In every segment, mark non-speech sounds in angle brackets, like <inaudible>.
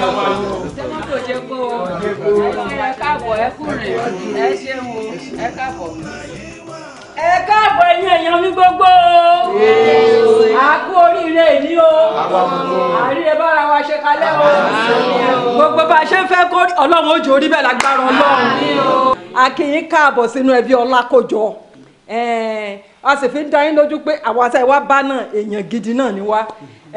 sẹ́mọ́tò jẹ́ kó ẹ káàbọ̀ ẹ kúrè ẹ ṣeun ẹ káàbọ̀. ẹ káàbọ̀ ẹ̀yin èèyàn mi gbogbo a kú oríire ìní o àríre bára wa ṣe kalẹ̀ o gbogbo bá a ṣe ń fẹ́ kó ọlọ́run ó jò orí bẹ́ẹ̀ lágbára ọlọ́run a kí yín káàbọ̀ sínú ẹbí Ọlákòjọ a sì fi ń dá yín lójú pé àwa tá ẹ wá bá náà èèyàn gidi náà ni wá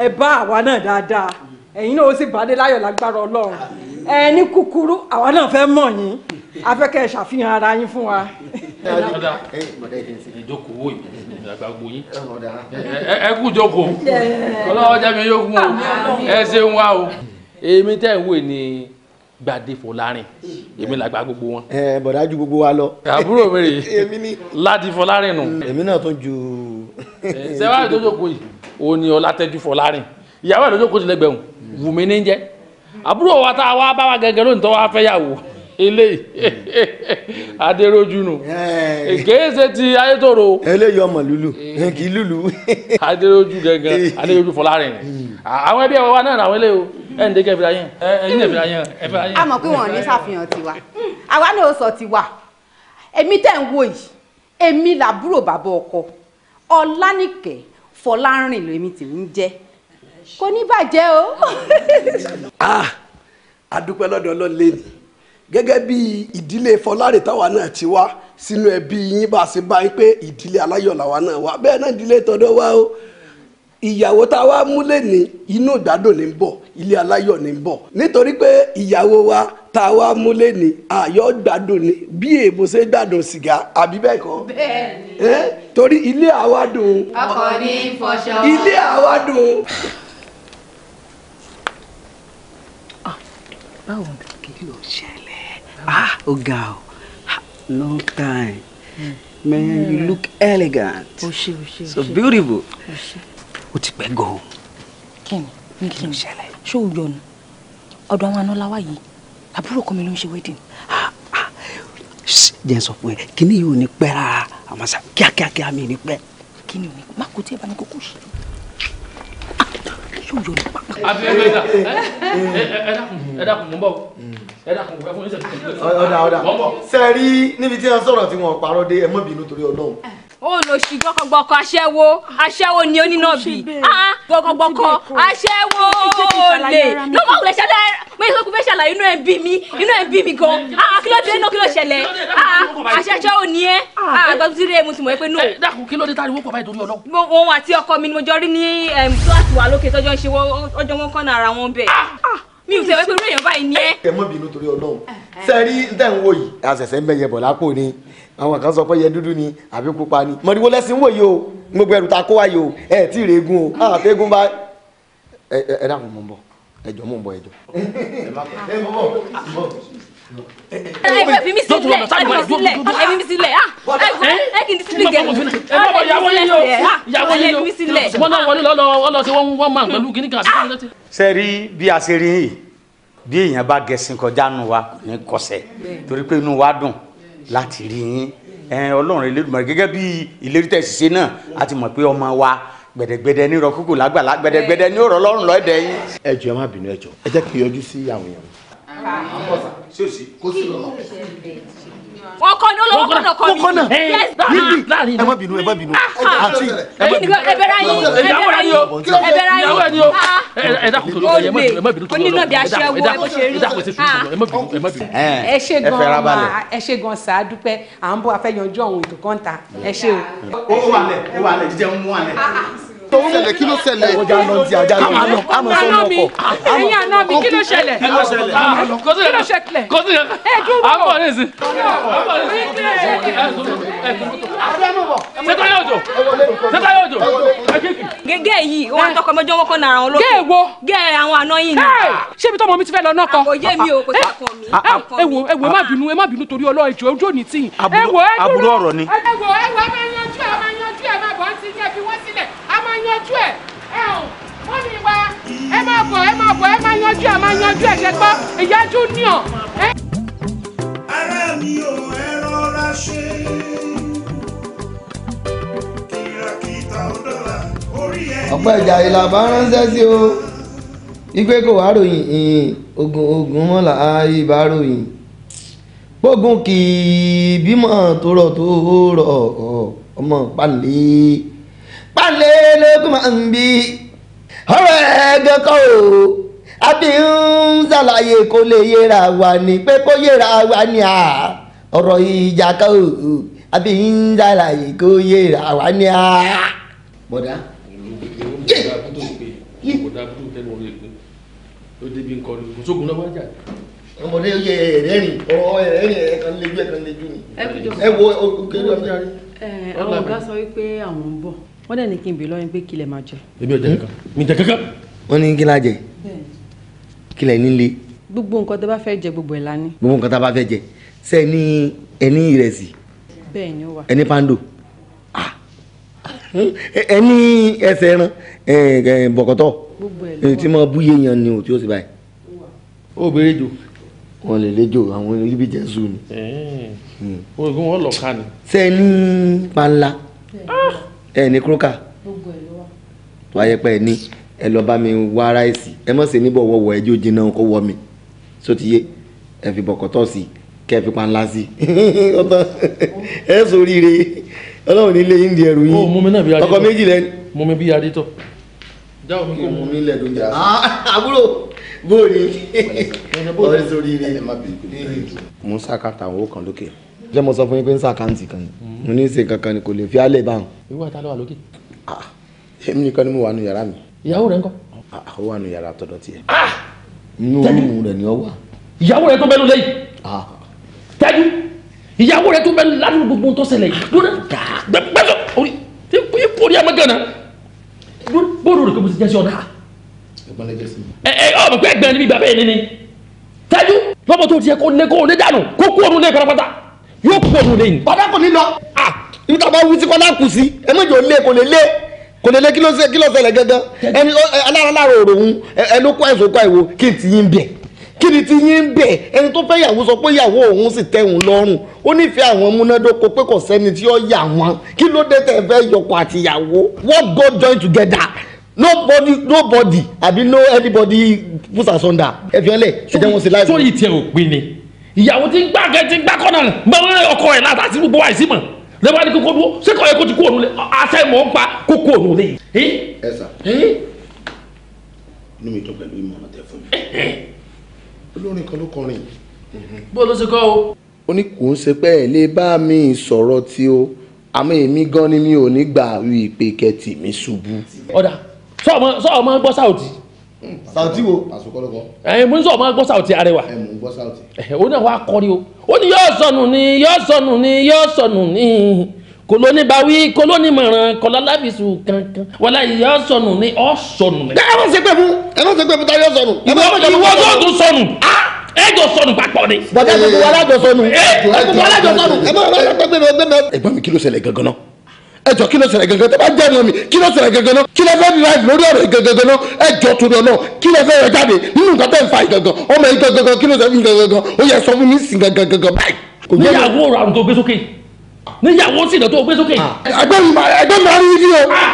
ẹ bá àwa náà dáadáa ẹ̀yin náà ó sì bàdé láyọ̀ lágbára ọlọ́run ẹ ní kúkúrú àwa náà fẹ́ mọ̀ yín a fẹ́ kẹ́ ẹ ṣàfihàn ara yín fún wa. ìjókòó ìgbàgbọ́ yín ẹ kú jókòó ọlọ́wọ́ jẹ́ mi yókùn o ẹ ṣeun wa o. èmi tẹ́ ń wò ní gbàdé fọlárin èmi làgbà gbogbo wọn. ẹ bọ̀dá ju gbogbo wa lọ. àbúrò mi rè láti fọlárin nù. èmi náà tún ju. sẹ́wáàrì tó jókòó yìí òun ni ọlátẹ́jú fọlárin ìyàwó ẹ̀ lójó kó tilẹ̀ gbẹ̀hùn wùmí ní jẹ́ àbúrò wa tá a wá bá wa gẹ́gẹ́ lónìí tó wá fẹ́ yàwó eléyìí <laughs> adéròjú nù kèése ti ayétòrò eléyìí ọmọ lulu eh. kì í lulu <laughs> adéròjú gẹ́gẹ́ eh. adéròjú fọlárin hmm. ah, àwọn ẹbí ẹwà náà làwọn eléyìí o ẹ ǹdẹ kẹfìlà yẹn ẹyìn ẹfìlà yẹn ẹfìlà yẹn. a mọ̀ pé wọn ní ṣàfihàn tiwa àwa náà sọ tiwa èmi tẹ̀ ń wò yìí èmi làbúrò bàbá ọkọ ọlánìkẹ́ fọlárin lèmi tèmi ń jẹ́ kò ní bàjẹ́ o. adúpẹ́ <laughs> ah, lọ́dọ̀ ọlọ́run lẹ́nu gẹ́gẹ́ bí ìdílé fọláre táwa náà ti wá sínú ẹbí yín bá a ṣe bá yín pé ìdílé aláyọ̀ làwa náà wá bẹ́ẹ̀ náà ìdílé tọ́dọ̀ wá o ìyàwó tá a wá múlẹ̀ ní inú ìgbádùn ní bọ̀ ilé aláyọ̀ ní bọ̀ nítorí pé ìyàwó wa tá a wá múlẹ̀ ní àyọ̀ gbádùn ní bí èèbò ṣe gbádùn sìgá àbí bẹ́ẹ̀ kọ́. Eh, torí ilé àwa dùn. ilé àwa dùn. báwo ni kí ló ṣẹlẹ̀ ah o ga o long time mm. man mm. you hmm. look elegant o ṣe o ṣe so beautiful o ti pẹ́ gan o kíni ní kíni ṣẹlẹ̀ ṣé o yọnu ọ̀dọ̀ àwọn anọláwa yìí àbúrò kan mi ló ń ṣe wedding. Ah, ah. jẹ́ sọ fún ẹ kíní yìí ò ní pẹ́ rárá àmọ́ sá kíákíá kíá mi ní pẹ́. kíni ò ní má kó tí ì bá ní kókó ṣe yóò yọ ní pápá. àbí ẹ bẹ́ẹ̀ ẹ dákun ẹ dákun mọ́ bọ̀ ẹ dákun kò fẹ́ fún yín sẹ́yìn. ọ̀dà ọ̀dà sẹ́ẹ̀rí níbi tí wọ́n sọ̀rọ̀ tí wọ́n parọ́ dé ẹ torí Ọlọ́run ó lọ sí gbọkọgbọkọ aṣẹ́wó aṣẹ́wó ni onínàbì ah, ah, gbọkọgbọkọ aṣẹ́wó olè lọ́mọ òkè ṣẹlẹ̀ mo ní sọ́kùnfẹ́ ṣàlàyé inú ẹ̀ bí mi inú ẹ̀ bí mi gan ah, kí ló dé náà kí ló ṣẹlẹ̀ aṣẹ́ṣẹ́ ò ní ẹ́ àgbàdo tí mo ti mọ̀ ẹ́ pé náà. dákun kí ló dé táriwo pọ̀ báyìí torí ọlọ́run. òun àti ọkọ mi ni mo jọ rí ní kíláàsì wa lókè tọ́jọ́ ń ṣe ọjọ́ wọn kọ́nà ara wọn bẹ́ẹ̀ mi ò tẹ̀wé pé orí èèyàn báyìí ni ẹ́. ẹ mọ bínú torí Ọlọ́run sẹẹrí dẹ́n wò yìí àṣẹ̀ṣẹ̀ ń bẹ yẹ bọ̀ ni àwọn kan sọ pé yẹ dúdú ni àbí pupa ni mọ̀rìwó lẹ́sìn wò yìí o gbogbo ẹrù ta kó wáyé o ẹ tí ì regun o àtẹ̀gùn bá ẹ ẹ dàpọ̀ mọ̀ ń bọ̀ ẹjọ́ mọ̀ ń bọ̀ ẹjọ́. ẹ má bọ̀ ẹ má bọ̀ ẹ fi mi sílẹ̀ ẹ fi mi sílẹ̀ ah, ẹ kì í sílẹ̀ gẹ̀ẹ́ ẹ yàwó yẹn yóò yàwó yẹn yóò wọn náà wọlé lọ́lọ́ ọlọ́ sí wọn wọn máa pẹ̀lú kíní kan àti kíní ṣe rí bí a ṣe rí yìí bí èèyàn bá gẹ̀ẹ́sìn kọjá nù wa ní kọsẹ̀ torí pé inú wa dùn láti rí yín ọlọ́run Elédùmarè gẹ́gẹ́ bí ìlérí tẹ̀síṣe náà a ti mọ̀ pé ọmọ wa gbẹ̀dẹ̀gbẹ̀dẹ̀ ní ìrọ̀kúkú lágbàlá gbẹ̀dẹ̀gbẹ̀dẹ̀ ní ọ̀rọ̀ ọlọ́run lọ́ọ̀dẹ̀ yín. ẹ jọ̀ọ́ ẹ má bínú ẹ jọ̀ọ́ ẹ jẹ́ kí n yọjú sí àwọn èèyàn wọ́n kọ́ ní olówó kọ́nà kọ́ mi. kọ́nà níbi láàrin ah, ah. ẹ má bínú ẹ má bínú. àti ẹbẹ̀rẹ̀ ayé ẹbẹ̀rẹ̀ ayé ẹbẹ̀rẹ̀ ayé ẹ dákun tó lọ ẹ má bínú ẹ má bínú tó lọ onígbà bí aṣẹ́wó ẹ bó ṣe rí ah. ẹ má bínú ẹ má bínú. ẹ ṣe gan ma ẹ ṣe gan sa dúpẹ́ à ń bọ̀ afẹ́yanjú ọ̀hún ètò kọ́ńtà ẹ ṣe o. ó wà lẹ̀ ó wà lẹ̀ jíjẹ́ ń mú wà lẹ̀ tó ń ṣẹlẹ̀ kí ló ṣẹlẹ̀. ọjà lọ di ajá lọ àmọ́ sọ ọmọ ọkọ. ẹ̀yin àná mi kí ló ṣẹlẹ̀ kí ló ṣẹlẹ̀ kó sì yẹ ẹ dúró bọ àbọ̀ nìsín. sẹta yóò jò sẹta yóò jò. gẹ́gẹ́ yìí wọn tọkọ mẹjọ wọn kọ náà àwọn olókè. gẹ́ẹ̀ wo gẹ́ẹ̀ àwọn àná yìí ni. ṣé ibi tọmọ mi ti fẹ́ lọ náà kan. àkòyé mi ò kò sàkàn eh, mi. ẹ wo ẹ wo ẹ má bínú ẹ má bínú torí ọlọ́ ìjọ ojú òní tì yín. àbúrò ọ̀rọ̀ ni. ẹ wo ẹ wo ẹ máa yanjú ẹ máa yanjú ẹ máa bọ̀ ọ́ ti yẹ bí wọ́n ti máa yanjú ẹ̀ ẹ̀ ò mọ́mí wa ẹ máa bọ̀ ẹ máa bọ̀ ẹ máa yanjú ẹ̀ máa yanjú ẹ̀ ṣẹ́gbọ́ ìyá junior. ara mi ò ẹ ṣe kìràkìtà ọ̀dọ́là orí ẹ̀. ọ̀pọ̀ ìjà ìlàbá ránṣẹ́ sí o igbe kò wá ròyìn ogun ogun mọ́lá ibà ròyìn gbógun kì í bímọ tó rọ tó rọ ọmọ pálí pálí lókùn máa ń bí ọ̀rọ̀ ẹ̀ẹ́gẹ́ kọ́ o àbí ń ṣàlàyé kó lè yẹra wa ni pé kó yẹra wa ni à ọ̀rọ̀ ìjà kọ́ o àbí ń ṣàlàyé kó yẹra wa ni à. bọ̀dá. bọ̀dá bùdó tẹnu orí èkó ó débi nǹkan ní kò sóògùn ẹ kan lejú ẹ kan lejú ni ẹ wo òkèlè ọmọdé. ọ̀gá sọ wípé àwọn ń bọ̀ wọ́n dẹ̀ ní kí n bè lọ́yìn pé kí lẹ̀ máa jẹ. ebi ọjà kankan mi jẹ kankan. wọ́n ní kí la jẹ kí lẹ̀ nílé. gbogbo nǹkan tó bá fẹ́ jẹ gbogbo ẹ̀ la ni gbogbo nǹkan tó bá fẹ́ jẹ ṣé ẹ ní ẹ ní ìrẹsì. bẹ́ẹ̀ ni ó wà. ẹ ní pando ah. ẹ ní ẹsẹ̀ ẹran bọ̀kọ̀tọ̀ tí mo bú yéèyàn ni o tí o sì báyìí. ó béèrè jù wọn lè lẹjọ àwọn ibi jésù ni. Hmm. oògùn wọn lọ ká ni. sẹ́ni panla. ẹni ní kúrúkà tó ayẹ pé ẹ lọ bá mi wá ráìsì ẹ mọ̀ sí níbọ̀ wọ̀wọ̀ ẹ jó jiná kó wọ mi sótìyé ẹ fi bọ̀kọ̀tọ̀ sí kẹ́ ẹ fi pa ńlá sí <laughs> ẹ ọlọ́run nílé yín ẹrù yín oh, ọkọ méjì mi bí adé mi ah, <laughs> àbúrò bóòlì ọ̀rẹ́ kàtà lókè. ṣé mo sọ fún yín pé ń ṣàkáǹtì kan ni mm-hmm. mo ní í ṣe kankan ni kò lè fi álẹ̀ bá wọn. ìwọ ta ló wà lókè. Ah, èmi nìkan ni mo wà nù yàrá mi. ìyàwó rẹ ńkọ́. Ah, ó wà nù yàrá tọ̀dọ̀ tiẹ̀. Ah! inú òun rẹ̀ ni ó wà. ìyàwó rẹ tó bẹ́ẹ̀ ló lẹ́yìn. tẹ́jú ìyàwó rẹ tó bẹ́ẹ̀ ládùn gbogbo tó ṣẹlẹ̀ yìí. dúró gbẹ́sọ̀ orí ipò orí amagán náà bóòrò rẹ̀ kò sì jẹ́ ọ̀dà. ẹ ẹ ọmọ yóò pọ̀ nù lẹ́yìn. bàbá kò ní lọ. ibi tá a bá wú sí kọ́lá kù sí ẹ méjì ò lé kò lè lé kò lè lé kí ló ṣe kí ló ṣẹlẹ̀ gẹ́gẹ́ ẹni alárànlárò òròhún ẹ ló kọ́ ẹ̀sùn kọ́ ìwo kí n ti yín bẹ̀ kí ni ti yín bẹ̀ ẹni tó fẹ́ yàwó sọ pé yàwó òun sì tẹ̀hún lọ́rùn ó nífẹ̀ẹ́ àwọn múnádóko pé kò sẹ́ni tí ó yà wọ́n kí ló dé tẹ̀ fẹ́ yọkọ̀ àtìyàwó what God join together nobody nobody àbí no anybody put asunder ẹ fi hàn lẹ̀ ẹ jẹ́ tiẹ̀ ò pin ni ìyàwó ti ń gbá kẹ́ ti ń gbá kọ́nà mọ́lẹ́ ọkọ ẹ̀ láti àti gbogbo àìsí mọ̀ lẹ́wọ́n á ní kókó dúró ṣé kọ́ yẹ kó ti kú òun lé àṣẹ mọ̀ ń pa kókó òun lé. ẹ sà inú mi tó pẹ̀lú ìmọ̀ràn tẹ fún mi olórin kan ló kọrin. Mhm. bó ló ṣe kọ́ o. ó ní kò ń ṣe pé ẹ lè bá mi sọ̀rọ̀ tí o àmọ́ èmi gan ni mi ò ní gbà wí pé kẹ́tì mi ṣubú. ọ̀dà sọ ọmọ gbọ́ sáòtì sàùtì wo. pàṣẹkọlọkọ. ẹ mú sọ ma gbọ́ sàùtì arẹwà. ẹ mú gbọ́ sàùtì. ẹ o náà wàá kọrin o ó ní yóò sọnù ni yóò sọnù ni yóò sọnù ni kolóni bawi kolóni mọ̀ràn kọlálábìsù kankan wàlá yóò sọnù ni ọ sọnù. ẹ ẹ má ṣe pé fún ẹ má ṣe pé fún ta yóò sọnù. ìwọ tó tún sọnù ah! ẹ jọ sọnù papọ̀ ni. bọ̀dá gbogbo alájọ sọnù. ẹ gbogbo alájọ sọnù. ẹ má mi kí ló ṣẹlẹ̀ gangan náà ẹjọ kí ló ṣẹlẹ̀ gangan tó bá jẹ ọmọ mi kí ló ṣẹlẹ̀ gangan náà kí ló fẹ́ derive lórí ọ̀rọ̀ gangan náà ẹjọ tó lọ náà kí ló fẹ́ yọ jáde nínú nǹkan tó ń fa gangan ọmọ yìí gangan kí ló ṣẹlẹ̀ gangan ó yẹ sọ fún mi sí gangan gangan báyìí. níyàwó ọ̀rọ̀ àrùn tó gbé sókè níyàwó sìnà tó gbé sókè. Ah, ẹgbẹ́ mi ẹgbẹ́ mi máa rí ibi o. Ah,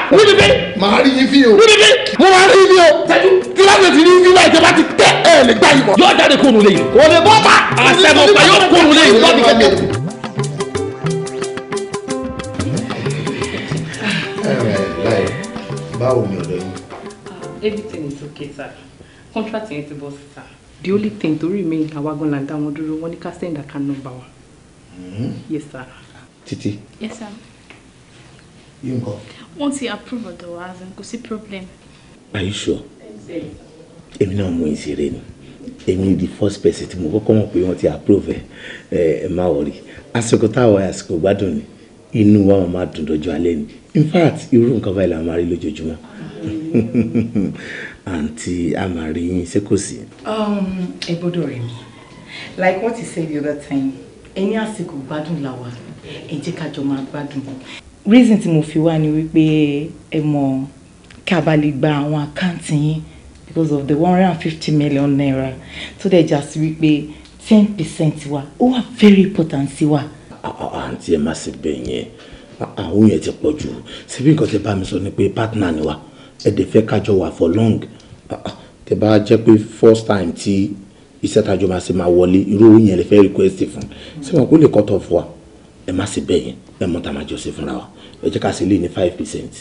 máa rí ibi o. níbi bí. mo máa rí ibi o. sẹ́jú. tí láti ti rí ibi náà ìjọba ti tẹ ẹ̀ lè gbá ìbọn. yóò jáde kóònù everything is okay sir contract yẹn ti bọ́ sí sir. the only thing to remain àwa gan la dá wọn dúró wọn ní ká send account number wa. Hmm? yes sir. Titi. yes sir. yín nǹkan. wọ́n ti approve ọ̀dọ̀ wa as in kò sí problem. are you sure. èmi náà mú ìṣeré ni èmi the first person tí mo kọ́kọ́ mọ̀ pé wọ́n ti approve ẹ̀ ẹ̀ má wọ̀rí àsìkò táwọn àsìkò gbádùn ni inú wa máa dùn dọ́jọ́ alẹ́ ni in fact irú nǹkan báyìí la máa rí lójoojúmọ́. <laughs> àǹtí àmàrí yín ṣé kò sí. Um, ẹ gbọ́dọ̀ like what you said the other time ẹni àsìkò gbádùn la wà ẹ jẹ́ ká jọ máa gbádùn. reason tí mo fi wá ni wípé ẹ mọ̀ kí a bá lè gba àwọn àkáǹtì yín because of the one hundred and fifty million naira tó dẹ̀ jà sí wípé ten percent wa ó wà very important sí wa. àǹtí ẹ má ṣe bẹ́ẹ̀ yẹn àwọn yẹn ti pọ̀ jù síbí nǹkan tẹ bá mi sọ ni pé partner ni wa ẹ̀dẹ̀ fẹ́ kájọ wà for long ah, ah, tẹ bá jẹ́ pé first time tí iṣẹ́ tájọ máa ṣe máa wọlé irú owó yẹn lè fẹ́ request fún ṣé wọn kó lè cut off wa ẹ má ṣe bẹ́ẹ̀ yẹn ẹ mọ tá a máa jọ ṣe fúnra wa ẹ jẹ́ ká ṣe lè ní five percent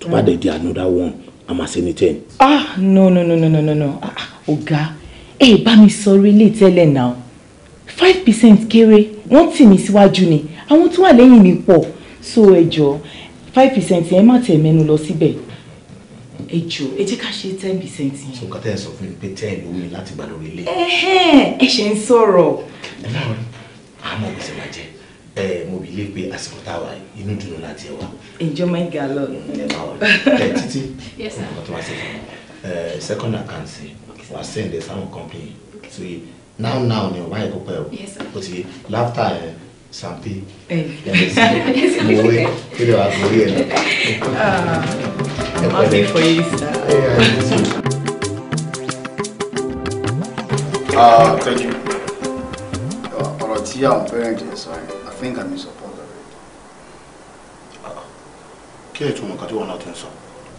tó bá dẹ̀ di another one a máa ṣe ní ten. ah no no no no no no ah, ọ̀gá ẹ bá mi sọ orí ilé tẹ́lẹ̀ náà five percent kéré wọ́n tì mí síwájú ni àwọn tó wà lẹ́yìn mi pọ̀ so ẹ jọ five percent yẹn má tẹ̀ mẹ́nu lọ síbẹ̀ ẹ jọ ẹ jẹ́ ká ṣe ten percent yẹn. so kàtẹ́ ẹ sọ fún mi pé ten ló wí láti gbà lórí ilé. ẹ ṣe ń sọ̀rọ̀. ẹ máa rí àmọ́ gbèsè máa jẹ ẹ mo bí lé pé àsìkò tá a wà inú dùnú láti ẹ wá. enjoy my gallon. ẹ máa wọ ẹ títí nǹkan tó wá sí fún mi second account wà send ẹ sáwọn company so now now ni ọba yẹn kó pẹ o o ti láfta ẹ. Sampi. Voi, io la corriera. Ah, oggi foi isso. Ah, thank you. Ọ̀rọ̀ tí àwọn parent yẹn sọ yẹn, I think I'm in support of it. Kí lè túmọ̀ nǹkan tí wọn náà ti ń sọ?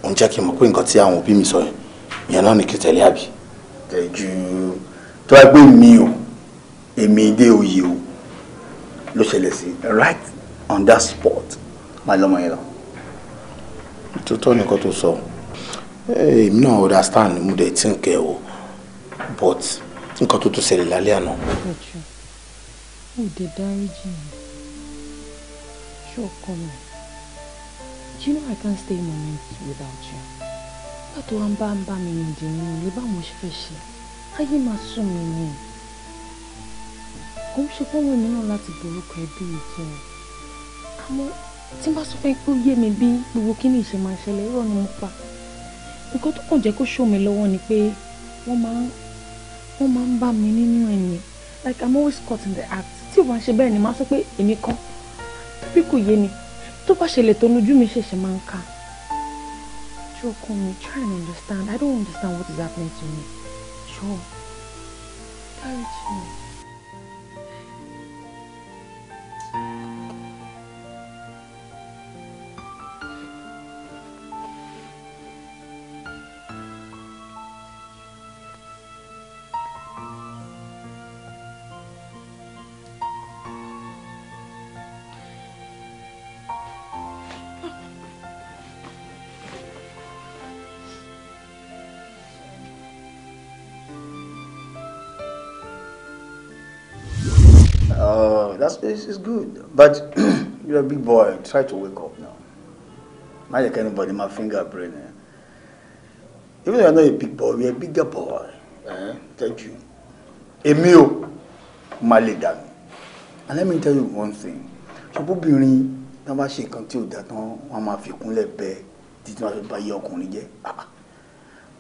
Òun jẹ́ kí n mọ̀ pé nǹkan tí àwọn òbí mi sọ yẹn, ìyẹn náà ni kí tẹ̀lé àbí. Ẹ tó bá gbé mi o, èmi dé oyè o ló right on that spot máa lọ́mọ yẹn lọ. tuntun nìkan tó sọ eh, èmi náà understand mo dẹ̀ tí ń kẹ́ o but nǹkan tó tún ṣẹlẹ̀ lálẹ́ àná. ọjọ́ òde dáríjì mi ṣọ́ọ̀kọ́ mi do you know I can't stay a moment without you látọ̀ wá ń bá ń bá mi rìn dì nínú ilé báwo ṣe fẹ́ ṣe ayé máa sún mi nìyẹn kò ń ṣe fọ́wọ́ mi náà láti borúkọ ẹbí mi kí n àmọ́ tí n bá sọ pé kó yé mi bí gbogbo kíní ìṣe máa ṣẹlẹ̀ irọ́ ni mo pa nǹkan tó kàn jẹ́ kó ṣó mi lọ́wọ́ ni pé wọ́n máa wọ́n máa ń bá mi nínú ẹ̀yìn like i'm always caught in the act tí o bá ń ṣe bẹ́ẹ̀ ni máa sọ pé èmi kọ́ tàbí kò yé mi tó bá ṣẹlẹ̀ tó lójú mi ṣẹ̀ṣẹ̀ máa ń ka ṣókun mi try and understand i don't understand what is happening to me sure dáríjì mi. It's, is good. But <clears throat> you're a big boy. Try to wake up now. Now you can't body my finger brain. Eh? Even though you're not a big boy, you're a bigger boy. Eh? Thank you. Èmi ò máa And let me tell you one thing. Ṣọ́bùbìnrin tí wọ́n bá ṣe nǹkan tí ò dá tán, wọ́n máa did not buy your wọ́n Baba saw yé ọkùnrin jẹ́. Ah,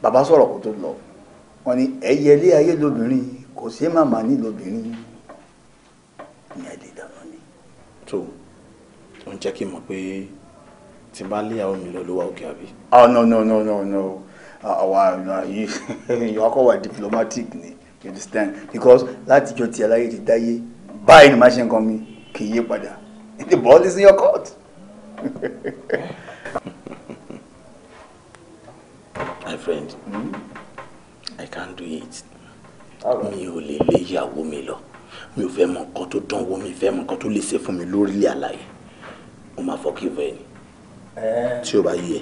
bàbá sọ̀rọ̀ kó tó lọ. Wọ́n ní ẹ̀yẹ ilé ayé lóbìnrin kò sí màmá ní lóbìnrin. Ní ẹ̀dẹ̀ tó ó ń jẹ́ kí n mọ̀ pé tí n bá lé àwọn mi lọ ló wà òkè àbí. oh no no no no no ah, àwa yìí ọkọ <laughs> wa diplomatic ni you understand because látijọ́ ti aláyé ti dáyé báyìí ni màá ṣe nǹkan mi kì í yé padà the ball is in your court. <laughs> my friend mm -hmm. i can't do it mi ò lè lé ìyàwó mi lọ mi ò fẹ́ mọ nǹkan tó dánwó mi fẹ́ mọ nǹkan tó lè ṣe fún mi lórílẹ̀ àlàyé mo máa fọ́ kí n fẹ́ ni tí o bá yẹ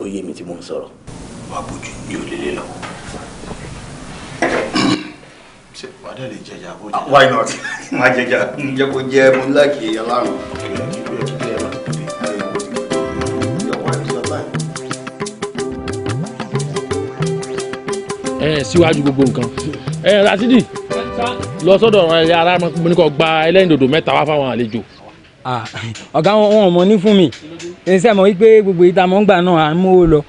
ó yé mi tí mo ń sọ̀rọ̀ wà á bójú ní òlélẹ́ lọ. ṣé wàá dẹ̀ lè jẹjà bó jẹjà. Ah, why not máa jẹjà jẹ kó jẹ mo láàkì alárùn. ẹ síwájú gbogbo nǹkan ẹ Rasidi lọ sọ́dọ̀ ọ̀rọ̀ ẹ̀yà ara mo ní kó gba ẹlẹ́yìndòdò mẹ́ta wá fáwọn àlejò. ọ̀gá wọn ò mọ ní fún mi ṣe mọ̀ wípé gbogbo ìta mọ̀ ń gbà náà à ń mówó lọ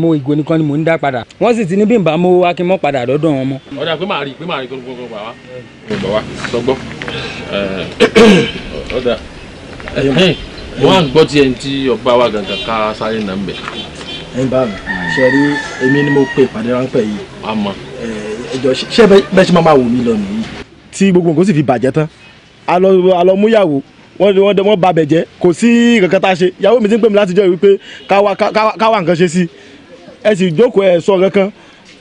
mo ìgò nìkan ni mò ń dá padà wọ́n sì ti ní bí n bá mówó wá padà lọ́dọ̀ wọn mọ́. ọ̀dà pé màá rí pé màá rí gbogbo wa sọgbọ́ ọ̀dà mo wá gbọ́ tiẹ̀ tí ọba wa gàgà ká sáré nà ń bẹ̀. ẹ bá mi ṣe rí èmi ni mo pe ìpàdé ráńpẹ́ yìí. àmọ́ ẹjọ ṣé bẹ́ẹ̀ ṣe máa wò mí lọ nìyí. tí gbogbo nǹkan sì fi bàjẹ́ tán a lọ mú yàwó wọ́n ní wọ́n wọ́n ba bẹ̀ jẹ́ kò sí kankan tá a ṣe ìyàwó mi ti ń pè mí láti jọ ìwé pé ká wá nǹkan ṣe sí ẹ sì jókòó ẹ sọ kankan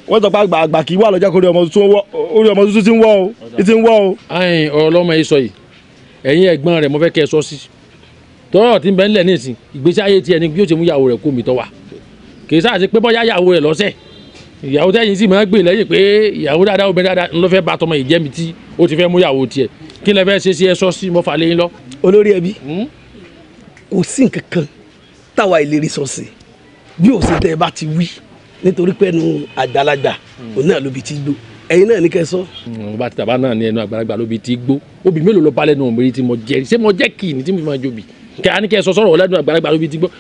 wọ́n sọ pé àgbà àgbà kì í wà lọ́jà kórè ọmọ tuntun ti ń wọ́ o ti ń wọ́ o. ayin ọlọmọ yìí sọ yìí ẹ̀yin ẹ̀gbọ́n rẹ̀ mo fẹ́ kẹ́ ẹ sọ sí tọrọ tí ń bẹ nílẹ̀ nísìn ìgbésí ayé tiẹ̀ ni bí ó ti mú ìyàwó rẹ̀ kó mi tọ wa kì í sáà sí pé bọ́yá ìyàwó rẹ̀ lọ́sẹ̀ ìyàwó tẹ́yìn sì máa ń gbè lẹ́yìn pé ìyàwó dáadáa obìnrin dáadáa ń lọ fẹ́ bá tọmọ ìjẹ́mi tí ó ti fẹ́ mú ìyàwó tiẹ̀ kí lẹ fẹ́ ṣe sí ẹṣọ́ sí mọ́fà lẹ́yìn lọ. olórí ẹbí hmm? kò sí nǹkan kan táwa ìlérí sọ sí bí ò sí tẹ ẹ bá ti wí nítorí pẹ́ẹ́nu àgbàlagbà hmm. òun náà ló bi ti gbó ẹ̀yin náà ní kẹ́ sọ. Hmm, bá ti tàbá náà ní ẹnu àgbàlagbà ló bi ti gbó obì mélòó lọ balẹ̀ nù ọ̀mọ̀rẹ́ tí mo jẹ́ ṣé mo jẹ́ kì í ní tí mo fi máa jòbì kẹ́ á ní kẹ́ sọ sọ̀rọ̀ ọ̀lẹ́dùn àgbàlagbà ló bi ti gbó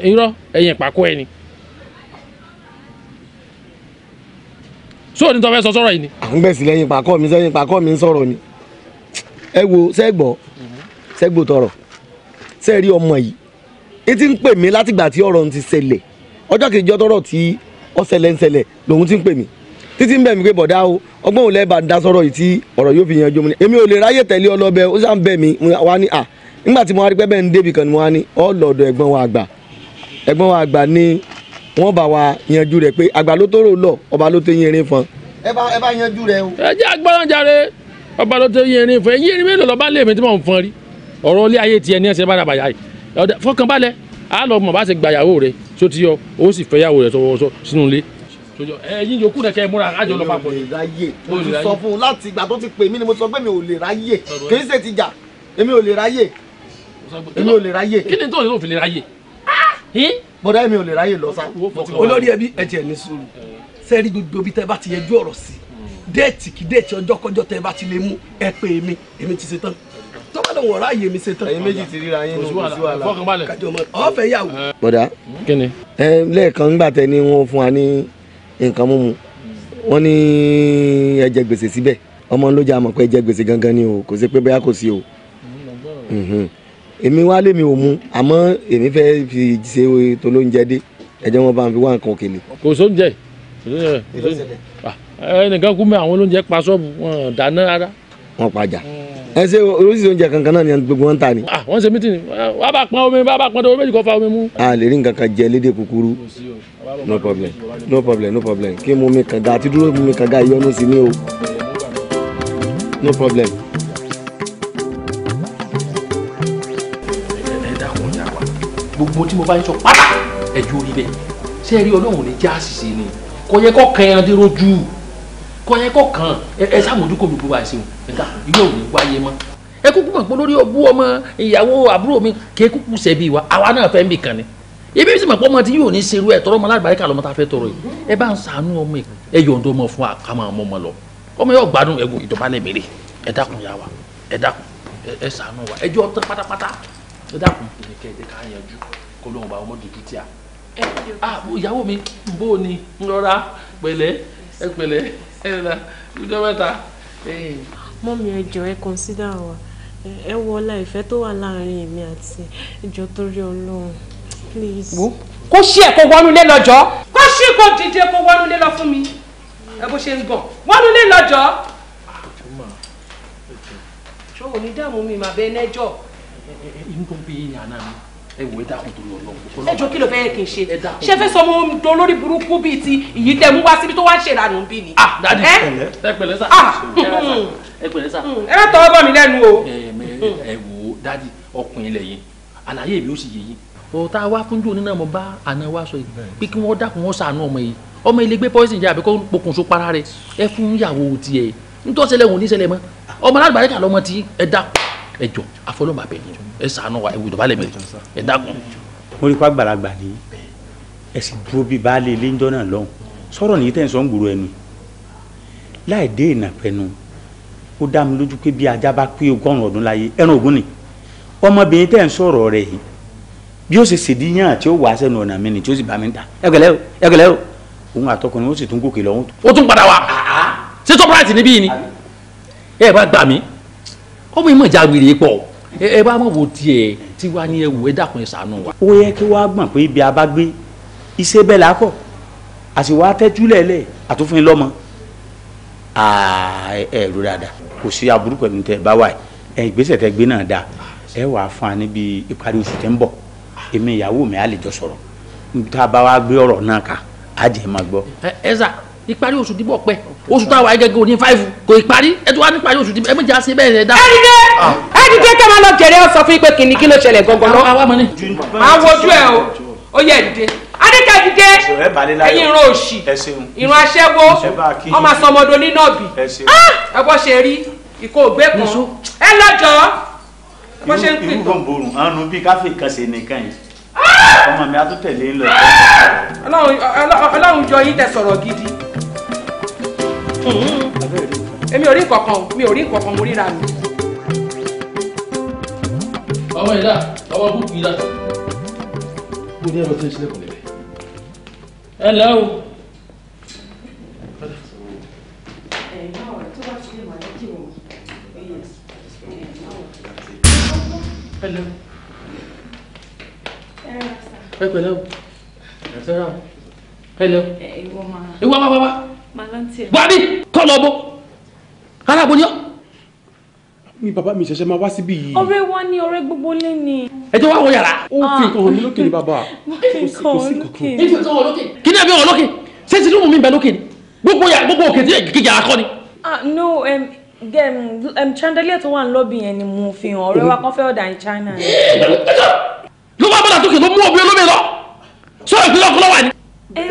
irọ ẹyin ìpàkọ́ ẹni. sóò ní tọ́ fẹ́ sọ sọ́rọ̀ yìí ni. à ń gbẹ̀sì lẹ́yìn ìpàkọ́ mi sẹ́yìn ìpàkọ́ mi ń sọ̀rọ̀ ni. ẹ wo sẹ́gbọ̀ sẹ́gbọ̀ tọrọ rí ọmọ yìí e ti ń pè mí látìgbà tí ọ̀rọ̀ ti ṣẹlẹ̀ ọjọ́ kejì ọtọ́rọ̀ tí ń ṣẹlẹ̀ ti pè mí títí ń pé bọ̀dá o ọgbọ́n ń dá sọ́rọ̀ yóò fi ó sàn ẹ̀gbọ́n wa àgbà ni wọ́n bá wa yanjú rẹ̀ pé àgbà ló tó rò lọ ọba ló tẹ yín erin fún. ẹ bá ẹ bá yanjú rẹ o. ẹ jẹ́ agbọ́dọ̀ jàre ọba ló tẹ yín erin fún ẹ̀yìn erin mélòó lọ́ba lèmi tí mò ń fọn rí ọ̀rọ̀ ilé ayé tiẹ̀ ní ẹsẹ̀ bá dàbàyà yìí fọkànbalẹ̀ á lọ mọ̀ bá ṣe gbàyàwó rẹ̀ tó ti yọ ó sì fẹ́ yàwó rẹ̀ sọ̀wọ́sọ sínú ilé sojọ ẹyin yòókù rẹ kẹ múra àjọ lọ papọ̀. èmi ò lè ráyè mo ti sọ fún un láti ìgbà tó ti pè ni mo sọ pé mi ò lè ráyè kì í ṣe ti jà èmi ò lè bọ́dá mi ò lè ráyè lọ sá olórí ẹbí ẹ tiẹ̀ ní sùúrù sẹ́rí gbogbo bí tẹ́ bá ti yẹjú ọ̀rọ̀ sí déètì kí déètì ọjọ́ kọjọ́ tẹ́ bá ti lè mú ẹ pé èmi èmi ti ṣetán tó bá lọ wọ̀ ráyè mi ṣetán. ẹ̀yin méjì ti ríra yín ní oṣù wàhálà fọkànbalẹ̀ kájọ mọ ọ̀fẹ́ yàwó. bọ́dà ẹ lẹ́ẹ̀kan ńgbà tẹ ni wọ́n fún wa ní nǹkan mímu wọ́n ní ẹ jẹ gbèsè síbẹ̀ ọmọ ló jẹ́ àmọ̀ pé ẹ gbèsè gangan ni o kò sí pé bóyá kò sí o èmi wá lèmi ò mu àmọ́ èmi fẹ́ fi ṣe tolóúnjẹ dé ẹjẹ wọn bá ń fi wá nǹkan òkèlè. kò sóúnjẹ ẹnìkan kú mẹ àwọn olóúnjẹ pa ṣọ́ọ̀bù wọn dáná rárá. wọn pàjà hmm. ẹ ṣe oríṣiríṣi oúnjẹ kankan náà ni gbogbo wọn ta ni. wọ́n ṣe mítìnì wà á bá pọn omi wà á bá pọn omi méjì kọ́ fa omi mú. a lè rí nǹkan kan jẹ lédè kúkúrú no problem no problem no problem kí mu mi kànga àti dúró mu mi kànga ìyọnu sí ni o no problem. gbogbo tí mo bá ń sọ pátá ẹ̀jú orí bẹ́ẹ̀ ṣé ẹ rí ọlọ́run ní jẹ́ àṣìṣe ni kò yẹ kó kan ẹran dérò jù kò yẹ kó kan ẹ sàmójúkò mi gbogbo àìsàn ẹ̀ka yóò ní wáyé mọ́ ẹ kúkú mọ̀ pé lórí ọbú ọmọ ìyàwó àbúrò mi kì í kúkú ṣẹ̀bi wa àwa náà fẹ́ mi kàn ni ebi sì mọ̀ pé ọmọ tí yóò ní ṣerú ẹ̀ tọrọ ọmọ alábàáríkà lọ́mọ tá a fẹ́ tọrọ yìí ẹ bá ń sàánú ọmọ ẹ yọ̀ǹda ọmọ fún àkàmọ́ ọmọ ọmọ lọ ọmọ yóò gbádùn ẹ̀gbọ́n ìjọba lẹ́mìíràn ẹ dákun yà wá ẹ dákun ẹ sàánú wa ẹ jọ tán pátápátá ẹ dákun kìnìkẹ́ ẹ jẹ́ ká yanjú kó lóun bá ọmọ dúdú tíà ìyàwó mi bó o ní rọra pẹ̀lẹ́ ẹ pẹ̀lẹ́ ẹ rọra ìjọ mẹ́ta. mọ́mí ẹ jọ̀ọ́ ẹ kọ́nsídà wa ẹ wo ọlá ìfẹ́ tó wà láàrin èmi àti ìjọ torí ọlọ́run please. wo kó ṣí ẹ kó wọnú lé lọ́jọ́. kó ṣí kó dìde kó wọnú lé lọ fún mi ẹ bó ṣe ń gàn wọnú lé lọ́jọ́. ṣòwò ní dààmú mi màbẹ ẹnẹjọ. inú tó bí yín àná mi ẹ wò ẹ dákun torí Ọlọ́run. ẹ jọ kí ló fẹ́ yẹ kí n ṣe ṣé fẹ́ sọ mo do lórí burúkú bíi ti ìyí tẹ mú wá síbi tó wá ń ṣèrànù bí ni. ah dadi ẹ pẹ̀lẹ́ sà ẹ pẹ̀lẹ́ sà. Ah, hmm, hmm. hmm, ẹ má tọwọ́ bọ̀ mí lẹ́nu o. ẹ wò dadi ọkùnrin lẹ́yìn àlàyé mi ò sì yé yín ọ̀tá wa fún jù nínú ọmọ bá àna wa sọ yìí pé kí wọ́n dákun wọ́n ṣàánú ọmọ yìí ọmọ ilé gbé poison jẹ àbíkọ́ pokùnso para rẹ ẹ fún ìyàwó tiẹ̀ nítọ́sẹ̀lẹ̀ wò ní ṣẹlẹ̀ mọ́ ọmọ alágbàdẹ́kà lọmọ tí ẹ dákun ẹ jọ afọlọ́mà bẹ̀ ẹ sànù wa ẹ wùdọ̀ bá lẹ̀ bẹ̀ ẹ dákun. mo rí i kó àgbàlagbà ni ẹ sì dúró bíi baálé ilé ńjọ́ náà lọ́hùn sọ̀rọ̀ nìyí tẹ̀ ń sọ ń gbòòrò ẹnu láì dé ìnàpẹ̀nu ó dá mi lójú pé bí ajá bá pé ọgọ́rùn-ún ọdún láyé ẹran ògún ni ọmọbìnrin tẹ̀ ń sọ̀rọ̀ rẹ̀ yìí bí ó ṣe ṣèdí yàn tí ó wà á sẹ́nu ọ̀nà mi ni tí ó sì bá mi ta ẹgbẹ̀lẹ́ o ẹgbẹ̀lẹ́ o òun àtọkùnrin ó sì tún gòkè lọ́wọ́. ó tún padà wá ṣé tọ́pọ̀láìtì níbí yìí ni ẹ bá gbà mí ọmọ ìmọ̀ ìjàgbére pọ̀ ẹ bá mọ̀ wò tiẹ̀ tí wàá ní ẹwù ẹ dákun ẹ ṣàánú wa. ó yẹ kí wàá gbọ̀n pé ibi abágbé iṣẹ́ bẹ́ẹ̀ lákọ̀ àṣìwà tẹ́júlẹ̀ lẹ̀ àtúfin lọ́mọ ẹ rú dáadáa kò sí aburú pẹ̀lú tẹ bá wà ẹ ìgbésẹ̀ tẹ gbé náà dáa ẹ wàá fún wa níbi ìparí oṣù tẹ́ ń bọ̀ èmi ìyàwó mi á lè jọ tá a bá wa gbé ọ̀rọ̀ náà ká á jẹ́ máa gbọ́. ẹ ẹ sà ìparí oṣù dìbò pẹ oṣù tó àwọn ẹgẹgẹ òní fáìfù kò ìparí ẹ tó wá ní ìparí oṣù dìbò ẹ méjì á sí bẹ́ẹ̀ ẹ dá. Ah. ẹdíjẹ ẹdíjẹ kẹ máa lọ jẹrẹ ọ sọ fún ipe kìnnì kí ló ṣẹlẹ̀ gangan náà. àwa mọ ni. máa wojú ẹ o ó yẹ ẹdíjẹ adéka dídé ẹyin irun òṣì irun aṣẹ́wó ọmọ asọmọdún onínàbì ẹ bọ́ ṣe rí ìkó ògbé kan ẹ lọ́jọ́ bó ṣe ń pè tó. irú gbòǹgbòrùn àrùn bíi káfíń kan ṣe nìkan yìí ah! ọmọ mi á tún tẹ̀lé ń lọ. ọlọ́run jọ yín tẹ sọ̀rọ̀ gidi. Mm-hmm. èmi ò rí nǹkan kan mi ò rí nǹkan kan mo ríra mi. ọmọ ìlà ọmọ búùkù ìlà. mo ní ẹ̀rọ tó ń ṣílẹ̀kùn níbẹ̀. ẹ lẹ́ o. Hello. Ẹ pẹ̀lẹ́ o. Ẹ sẹ́ra o. Hello. Ìwọ máa. Ìwọ máa wá wá buhari kọ́ lọ bó aláàbò ni ọ́. mi bàbá mi ṣẹ̀ṣẹ̀ máa wá síbí yìí. ọ̀rẹ́ wa ni ọ̀rẹ́ gbogbo lé ni. ẹ jẹ́ wá wọ yàrá. ó fi nǹkan hàn mí lókè ni bàbá. ó <laughs> fi nǹkan hàn lókè. kí ni àbí ọ̀rọ̀ lókè ṣé ti lóhùn mi bẹ lókè ni gbogbo òkè tí kìkì yàrá kọ́ ni. ah no um, dem, um, chandelier tó wà ní lọ́bì yẹn ni mo fi hàn ọ̀rẹ́ wa kan fẹ́ ọ̀dà ní China. ló wá bọ́dà tókè ló mú obìnrin olómi lọ sọ ìpínlẹ̀ ọkọ̀ lọ́wọ́ ni this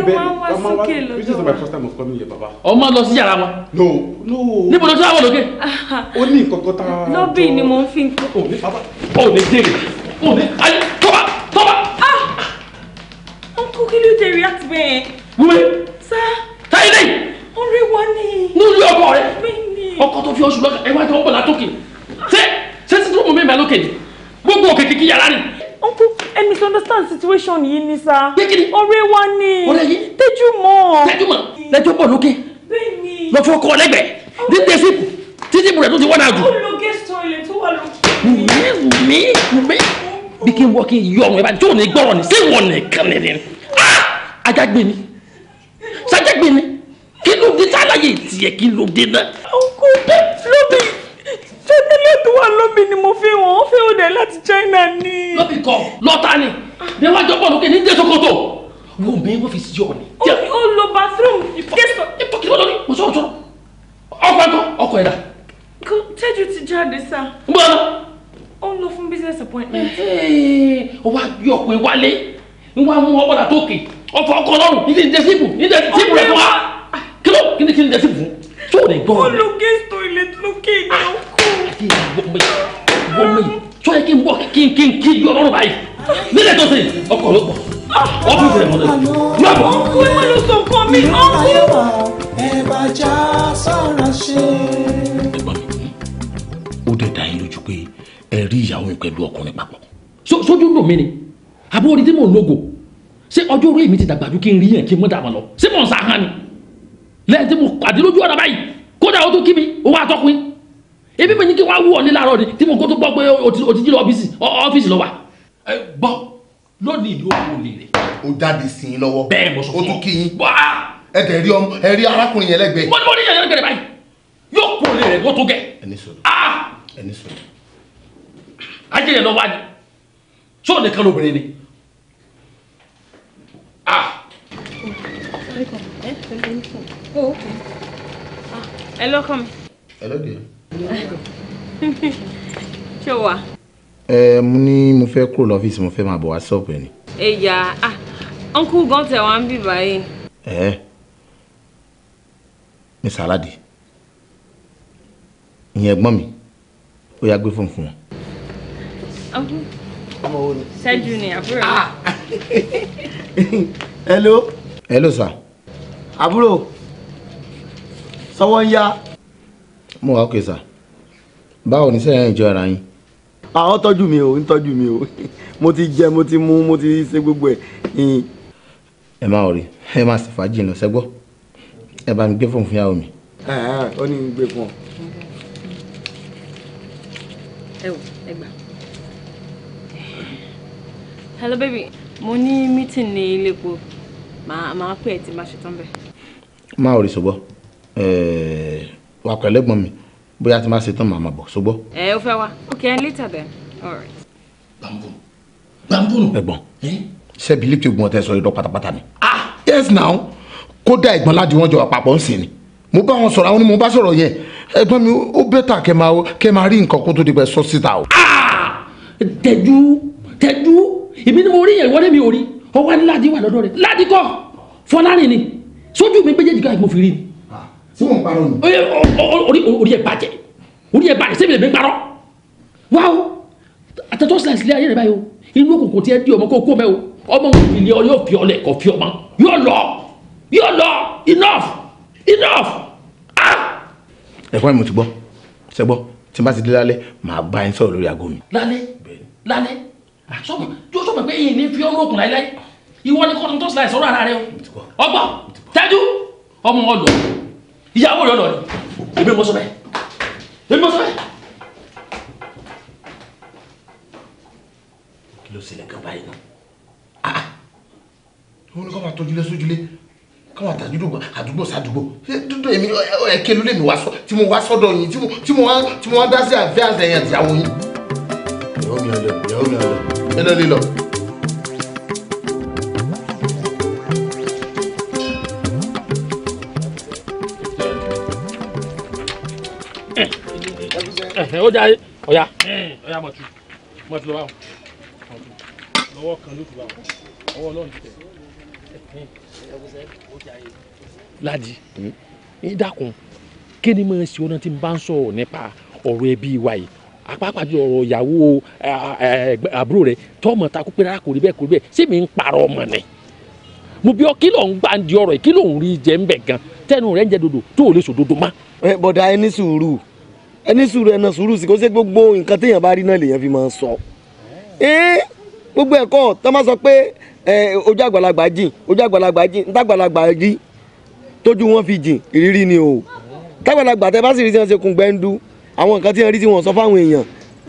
is my first time of coming here baba. ọmọ lọ sí yàrá wa. no no. níbo ló ti wá wọ lókè. ó ní nǹkan kan tá a jọ. lọ́bì ni mo ń fi. o ní baba o ní jèrè o ní ayé tọ́ba tọ́ba. ah uncle kí ló dé react bẹ́ẹ̀. wúwe. sá. táyé lẹ́yìn. ọ̀rẹ́ wa ni. nílùú ọkọ rẹ. bẹ́ẹ̀ni. ọkọ tó fi oṣù lọ́kàn ẹ wá tó ń bọ̀ látòkè. ṣé ṣé títún mú mi ìgbà lókè ni gbogbo òkè kìkì yàrá ni uncle ẹ misunderstand situation yìí ni sá. gbẹ́kìlì ọ̀rẹ́ wa ni tẹ́jú mọ́. tẹ́jú mọ́ lẹ́jọ́ pọ̀ lókè lọ fọ́ kọ́ lẹ́gbẹ̀ẹ́ ní tẹ́sípù títí bùrẹ̀ tó ti wọ́n náà dùn. ó lo guest toilet tó wà lókè. wùmí wùmí bí kí n wọ́ kí n yọ ọ̀run ẹ̀ bá tí ò ní gbọ́rọ̀ ní sí ìwọ̀n nìkan nìyẹn. Ah! ajágbe ni sájágbe ni kí ló dé tá a láyè tiẹ̀ kí ló dé náà. uncle ṣé mílíọ̀nù tó wà lómi ni mo fi wọ́n ó fẹ́ òde láti China ni. lọ́bì kọ lọ́ta ni ní wájú ọgbọ́n lókè ní dẹ́sọ̀kọ̀tọ̀ wo mi wọ́n fi sí ọ ni. ó lo bathroom. ìtọ́kì ló lórí mo sọ̀rọ̀ sọ̀rọ̀ ọkọ̀ ẹ̀kọ́ ọkọ̀ ẹ̀dá. Tẹ́jú ti jáde sá. n bọ́ ó ń lọ fún business appointment. ó wá yọ pé wálé ń wá mú ọgbọ́dà tó kè ọkọ̀ ọkọ̀ lọ́rùn ní dẹ́síbù ní dẹ́síbù rẹ̀ fún wa kí ló kí ni kí ni dẹ́síbù fún. tó o lè gbọ́ ọ. ó lo gé sọ ilé tó lókè ní ọkọ̀ kí n wọ mọ yìí wọ mọ yìí tó yẹ kí n bọ kí n kí n kí n yọ lọ́rùn báyìí nílẹ̀ tó sìn ọkọ ló pọ̀ ọkùn tẹ̀lé mọ́tò ló pọ̀. wọ́n máa lọ sọ nǹkan mi ọ̀hún. ẹ bá já sọ̀rọ̀ ṣe. ẹ̀gbọ́n mi ó dẹ̀ dá yín lójú pé ẹ rí ìyàwó yín pẹ̀lú ọkùnrin papọ̀ sójú ń dùn mí ni àbúrò ní tí mò ń lógo ṣé ọjọ́ orí mi ti dàgbà ju kí n rí yẹn kí n mọ́ dà lọ ṣé mò ń sàhán ni lẹ́yìn tí mo pàdé lójú ọ̀nà báyìí kódà ó tún kí mi ó wá ebi mi ní kí wọ́n á wú ọ ní láàárọ̀ ni tí mo kó tó gbọ́ pé o ti jí lọ ọ́fíìsì ọ́fíìsì lọ wà. ẹ gbọ́ lónìí ìlú òkú òní rẹ̀. o, jáde sí i lọ́wọ́ bẹ́ẹ̀ mo sọ fún ọ o, tún kí yín ẹ tẹ̀ rí ọmọ ẹ rí arákùnrin yẹn lẹ́gbẹ̀ẹ́. mo ní mo ní yẹn lẹ́gbẹ̀ẹ́ báyìí yóò kú òní rẹ̀ kó tó gẹ̀. ẹni sọ̀rọ̀ ah! ẹni sọ̀rọ̀. ajé yẹn lọ wá ni tí òun nìkan lóbìnrin ni. ẹ lọ́kàn mi. ẹ lọ́kàn mi ṣé wà. ẹ mo ní mo fẹ́ kúrò lọ́fíìsì mo fẹ́ máa bọ̀ wá ṣọ́ọ̀bù ah, ẹ̀ ni. ẹ̀yà ọ̀nkú gan tẹ̀ wá ń bì báyìí. ẹ ní sàládì ìyẹn ẹ̀gbọ́n mi ó yá gbé fóònù fún wọn. ṣẹ́jú ni àbúrò ah! <laughs> hello. hello sir. àbúrò sọ́wọ́ ń yá mo wà ókè sà báwo ni sẹ́yìn ìjọ ara yín. àwọn ah, tọ́jú mi ò ń tọ́jú mi ò mo ti jẹ mo ti mu mo ti ṣe gbogbo ẹ̀. ẹ má rí ẹ má sì fàájì lọ sẹ́gbọ́ ẹ bá mi gbé fún yàwó mi. Ah, ah, ó ní gbé fún ọ. ẹ wò ẹ gbà. hello baby mo ní mítìn ní ilé epo màá pè é tí màá ṣetán bẹ́ẹ̀. má ò rí wà pẹ̀lú ẹ̀gbọ́n mi bóyá tí máa ṣe tán màmá bọ̀ ṣùgbọ́. ẹ o fẹ́ wa okay later then all right. bambú bambú nù. ẹ̀gbọ́n ṣebí lítí ogun ọtẹ sọ irọ́ pátápátá ni. ah yes now kódà ẹ̀gbọ́n láti wọn jọ àpapọ̀ ń sìn ni mo bá wọn sọ̀rọ̀ àwọn ni mo bá sọ̀rọ̀ yẹn ẹ̀gbọ́n mi ó bẹ́tà kẹ́ máa kẹ́ máa rí nǹkan kó tó di pẹ́ sọ síta o. Ah! tẹ̀jú tẹ̀jú ìbí ni mo rí yẹn wọ́n mi ò rí ọwọ́ ni láti wà lọ́dọ̀ rẹ̀ láti kọ́ fọlárìn ni sójú mi méjèèjì káàkiri mo fi rí ni tí mò ń parọ́ nù. orí orí ẹ̀ bàjẹ́ orí ẹ̀ bàjẹ́ sẹ́mi lè mi parọ́ wá o àtẹ̀tọ́ sílẹ̀ sílẹ̀ ayé rẹ̀ báyìí o inú òkùnkùn tí ẹ di ọmọ kó kó mẹ́ o ọmọ ìlẹ̀ ọ yóò fi ọlẹ̀ kọ̀ fi ọmọ yóò lọ yóò lọ enough enough ah. ẹ̀kọ́ ni mo ti gbọ́ ṣe gbọ́ tí n bá ti dé lálẹ́ màá bá yín sọ̀rọ̀ lórí aago mi. lálẹ́ lálẹ́ sọ́mọ yóò sọ́mọ pé èyí ní fi ọmọ òkùn láíláí ìwọ ni kọ́ńtọ́sílẹ̀ sọ̀rọ̀ ara rẹ o ọgbọ́n tẹ́jú ọmọ ọlọ́ọ̀ ìyàwó rẹ ọ̀nà ni èmi mo sọ bẹ́ẹ̀ èmi mo sọ bẹ́ẹ̀. kí ló ṣẹlẹ̀ gan báyìí náà. Ah, ah. wọ́n ní ká máa tọ́jú lé sójúlé ká máa tàjú dùgbò àdúgbò sàdúgbò ṣé dúdú èmi ẹ̀kẹ́ ló lè mi wá sọ tí mo wá sọ́dọ̀ yín tí mo wá dá sí àfẹ́ àtẹ̀yìn àtìyàwó yín. ìyàwó mi ọlẹ ìyàwó mi ọlẹ ẹ lọ lè lọ. ó jáde ọ̀yà ọ̀yà mọ̀tù mọ̀tù lọ́wọ́ lọ́wọ́ kan ló tù bá ọwọ́ ọlọ́run tẹ ládi ní dákun kí ni mo ṣe ọ̀nà tí n bá ń sọ̀rọ̀ nípa ọ̀rọ̀ ẹbí wa yìí apápàjọ ọ̀rọ̀ ìyàwó àbúrò rẹ tọmọ ta kó pé rárá kò rí bẹ́ẹ̀ kò rí bẹ́ẹ̀ sí mi ń parọ́ ọmọ ni mo bí ọ kí ló ń gbà ń di ọ̀rọ̀ yìí kí ló ń rí jẹ ń bẹ gan tẹnu rẹ ń jẹ dodo tó o lè sọ dodo má. bọ̀dà ẹni sùúrù ẹni sùúrù ẹ̀nà sùúrù sí kó ṣe gbogbo nǹkan téèyàn bá rí náà lèèyàn fi máa ń sọ. gbogbo ẹ̀kọ́ tó máa sọ pé ojú àgbàlagbà jìn ojú àgbàlagbà jìn ntàgbàlagbà rí tójú wọn fi jìn ìrírí ni o tàgbàlagbà tẹ bá sì rí tí wọn ṣe kun gbẹ́ndú àwọn nǹkan tí wọn rí tí wọn sọ fáwọn èèyàn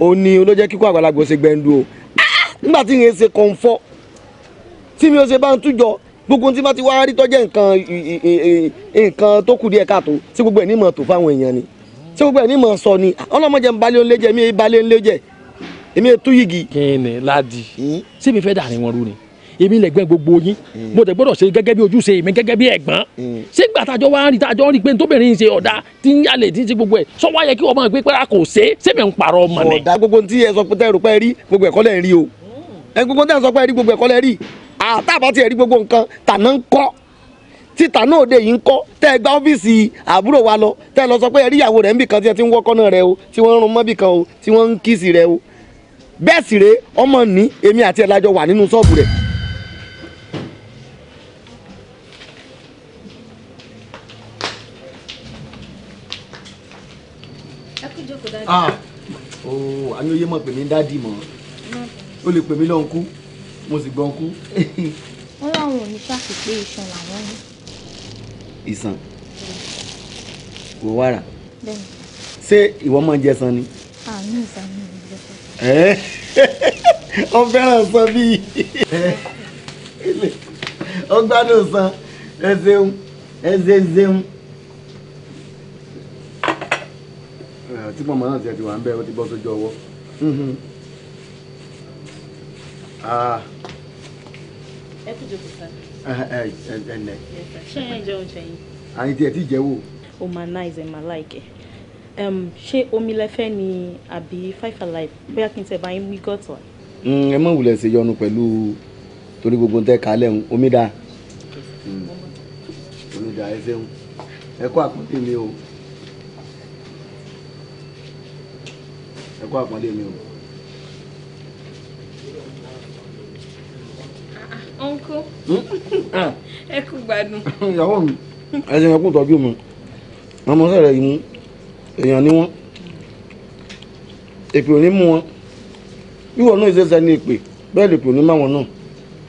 òní olójẹ́ kíkọ́ àgbàlagbà ó ṣe gbẹ́ndú o ah, nígbà tí yẹn ṣe kọ̀ǹfọ́ tí mi ò ṣe bá ń tújọ gbogbo tí bá ti wá rí tọ́jẹ́ nǹkan nǹkan tó kù díẹ̀ káàtó sí gbogbo ẹ̀ ní mọ̀tò fáwọn èèyàn ni ṣé gbogbo ẹ̀ ní sọ ni ọlọ́mọdé ń balẹ̀ ńlẹ́jẹ̀ èmi èyí balẹ̀ ńlẹ́jẹ̀ èmi ètú yìgì. kíni ladi ṣé mi fẹ́ dà ní wọn rú ni èmi lẹ̀gbọ́n gbogbo yín mo tẹ̀ gbọ́dọ̀ ṣe gẹ́gẹ́ bí ojúṣe mi gẹ́gẹ́ bí ẹ̀gbọ́n ṣé gbà tàjọ wá rí tàjọ rí pé tóbìnrin ń ṣe ọ̀dà tí ń yálè tí ń ṣe gbogbo ẹ̀ sọ yẹ kí ọmọ ìgbé pẹ́ra kò ṣe é ṣé mi ń parọ́ ọmọ ni. ọ̀dà gbogbo tí ẹ sọ pé tẹ́rù pẹ́ rí gbogbo ẹ̀kọ́ lẹ̀ o mm. ẹ gbogbo tẹ́ ẹ sọ pé rí gbogbo ẹ̀kọ́ lẹ̀ rí àtàbà rí gbogbo nǹkan tàná títa náà òde yìí ń kọ́ tẹ́ ẹ gba ọ́fíìsì àbúrò wa lọ tẹ́ ẹ lọ sọ pé ẹrí ìyàwó rẹ̀ ń bìkan tí ẹ ti ń wọ́kọ́ náà rẹ o tí wọ́n ń rún mọ́ bìkan o tí wọ́n ń kíìsì rẹ o bẹ́ẹ̀ sì rèé ọmọ ní èmi àti ẹ̀ lájọ wà nínú ṣọ́ọ̀bù rẹ̀ ah ooo oh, àní oyè mọ̀ pè dádì mọ́ ó lè pè mí lọ́nkú mo sì gbọ́nkú. wọ́n láwọn ò ní sáà pé iṣan làwọn ní ìsàn wò wàrà ṣé ìwọ máa jẹ san ni. àmì ìsàn mi ò jẹ san. <laughs> wọ́n fẹ́ràn san bíi wọ́n gbádùn san ẹ ṣeun ẹ ṣe ṣeun. tí mọ̀mọ́ náà ti ẹ̀ ti wà ń bẹ́ ó ti bọ́ sójú ọwọ́ ẹ kú jòkó sáré ẹnẹ. ṣé ẹ jẹun ṣẹyìn. àyìn tí ẹ ti jẹ wò. o ma nice ẹ ma like ẹ ṣé omi lẹfẹ ni àbí five alive bóyá kí n tẹ bá yín wí gọtọ. Mm, ẹ má wulẹ̀ ṣe yọnu pẹ̀lú torí gbogbo ń tẹ́ kalẹ̀ ń omi dáa mm. omi dáa ẹ ṣeun ẹ kó àpọ́nlé mi o ẹ kó àpọ́nlé mi o. ọ̀nkú hmm? ah. ẹ kú gbádùn. ìyàwó mi ẹsẹ̀ yẹn kú tọ́jú mi ọmọ sẹ̀rẹ̀ yìí mú èèyàn ní wọ́n èpè ò ní mú wọn bí wọn náà ṣe sẹ́ni èpè bẹ́ẹ̀ lè pè ní máwọn náà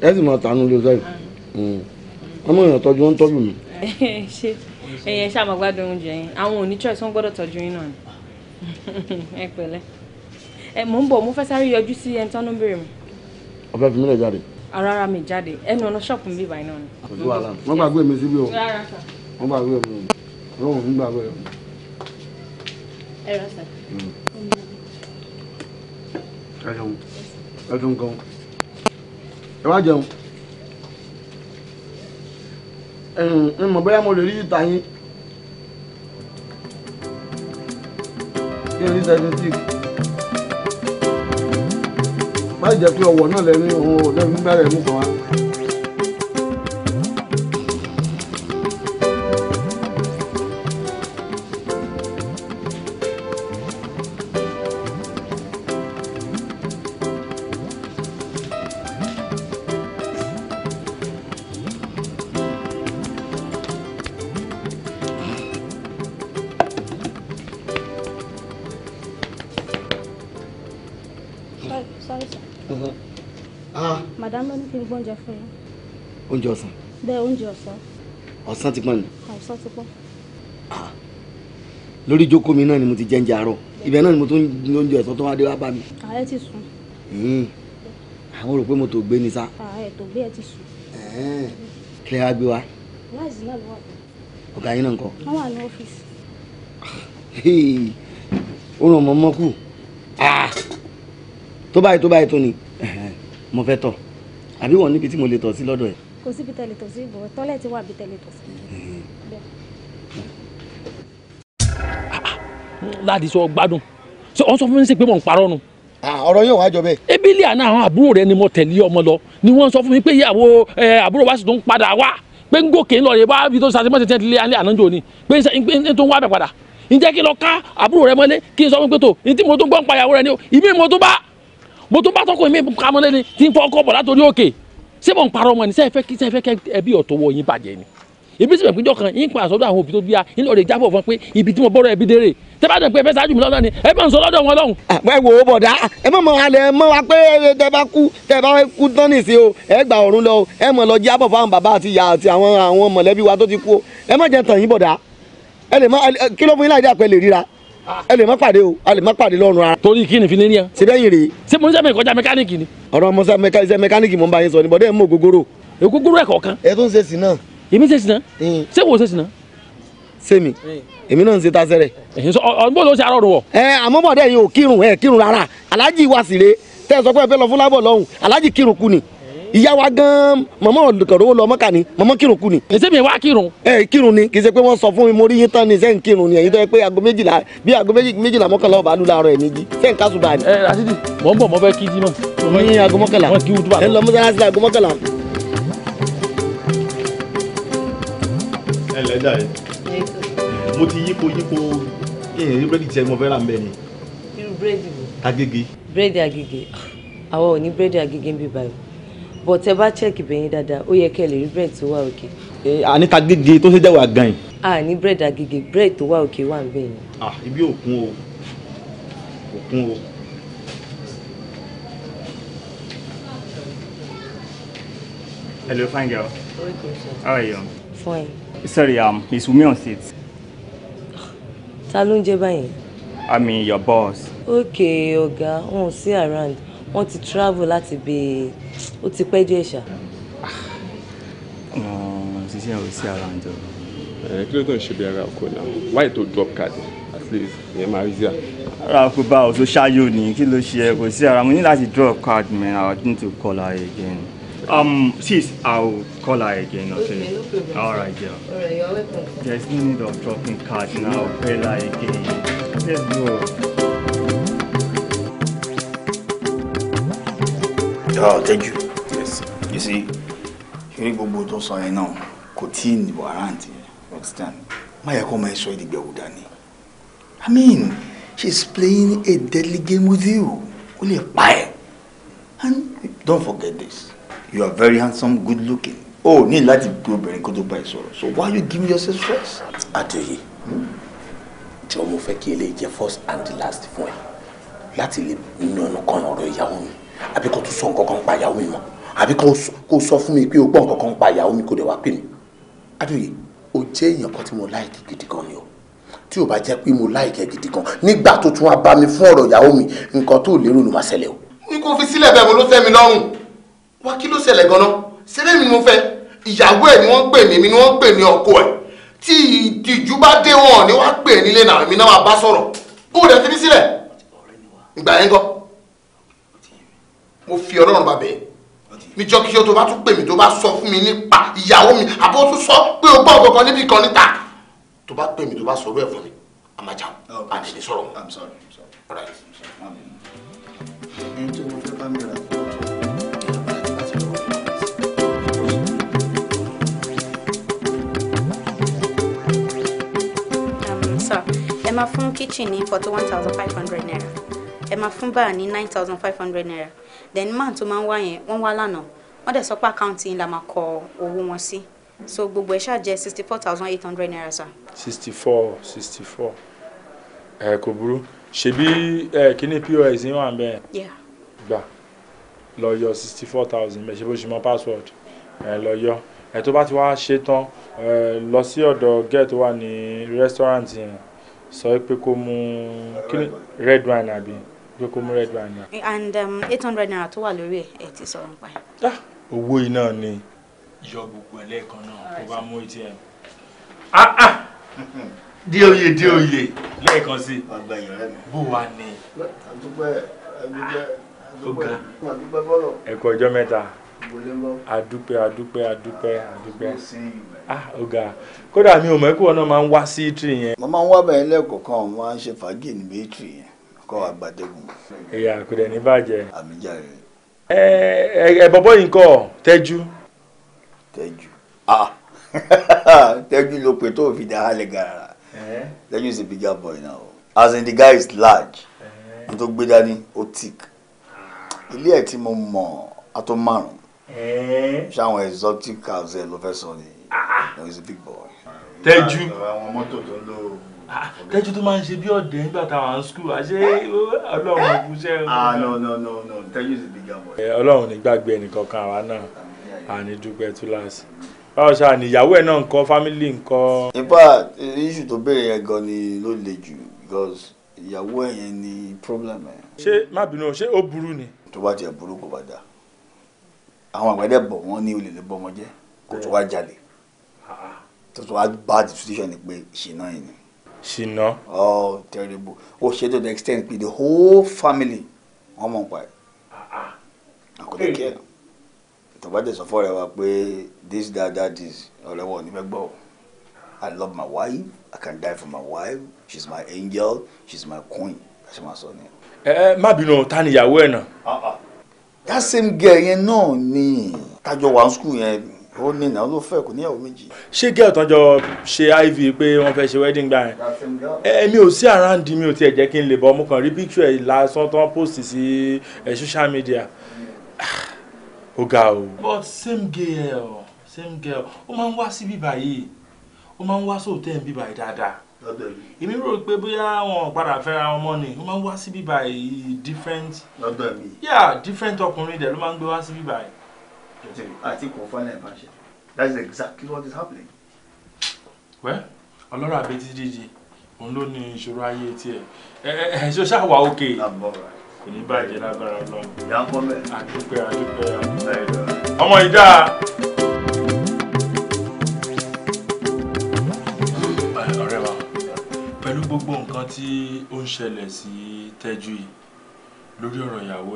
ẹ sì máa tànú ló sẹ́yìn hmm. ọmọ èèyàn tọ́jú wọn tọ́jú mi. ṣe ẹyẹ ṣáà máa gbádùn oúnjẹ yẹn àwọn òní choice wọn gbọ́dọ̀ tọ́jú yín náà ni ẹ pẹ̀lẹ́ ẹ mò ń bọ̀ mo fẹ́ sáré yọjú sí ẹni tán ló ń béèrè mi. ọbẹ̀ fi mílẹ̀ jáde rárá mi jáde ẹnu ọ̀nà ṣọ́ọ̀pù mi bíbá iná ni. kò sí wàhálà wọn gbàgbé mi síbí o wọn gbàgbé mi o lóhùn fún gbàgbé o. ẹ rà sà. ẹ jẹun ẹ tún gan ẹ wá jẹun ẹ mọ̀ bóyá mo lè rí ìta yín kí n rí seventeen má jẹ́ pé ọwọ́ náà lẹ́nu ọ̀hún lẹ́nu gbẹ́rẹ̀ mú kan wá. oúnjẹ ọ̀sán. bẹ́ẹ̀ oúnjẹ ọ̀sán. ọ̀sán ti pọ́n ni. ọ̀sán ti pọ́n. lórí ìjókòó mi náà ni mo ti jẹ oúnjẹ àárọ̀ ibẹ̀ náà ni mo tún ní oúnjẹ ọ̀sán tó wá dé wá bá mi. ààrẹ ti sùn. Hmm. àwọn rò pé mo tó gbé ni sá. ààrẹ tó gbé ẹ ti sùn. kílẹ̀ wá gbé wa. láìsí náà ló wà. ọ̀gá yín náà ń kọ́. wọ́n wà ní ọ́fíìsì. ó ràn mọ́ mọ́kù tó báyìí tó báyìí tó ni mo fẹ́ tọ̀ àbí wọ́n níbi tí mo lè tọ̀ sí lọ́dọ̀ ẹ̀ kò síbi tẹ̀lé tòsí ìbò tọ́lẹ̀ ti wà bí tẹ̀lé tòsí. láti sọ gbádùn ṣé wọ́n sọ fún mi sí pé mò ń parọ́ nu. ọ̀rọ̀ yóò wájọ bẹ́ẹ̀. ebílẹ̀ àná àwọn àbúrò rẹ ni mo tẹ̀lé ọmọ lọ ni wọ́n sọ fún mi pé ìyàwó àbúrò wa sì tún padà wá pé ń gòkè ńlọ rẹ bá fi tó sàtìmọ́ tẹ̀tẹ̀ lé alẹ́ àná jò ni pé ń tó ń wá bẹ̀ padà ǹjẹ́ kí lọ ká àbúrò rẹ mọ́lé kí n sọ fún pé tó ní tí mo tún gbọ́ pa ìyàwó rẹ ni o ìmí mo tún bá mo tún bá tọkọ ìmí kamọ́lé ni tí ń fọ́ ọkọ̀ bọ̀ látòrí òkè ṣé mò ń parọ́ ọmọ ni sẹ́ẹ̀ fẹ́ kí sẹ́ẹ̀ fẹ́ kẹ́ ẹbí ọ̀tọ̀ wọ yín bàjẹ́ ni ibi sì pẹ̀pẹ́jọ́ kan yín pa àsọdọ̀ àwọn òbí tó bí a yín lọ́ọ́ lè jábọ̀ fún pé ibi tí mo bọ́rọ̀ ẹbí dérè tẹ́ bá pé ẹ fẹ́ ṣáájú mi lọ́dọ̀ ni ẹ bá ń sọ lọ́dọ̀ wọn lọ́hùn. Ah, ẹ wò ó bọ̀dá ẹ mọ̀ mọ́ alẹ́ mọ́ wa pé tẹ bá kú tẹ bá kú tán nìsí o ẹ gbà ọ̀run lọ ẹ mọ̀ lọ jábọ̀ fáwọn bàbá àti ìyá àti àwọn mọ̀lẹ́bí wa tó ti kú ẹ má jẹ́ tàn yín bọ̀dá ẹ kí ló fún yín láì dá pẹ́ lè ríra ẹ lè má pàdé o a lè má pàdé lọ́rùn ara. torí kí ni fi ní ní ẹ. ṣe bẹ́ẹ̀ yìí rèé. ṣé mo ń sẹ́mi ìkọjá mẹkáníìkì ni. ọ̀rọ̀ mo sẹ́ iṣẹ́ mẹkáníìkì mo ń bá yín sọ ni bọ́dẹ̀ mú ògógóró. ògógóró ẹ̀kọ́ kan. ẹ tó ń ṣe sí náà. èmi ṣe sí náà. ṣé wo ṣe sí náà. ṣé mi èmi náà ń ṣe tasẹ́ rẹ̀. ọ̀nbó ló ṣe arọ́rùn wọ̀. ẹ àmọ́ bọ̀dẹ̀ yìí ò kírun ẹ kírun rárá aláàjì wa sì rèé sọ pé ẹ fẹ́ lọ fún ìyá wa gan mọ̀mọ́ olùkọ̀rọ̀ lọ mọ́kà ni mọ̀mọ́ kírun kù ni. èsì mi wá kírun. ẹ kírun ni kì í ṣe pé wọ́n sọ fún mi mo rí yín tán ni sẹ́yìn kírun ni ẹ̀yin tó yẹ pé aago méjìlá bí aago méjìlá mọ́kànlá ọba àlù làárọ̀ ẹ̀ méjì sẹ́yìn kásù bá ni. ẹ àtìdì mọ̀ ń bọ̀ mọ́ fẹ́ kí jí mọ̀. ní aago mọ́kànlá ẹ lọ mọ́sálásí aago mọ́kànlá. ẹ lẹ́dà ẹ mo ti yípo yípo ìrìn bírèdì tí mo fẹ́ rà ń bẹ ni. irú bírèdì wo. agége. bírèdì but ẹ bá check ibẹ̀yìn dáadáa ó yẹ kẹ́ lè rí bread tó wà òkè. àníta gègé tó ṣe jẹ́ wà gan-an. a ní bread àgègè bread tó wà òkè wà níbẹ̀ yẹn. ah ibi òkun o òkun o. hello fine girl how are you. fine. sorry um, it's Wunmi on set. ta ló ń jẹ báyìí. I mean your boss. okay ọ̀gá wọn ò sí around wọ́n ti travel láti bí ó ti pẹ́ díẹ̀ ṣá. ṣiṣẹ́ ò sí ara àjọ. ẹ kí ló tó ń ṣe bí ara ọkọ náà why to drop card at least ìyẹn máa rí sí à. ara kò bá òṣò ṣáyò ní kí ló ṣe ẹ kò sí ara mo ní láti drop card man I need to call her again. Um, sis, I'll call her again, okay? okay no All right, girl. All right, you're welcome. There's no need of dropping cards now. I'll call her again. Let's go. Oh, thank you. Yes. You see, ṣeré gbogbo tó sọ yẹn náà kò tí ì ní understand má yẹ kó máa sọ ẹ́ dìgbẹ́ I mean she's playing a deadly game with you ó lè pa and don't forget this you are very handsome good looking oh, ní láti gbé obìnrin kó tó bá ẹ so why you give yourself stress. Adéyé jọ mo fẹ́ kí eléyìí jẹ́ first and last fún ẹ láti lè nu ọ̀nà kan ọ̀rọ̀ ìyàwó mi àbí kò tún sọ nǹkan kan pa ìyàwó mi mọ́ àbí kò sọ fún mi pé o gbọ́ nǹkan kan pa ìyàwó mi kò dẹ̀ wá pè mí adóye o jẹ́ èèyàn kan tí mo láìkì gidi gan ni o tí o bá jẹ́ pé mo láìkì ẹ gidi gan nígbà tó tún wá bá mi fún ọ̀rọ̀ ìyàwó mi nǹkan tó lérò ló máa ṣẹlẹ̀ o. ní kò fi sílẹ̀ bẹ́ẹ̀ mo ló fẹ́ mi lọ́rùn wá kí ló ṣẹlẹ̀ gan-an ṣẹlẹ̀ mi ni mo fẹ́ ìyàwó ẹ̀ ni wọ́n pè mí ni wọ́n pè ní ọkọ ẹ̀ tí ìtìjú bá dé wọn ni wọ́n pè nílé náà mi náà máa bá sọ̀rọ̀ kó o dẹ̀ fi mí sílẹ̀ ìgbà yẹn gan mo fi ọlọ́run bàbẹ́ níjọ́ kíjọ́ tó bá tún pè mí tó bá sọ fún mi nípa ìyàwó mi àbó tún sọ pé o gbọ́ ọ̀gọ̀gọ̀ níbi kan níta tó bá pè mí tó bá sọ̀rọ̀ ẹ̀ fún mi àmàjà àti ìdí sọ̀rọ̀ wọn. ẹni tó mo fẹ́ bá mi rà fún. Um, ẹ máa fún kitchen ní forty one thousand five hundred naira ẹ máa fún báà ní nine thousand five hundred naira then man tó máa ń wá yẹn wa wá lánàá wọ́n dẹ̀ sọ pé la máa kọ owó wọn sí so gbogbo ẹ̀ ṣáà jẹ́ sixty four thousand eight hundred naira sir. sixty four sixty four ẹ kò burú eh kini kíní pos yín wà bẹ́ẹ̀. gbà lọ yọ sixty four thousand bẹ́ẹ̀ ṣe bó password ẹ lọ yọ ẹ tó bá ti wá ṣe tán ẹ lọ sí ọ̀dọ̀ gẹ́ẹ̀ tó wà ní restaurant yẹn sọ pé kó mú red wine abi pé mú red wine náà. and um, eight hundred naira tó wà lórí ẹ̀ ẹ̀ ti sọ̀rọ̀ pa ẹ̀. owó iná ni yọ gbogbo ẹ̀ lẹ́ẹ̀kan náà kó bá mú atm. Ah, ah! <laughs> dí oyè dí oyè lẹ́ẹ̀kan sí bó wa ni. àdúgbò ẹ̀ ẹ̀kọ́ ọjọ́ mẹ́ta adúpẹ́ adúpẹ́ adúpẹ́ adúpẹ́ ah ọ̀gá kódà mi ò mọ̀ ẹ́kọ́ náà máa ń wá sí ìtìrì yẹn. mo máa ń wá bẹ̀rẹ̀ lẹ́ẹ̀kọ̀ọ̀kan mo máa ń ṣe fàájì níbi ìtìrì yẹn kọ́ àgbàdégùn. ìyá kò dẹ̀ ní bàjẹ́. àmì jàre. ẹ ẹ bọ̀bọ̀ yìí kọ́ tẹ́jú. tẹ́jú ah <laughs> tẹ́jú ló pe tó fi dá hálẹ̀ gàrà tẹ́jú is a bigger boy now as in the guy is large n tó gbé dání ó thick ilé ẹ̀ tí mo mọ̀ á tó márùn ṣáwọn exotic cars ẹ ló fẹ́ sọ ni ah, ah. he is a big boy. tẹ́jú. àwọn mọ́tò tó ń lò ó kẹ́jú ah, tó máa ń ṣe bí ọ̀dẹ̀ nígbà táwọn àwọn skul àṣé ọlọ́run ọ̀gbúnṣẹ́ rẹ̀. ah no no no no tẹ́jú ti bìgà mọ́. ọlọ́run ní gbàgbé ẹnìkankan àwa náà àní dúpẹ́ túláàsì báwo ṣáà ní ìyàwó ẹ̀ náà ń kọ́ fámílì ń kọ́. ipa iṣu tó béèrè yẹn gan ni ló le jù because ìyàwó ẹ̀ yẹn ni problem ẹ̀. ṣé má bínú ṣé ó burú ni. tó bá tiẹ̀ burú kò bá dáa àwọn àgbẹ̀dẹ̀ bọ̀ wọ́n ní olè lè bọ́ ọmọ jẹ́ kó tó wá jalè ah, ah. tó tó wá bá the situation ni pé ṣìnà yìí ni ṣìnà. oh terrible o ṣe to the extent pe the whole family wọn mọ̀ pa ẹ̀ àkọ́dé ah, ah. kí ẹ̀ tọ́bátẹ̀ sọ fọ́ọ̀rẹ́ wa pé this that that this ọ̀rẹ́wọ̀ ní mẹ́gbọ́ i love my wife i can die for my wife she's my angel she's my queen ẹ ṣe máa sọ ni. ẹ ẹ má bínú ta ni ìyàwó ẹ náà. Ah, that same girl yẹn náà ni tájọ wà ní school yẹn ó ní ìnáwó ló fẹ́ kò níyàwó méjì. ṣé gẹ́ ọ̀tọ́jọ́ ṣe iv pé wọ́n fẹ́ ṣe wedding gbà yẹn èmi ò sí around mi ò tiẹ̀ jẹ́ kí n lè bọ́ mo kàn rí picture ẹ̀ lásán tán post sí social media ó ga o. but same girl same girl ó máa ń wá sí bíbá yìí ó máa ń wá sóòtẹ́ ń bíbá yìí dáadáa èmi rò pé bóyá wọn padà fẹ́ra wọn mọ́ ni wọ́n máa ń wá sí bíbá different yeah different ọkùnrin dẹ̀ ló máa ń gbé wá sí bíbá àti kò fọ́nà ìbá ṣe that is exactly what is happening. wẹ́ ọlọ́rọ̀ àbí títí di òun ló ní ìṣòro ayé tiẹ̀ ẹ ẹ ṣó ṣàwà òkè kò ní bàjẹ́ lágbára lọ́nà. ìyá ń pọ́n bẹ́ẹ̀. àdúpẹ́ àdúpẹ́ àdúpẹ́ ọmọ ìdá. ọ̀rẹ́ wa pẹ̀lú gbogbo nǹkan tí ó ń ṣẹlẹ̀ sí Tẹ́jú yìí lórí ọ̀rọ̀ ìyàwó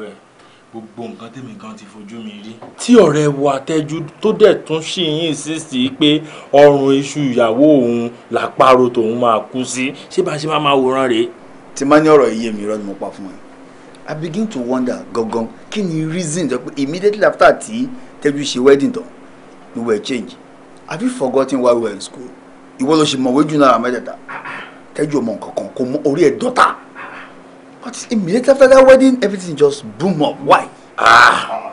gbogbo nǹkan tèmi gan ti fojú mi rí. tí ọ̀rẹ́ wo àtẹ́jú tó dẹ̀ tún ṣì ń insist pé ọrùn iṣu ìyàwó òun làpárò tòun máa kú sí ṣé bá ṣe máa máa wòran rèé. tí máa ní ọ̀rọ̀ iye mi irọ́ mo pa fún ẹ i begin to wonder gangan kí ni reason tó pé immediately after tí tẹ́jú ṣe wedding tán you were change have you forgotten why we were in school ìwọ ló ṣe mọ̀wé jù náírà mẹ́tẹ̀ẹ̀ta tẹ́jú ọmọ nǹkan kan kò mọ orí ẹ̀ dọ́ta. But immediately after that wedding, everything just boom up. Why? Ah.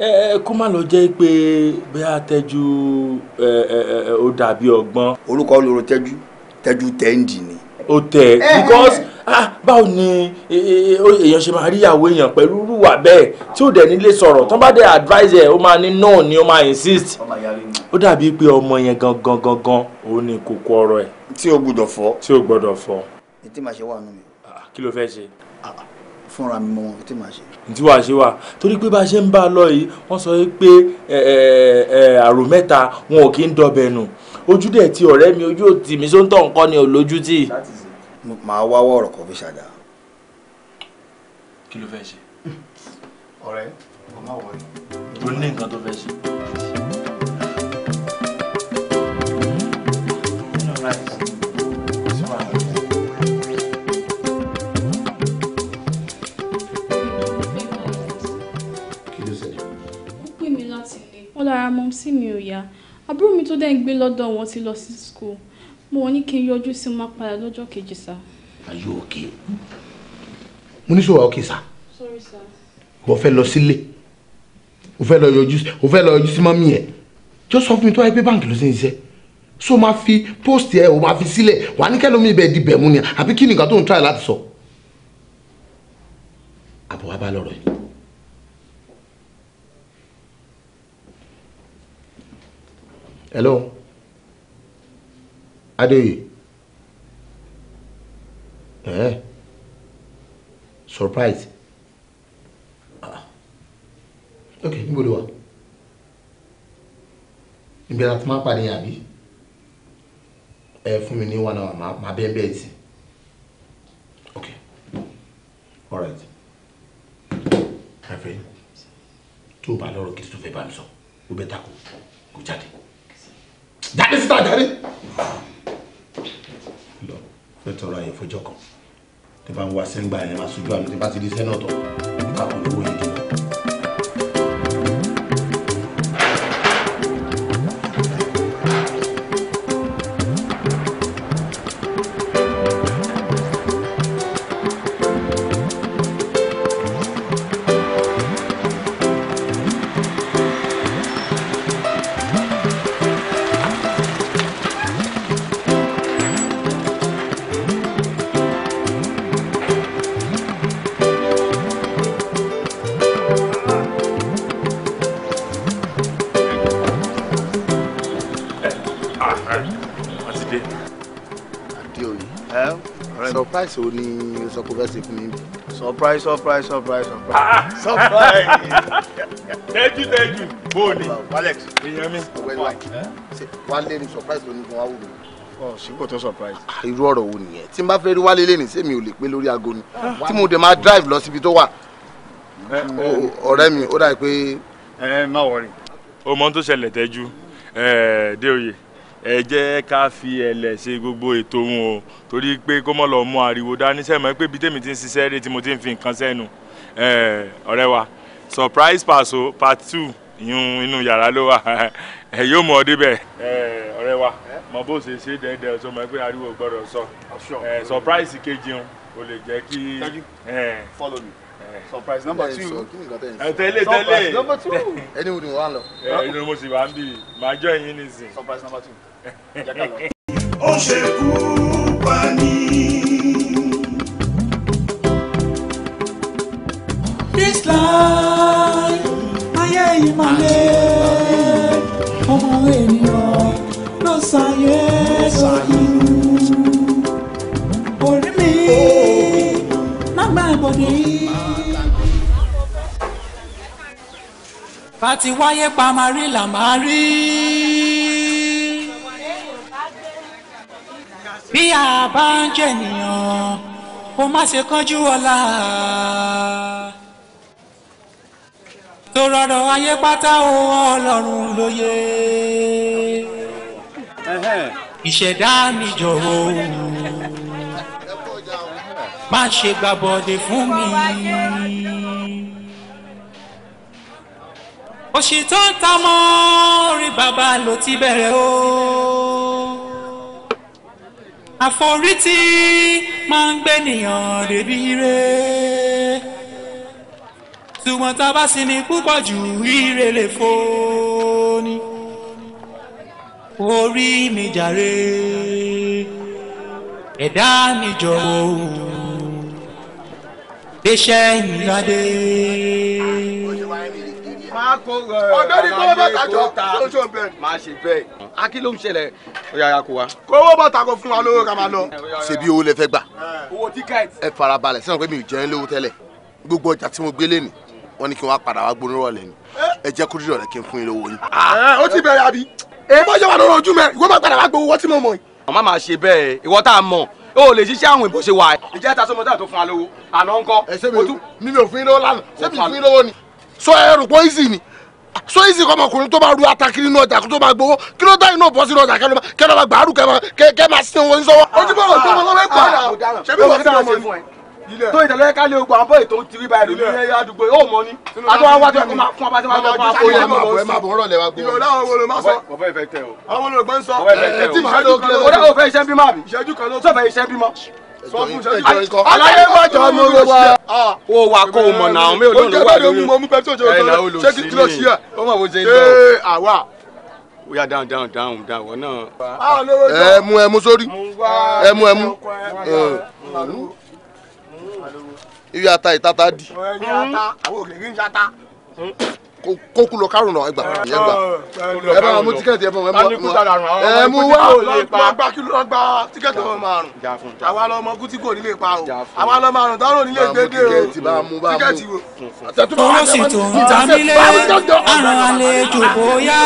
ẹ kó má lọ jẹ́ pé bí a tẹ́jú ó dàbí ọgbọ́n. orúkọ olóró tẹ́jú tẹ́jú tẹ́ǹdì ni. ó tẹ eh, eh, because eh. ah báwo ni e, e, e, èèyàn ṣe máa rí ìyàwó èèyàn pẹ̀lú rúwà bẹ́ẹ̀ tí ò dẹ̀ nílé sọ̀rọ̀ tó bá dẹ̀ advise ẹ̀ ó máa ní no ni ó máa insist ó dàbí pé ọmọ yẹn gangan gangan òun ni kókó ọ̀rọ̀ ẹ̀. tí o gbọ́dọ̀ fọ́. tí o gbọ́dọ̀ fọ́ ní tí màá ṣe wà nù mí. Ah, kí ló fẹ́ ṣe. Ah, fúnra mi mọ ohun tí ṣe. ntí wàá ṣe wà torí pé bá a ṣe ń bá a lọ yìí wọ́n sọ pé àrò mẹ́ta wọn ò kí ń dọbẹ̀ nù ojú dẹ̀ ti ọ̀rẹ́ mi ojú òtì mi só ń tọ̀ nǹkan ni ò lójú tì. màá wá wọ̀rọ̀ kọ́ fi ṣàdá. kí ló fẹ́ ṣe. ọ̀rẹ́ kò wọlé. ló ní nǹkan tó fẹ́ ṣe. ara mọ́mísì mi ò yá àbúrò mi tó dẹ̀ ń gbé lọ́dọ̀ wọn ti lọ sí school mo wọ́n ní kí n yọjú sí máa padà lọ́jọ́ kejì sá. Are you okay? mo ní sọ̀rọ̀ okay sá. Sorry sá. ìwọ fẹ́ lọ sílé o fẹ́ lọ yọjú o fẹ́ lọ yọjú sí mọ́mí ẹ̀ jọ sọ fún mi tó wáyé pé báńkì ló ti ń ṣiṣẹ́ so máa fi post ẹ o máa fi sílẹ̀ wà á ní kẹ́lómi ibẹ̀ di bẹ̀mú ni àbí kí nìkan tó ń try láti sọ àbọ̀ wá bá lọ́rọ̀ yìí. hello adéoyè ẹ̀ẹ́ surprise ah ok níbo ló wà níbi láti máa pàdé yàn àbí ẹ fún mi ní one hour máa bẹ́ẹ̀ bẹ́ẹ̀ sí ok all right my friend tó o bá lọ́rọ̀ kí tó fẹ́ bá mi sọ o bẹ́ ta kó o jáde jáde síta jáde. lọ fẹ́ tọrọ àyè fọjọ́ kan tí bá ń wá sẹ́ńgbà yẹn máa sojú àmì tí bá ti di sẹ́nọ̀tọ̀ nígbà kan yìí dùn. surprise o ni o sọ pé o fẹ́ ṣe mi. surprise surprise surprise surprise. Ah, ah, surprise. <laughs> thank you, Boni, alex èèyàn mi. wálé ni surprise ló ní fún wa wò mí. ọ sípò tó surprise. Ah, irú ọ̀rọ̀ wo nìyẹn tí n bá fẹ́ rí wálé lẹ́nu sẹ́mi ò lè pé lórí aago ni tí mo dẹ̀ máa drive lọ síbi tó wà. ọ̀rẹ́ mi ó dà pé. ẹ má wọrí. o mọ ohun tó ṣẹlẹ̀ tẹ́jú dé oyè ẹ jẹ́ ká fi ẹ̀lẹ̀ ṣe gbogbo ètò wọn o torí pé kó mọ̀ lọ́ọ́ mú ariwo dání sẹ́mọ̀ pé bí tèmi ti ń ṣiṣẹ́ rè tí mo ti ń fi nǹkan sẹ́nu ọ̀rẹ́ wa surprise paso part two ìyún inú yàrá ló wà <laughs> ẹ yóò mọ̀ ọ́ débẹ̀. ọ̀rẹ́ wa mọ bó ṣe ṣe dẹ́dẹ́ ọ̀ṣọ́ mọ̀ pé ariwo gbọ́dọ̀ sọ surprise kejì o ò lè jẹ́ kí. follow me surprise number two tẹ́lẹ̀ tẹ́lẹ̀ surprise number two ẹni wo ni wọ́n á lọ. ẹni wo mo sì wá ń bì máa jọ ẹ̀yin nísìnyí. surprise number two ó ṣekú pa this life ayé ìmàlẹ́ ọmọ ènìyàn ló ṣàyẹ sọ́yìn orí mi lágbàgbọ́dé. bá ti wáyé pa máa rí là máa rí. bí a bá ń jẹ̀nìyàn kó má ṣe kánjú ọ̀la tó rọrọ ayé pátá o ọlọ́run lóye ìṣẹ̀dá mi jọ̀wọ́ má ṣe gbàbọ̀dè fún mi. òṣì tó ń ta mọ́ orí bàbá ló ti bẹ̀rẹ̀ o àforítì máa ń gbènìyàn débi ire ṣùgbọ́n tá a bá sinmi púpọ̀ jù ire lè fò ní orí mi jàre ẹ̀dá mi jọ̀wọ́ déṣẹ́ ìyáde ọ̀gbẹ́ni kó bá tàjọ lóṣù bẹ́ẹ̀. máa ṣe bẹ́ẹ̀. a kí ló ń ṣẹlẹ̀ ó yà ya kó wa. kówó bá tako fún wa lówó ká máa lọ. Eh, ṣebí owó lẹ fẹ́ gbà. Eh. owó tíkẹ́ẹ̀tì. ẹ farabalẹ̀ sẹ́wọ̀n pé mi ò jẹ́ lówó tẹ́lẹ̀ gbogbo ọjà tí mo gbé lé ni wọ́n ní kí wọ́n á padà wá gbóná rọ̀lẹ́ ni eh? ẹ jẹ́ kúrò rẹ̀ kí n fún yín lówó yín. ó ti bẹ̀rẹ̀ àbí. èyí bọ́ yọ̀wọ̀ lọ́rọ̀ ojú mẹ́ ìwọ máa padà wá gbowó wọ́n tí mo mọ̀ yìí. màmá máa ṣe bẹ́ẹ̀ ìwọ tá a mọ̀ o lè ṣiṣẹ́ àwọn ìbò ṣe wà. ìjẹ́ ta sọmọdé àtò fún alówó àná ńkọ́. ẹ ṣé mi nínú òfin lówó lánàá ṣé mi fún yín lówó ni sọ ẹ rò pé ni so easy kọ́ ọmọkùnrin tó bá ru atakiri náà ọjà kó tó bá gbowó kí ló dá, náà bọ́ sínú ọjà kẹlẹ́ kẹlẹ́ bá gbàrú kẹ́ máa sin owó sọ́wọ́. ojú bọ̀ lọ́sọ́ wọn lọ́wọ́ ẹ̀gbọ́n náà ṣẹ́bí wọ́n ti mọ̀ ní. tó ìtẹ̀lẹ́ ká lé ogun àwọn bóyè tó ń tiri báyìí lórí àdúgbò yóò mọ ni. àti wọn wá tó ẹkọ máa fún ọba tí wọn lọ fún àpòyẹ. ẹ máa bọ̀ ọ̀rọ̀ lẹ gbọ́. ìrọ̀lá àwọn wọlé máa sọ. ọ̀fẹ́ ìfẹ́ tẹ o. àwọn wọlé aláyé má jọ mú ló wá. o wa kó o mọ̀ náà mi ò lóun ló wà lórí mo mú pẹ́tù òjò tó ṣé kí kí ló ṣí ẹ̀ ó mọ̀ bó ṣe ń lọ. ṣé àwa. ẹ mú ẹ mú sórí ẹ mú ẹ mú. ibi ata ìtata di kó kú lọ kárùn náà ẹgbà ẹgbà ẹ mú tíkẹ́ẹ̀tì ẹ bá wọn ẹ mú wá lọ́gbà kí ló gba tíkẹ́ẹ̀tì ọmọ márùn àwa lọ ọmọ gútí kò nílé pa o àwa lọ márùn dárò nílé gbédè o tíkẹ́ẹ̀tì wo. tòun sì tòun tamilé àrùn àlejò bóyá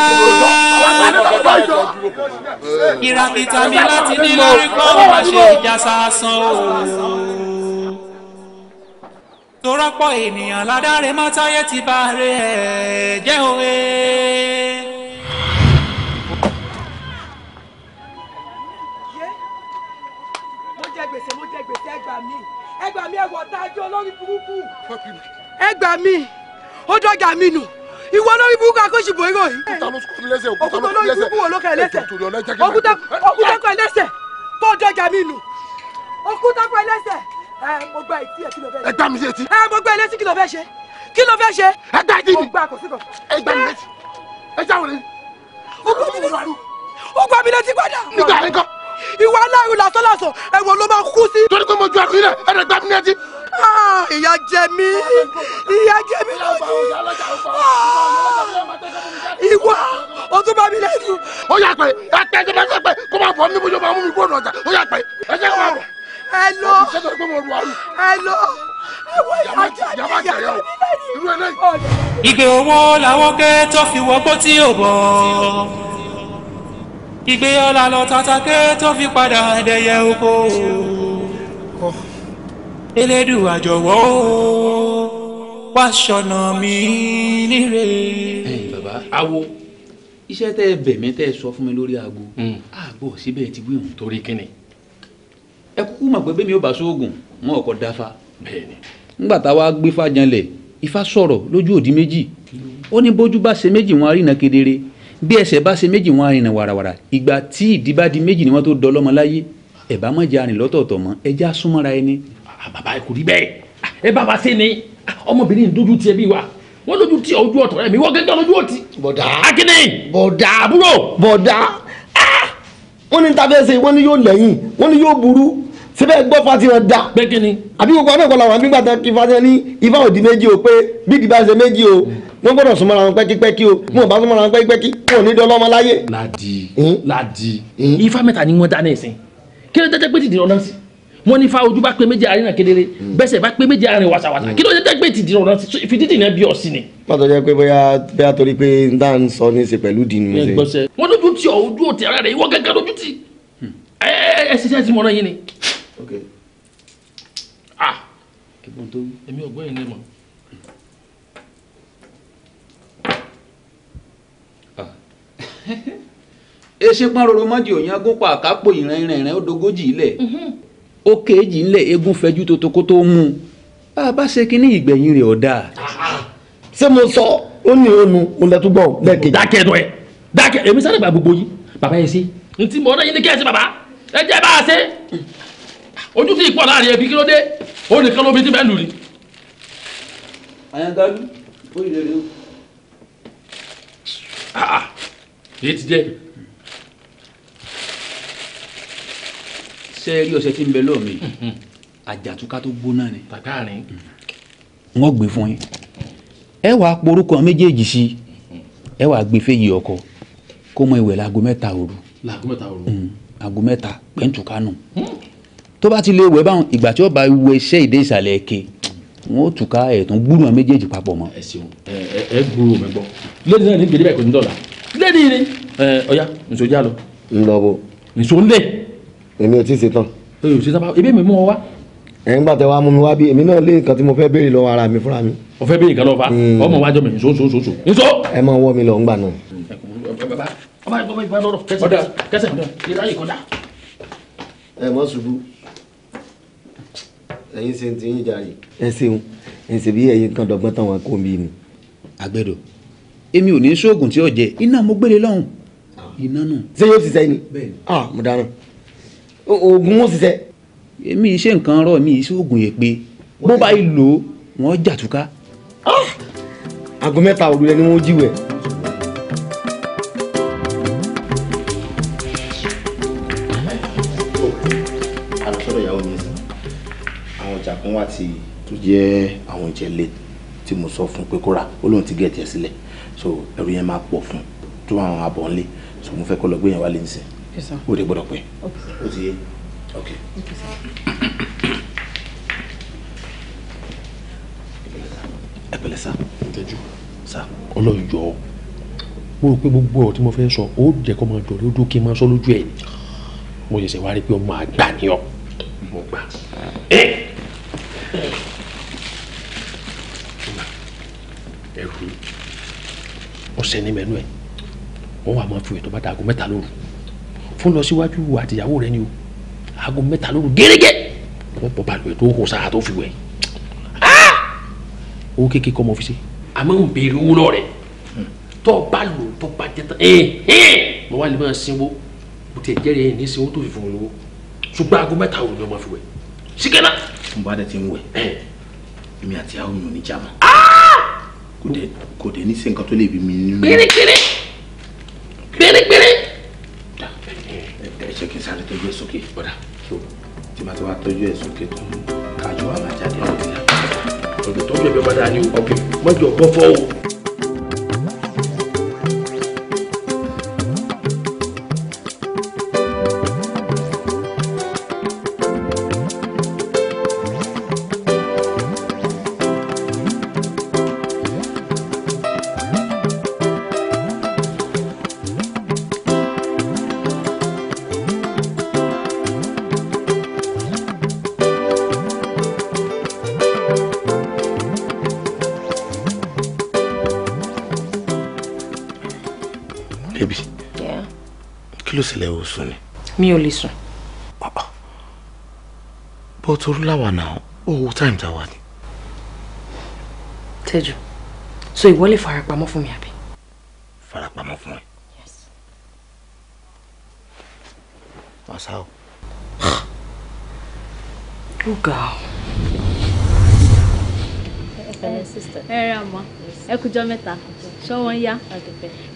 ìràkìtàmí láti ní lórí kọ́ wá ṣe ìjà sásán o torọ́pọ̀ ènìyàn ládàrẹ́ mọ́táyé ti bá rẹ̀ ẹ̀ jẹ́ òwe. mo jẹ gbèsè mo jẹ gbèsè ẹ gbà mí ẹ gbà mí ẹwọ tá a jẹ olórí burúkú. ẹ ó dọ́jà mi nù ìwọ lórí burúkú akóṣìbò irọ́ yìí. òkúta ló sọ lẹ́sẹ̀ òkúta ló sọ lẹ́sẹ̀ lẹ́sẹ̀ òkúta kọ lẹ́sẹ̀ tó dọ́jà mi nù òkúta kọ lẹ́sẹ̀ ẹ mo gba etí ẹ kí ló fẹ́ ṣe. ẹ gbá mi létí. ẹ mo gba létí kí ló fẹ́ ṣe kí ló fẹ́ ṣe. ẹ gbá etí mi. mo gba kò sí kan. ẹ gbá mi létí. ẹ jáwọ́ lé. o gbá mi létí. o gbá mi létí padà. nígbà yẹn kan. ìwà aláìrù lásán lásán ló máa kú sí. torí pé mo ju akun ilẹ̀ ẹ̀ gbá mi létí. Ah, ìyà jẹ mí ìyà jẹ mí lónìí. Ah, ìwà o bá mi létí. ó yà pé àtẹ̀jẹ̀ bá sọ pé kó máa fọ́ mi bójú máa mú mi kó ọ̀nà ọjà ó yà pé ṣé torí pé mo lu àrùn. ẹ lọ ẹwọ ìyájà ìyá mi lẹ́yìn. irú ẹ lẹ́yìn. ìgbé owó làwọn kẹ́ tó fi wọgbó tí ò bọ̀ ìgbé ọlà lọ tata kẹ́ tó fi padà ẹ̀dẹ̀yẹ oko oh. Elédùà jọ̀wọ́ wá ṣọ̀nà mi níre. ẹ̀yin bàbá awo iṣẹ́ tẹ́ ẹ bẹ̀mí tẹ́ ẹ sọ fún mi lórí aago hmm. àgbọ̀ síbẹ̀ ti wí hàn. torí kíni ẹ kúkú mọ̀ pé bẹ́ẹ̀ mi ò bá sóògùn wọn ò kọ́ dáfa bẹ́ẹ̀ ni ńgbà tá a wá gbé fa janlẹ̀ ifá sọ̀rọ̀ lójú òdì méjì ó ní bójú bá ṣe méjì wọn arìnà kedere bí ẹsẹ̀ bá ṣe méjì wọn arìnà wàràwàrà ìgbà tí ìdí bá di méjì ni wọ́n tó dọlọ́mọ láyé ẹ̀ bá mọ̀jà àrìn lọ́tọ̀ọ̀tọ̀ mọ́ ẹ já súnmọ́ra ẹni. Ah, bàbá ẹ kò rí bẹ́ẹ̀ ah, ẹ bá wa ṣe ni ah, ọmọbìnrin dojú tiẹ̀ bí wa wọ́n lójú tí ojú ọ̀tọ̀ ẹ̀mí wọ́n gẹ́gẹ́ lójú òtí. bọ̀dà akínní. bọ̀dà àbúrò. bọ̀dà wọ́n ní tàbí ẹsẹ̀ wọ́n yóò lẹ́yìn wọ́n ní yóò burú síbẹ̀ gbọ́ fatima da àbí gbogbo àwọn ọ̀pọ̀lọpọ̀ àwọn nígbà tán kí fatima ní ifá òdì méjì o pé bí ìdìbò àṣẹ méjì o wọ́n gbọ́dọ̀ súnmọ́ ara wọn pẹ́kípẹ́kí o wọn ò bá súnmọ́ ara wọn pẹ́kípẹ́kí wọn ò ní dán lọ́mọ láyé. ladi ladi ifá mẹ́ta ni wọ́n dáná ẹ̀sìn kí ló tẹ́tẹ́ pé ti dìrọ̀ náà sí wọ́n ní ifá ojú bá pé méjì àárín náà kedere bẹ́sẹ̀ bá pé méjì àárín wàsàwàsà kí ló tẹ́tẹ́ pé ti dìrọ̀ náà sí fìdítì náà bí ọ̀sìn ni. pàtó jẹ́ pé bóyá bí a torí pé n dá ń sọ ní í ṣe pẹ̀lú dì ní mo ṣe. wọ́n lójú tí ọ̀ ojú òtí ara rẹ̀ ìwọ gẹ́gẹ́ lójú tí ẹ ẹ ẹ ṣiṣẹ́ ti mọ̀ náà yín ni ok. ah kíkún tó wí. èmi ọgbọ́n yìí ni mọ̀. ese ah. <laughs> pọ́nrọ́rọ́ mọ́jì òyìn agúnpá àkápò ìran ìran ìran ó dogójì ilẹ̀ mhm. ó kéèjì ńlẹ̀ eégún fẹjú tó kó tó mú un bá a bá ṣe kínní ìgbẹ̀yìn rẹ̀ ọ̀dà. Ah. ṣé mo sọ ó ní ònu olùdàtúgbọ̀n lẹ́ẹ̀kejì. dákẹ́ ẹ̀dọ̀ ẹ̀ dákẹ́ èmi sáré bá gbogbo yín bàbá yẹn sí. ntí mo rẹ́ yín ní kẹ́ẹ̀sì bàbá ẹ jẹ́ bá a ṣe ojú tí ìpọ̀ láàrin ẹbí kí ló dé ó nìkan lóbi tí bẹ́ẹ̀ lù ní. àyàngájú ó yìí rèé o. Ah, ah, èyí ti jẹ́ ṣé rí ọṣẹ tí ń bẹ lómi àjàtúká tó gbóná ni. bàbá rẹ. wọ́n gbé fún yín ẹ wàá porúkọ méjèèjì sí ẹ wàá gbé fèyí ọkọ kó mọ ìwẹ̀ láago mẹ́ta òru. láago mẹ́ta òru. Hmm, láago mẹ́ta pẹ́ǹtù kánú. Hmm tó bá ti lè wẹ̀ báwọn ìgbà tí ó bá wẹ̀ iṣẹ́ ìdé ìsàlẹ̀ èké wọn ó tùka ẹ̀tún gbúrùn méjèèjì papọ̀ mọ́. ẹ ṣeun ẹ ẹ gbúrò mi gbọ́ lẹ́yìn náà ní gbèdébà ìkọ́ni dọ̀la lẹ́yìn ni ọ̀ya nìṣó já lọ. ń lọ bo. nìṣó ń lẹ̀. èmi ò tí ì ṣetán. ẹ ò ṣetán báwo ebi mi mú ọ wá. ẹ ń gbà tẹ wá mú mi wá bí èmi náà lé nǹkan tí mo fẹ́ béèrè lọ́wọ́ ara mi fúnra mi. o fẹ́ béèrè nǹkan lọ́wọ́ fa ọmọ wájọ mi nìṣó nìṣó nìṣó ẹ mọ ṣubú ẹ̀yin ṣe ti yín jàre. ẹ ṣeun ẹ ṣe bí ẹ̀yin kan dọ́gbọ́n táwọn kò mí ni. àgbẹ̀dọ̀ èmi ò ní sóògùn tí ò jẹ iná mo gbélé lọ́hùn ah. iná nù. ṣé yóò ṣiṣẹ́ ni ah mo dáná oògùn wọn ṣiṣẹ́. èmi iṣẹ́ nǹkan rọ̀ mi iṣẹ́ oògùn yẹn pé bó bá yìí lò wọ́n jàtúká. Ah! aago mẹ́ta òru rẹ ni wọ́n jíwèé. wọ́n wá ti tó jẹ́ àwọn ìjẹ́lẹ̀ tí mo sọ fún pé kó ó lóun ti gẹ̀ẹ́tì ẹ̀ sílẹ̀ so ẹrù yẹn máa pọ̀ fún tó àwọn àbọ̀ ńlẹ̀ so mo fẹ́ kó lọ gbé yẹn wálé nísìn ó dé gbọ́dọ̀ pẹ́ ó ti yé ok. ẹ sá sá ọlọ́yọ̀ mo rò pé gbogbo ọ̀rọ̀ tí mo fẹ́ sọ ó jẹ́ kó máa jọ lójú kí n máa sọ lójú ẹ̀ mo ṣẹ̀ṣẹ̀ wá rí pé ọmọ àgbà ni ọ mo gbà. Eh! ẹ̀rù ọ̀sẹ̀ ní mẹ́nu ẹ̀ wọ́n wà máa fi ètò bàtà aago mẹ́ta lóru fún lọ síwájú àtìyàwó rẹ ni o aago mẹ́ta lóru gẹ́gẹ́ wọ́n bọ̀ balùwẹ̀ tó hó sáà tó fi wẹ̀ ah! owó kéèké kọ́ ọmọ fi àmọ́ ń owó lọ rẹ̀ tó bá lò tó bá jẹ tán mo wá lè máa sinwó mo ti jẹ́rìí ẹ̀ ní sinwó tó fi fún un lówó ṣùgbọ́n aago mẹ́ta òru ni ọmọ fi wẹ̀ síkẹ́nà. mo bá dẹ̀ ti ń wẹ̀ èmi àti àwọn ènìyàn níjà mọ́ kò dẹ̀ ní sí nǹkan tó lè bí mi nínú. pérépéré pérépéré. ẹ ṣe kí n sáré tọ́jú ẹ sókè bọ́dà tí màá ti wá tọ́jú ẹ sókè tó kájọ wà máa jáde lọ́dún yàrá. ọ̀dọ̀ tọ́jú ẹ bẹ́ẹ̀ bá dáa ní ọ̀gbìn mọ́jọ bọ́ fọ́ o. ò sùn ni. mi ò lè sùn. Ah, ah. bó o torí láwa náà owó táìmù tá a wà ni. tẹ́jú so ìwọ lè farapamọ́ fún mi àbí. farapamọ́ fún ẹ. yes. ọ̀sá o. ó ga ọ́ pẹ̀lẹ́ sísítà ẹ rà mà ẹ kújọ mẹ́ta ṣọ wọn yá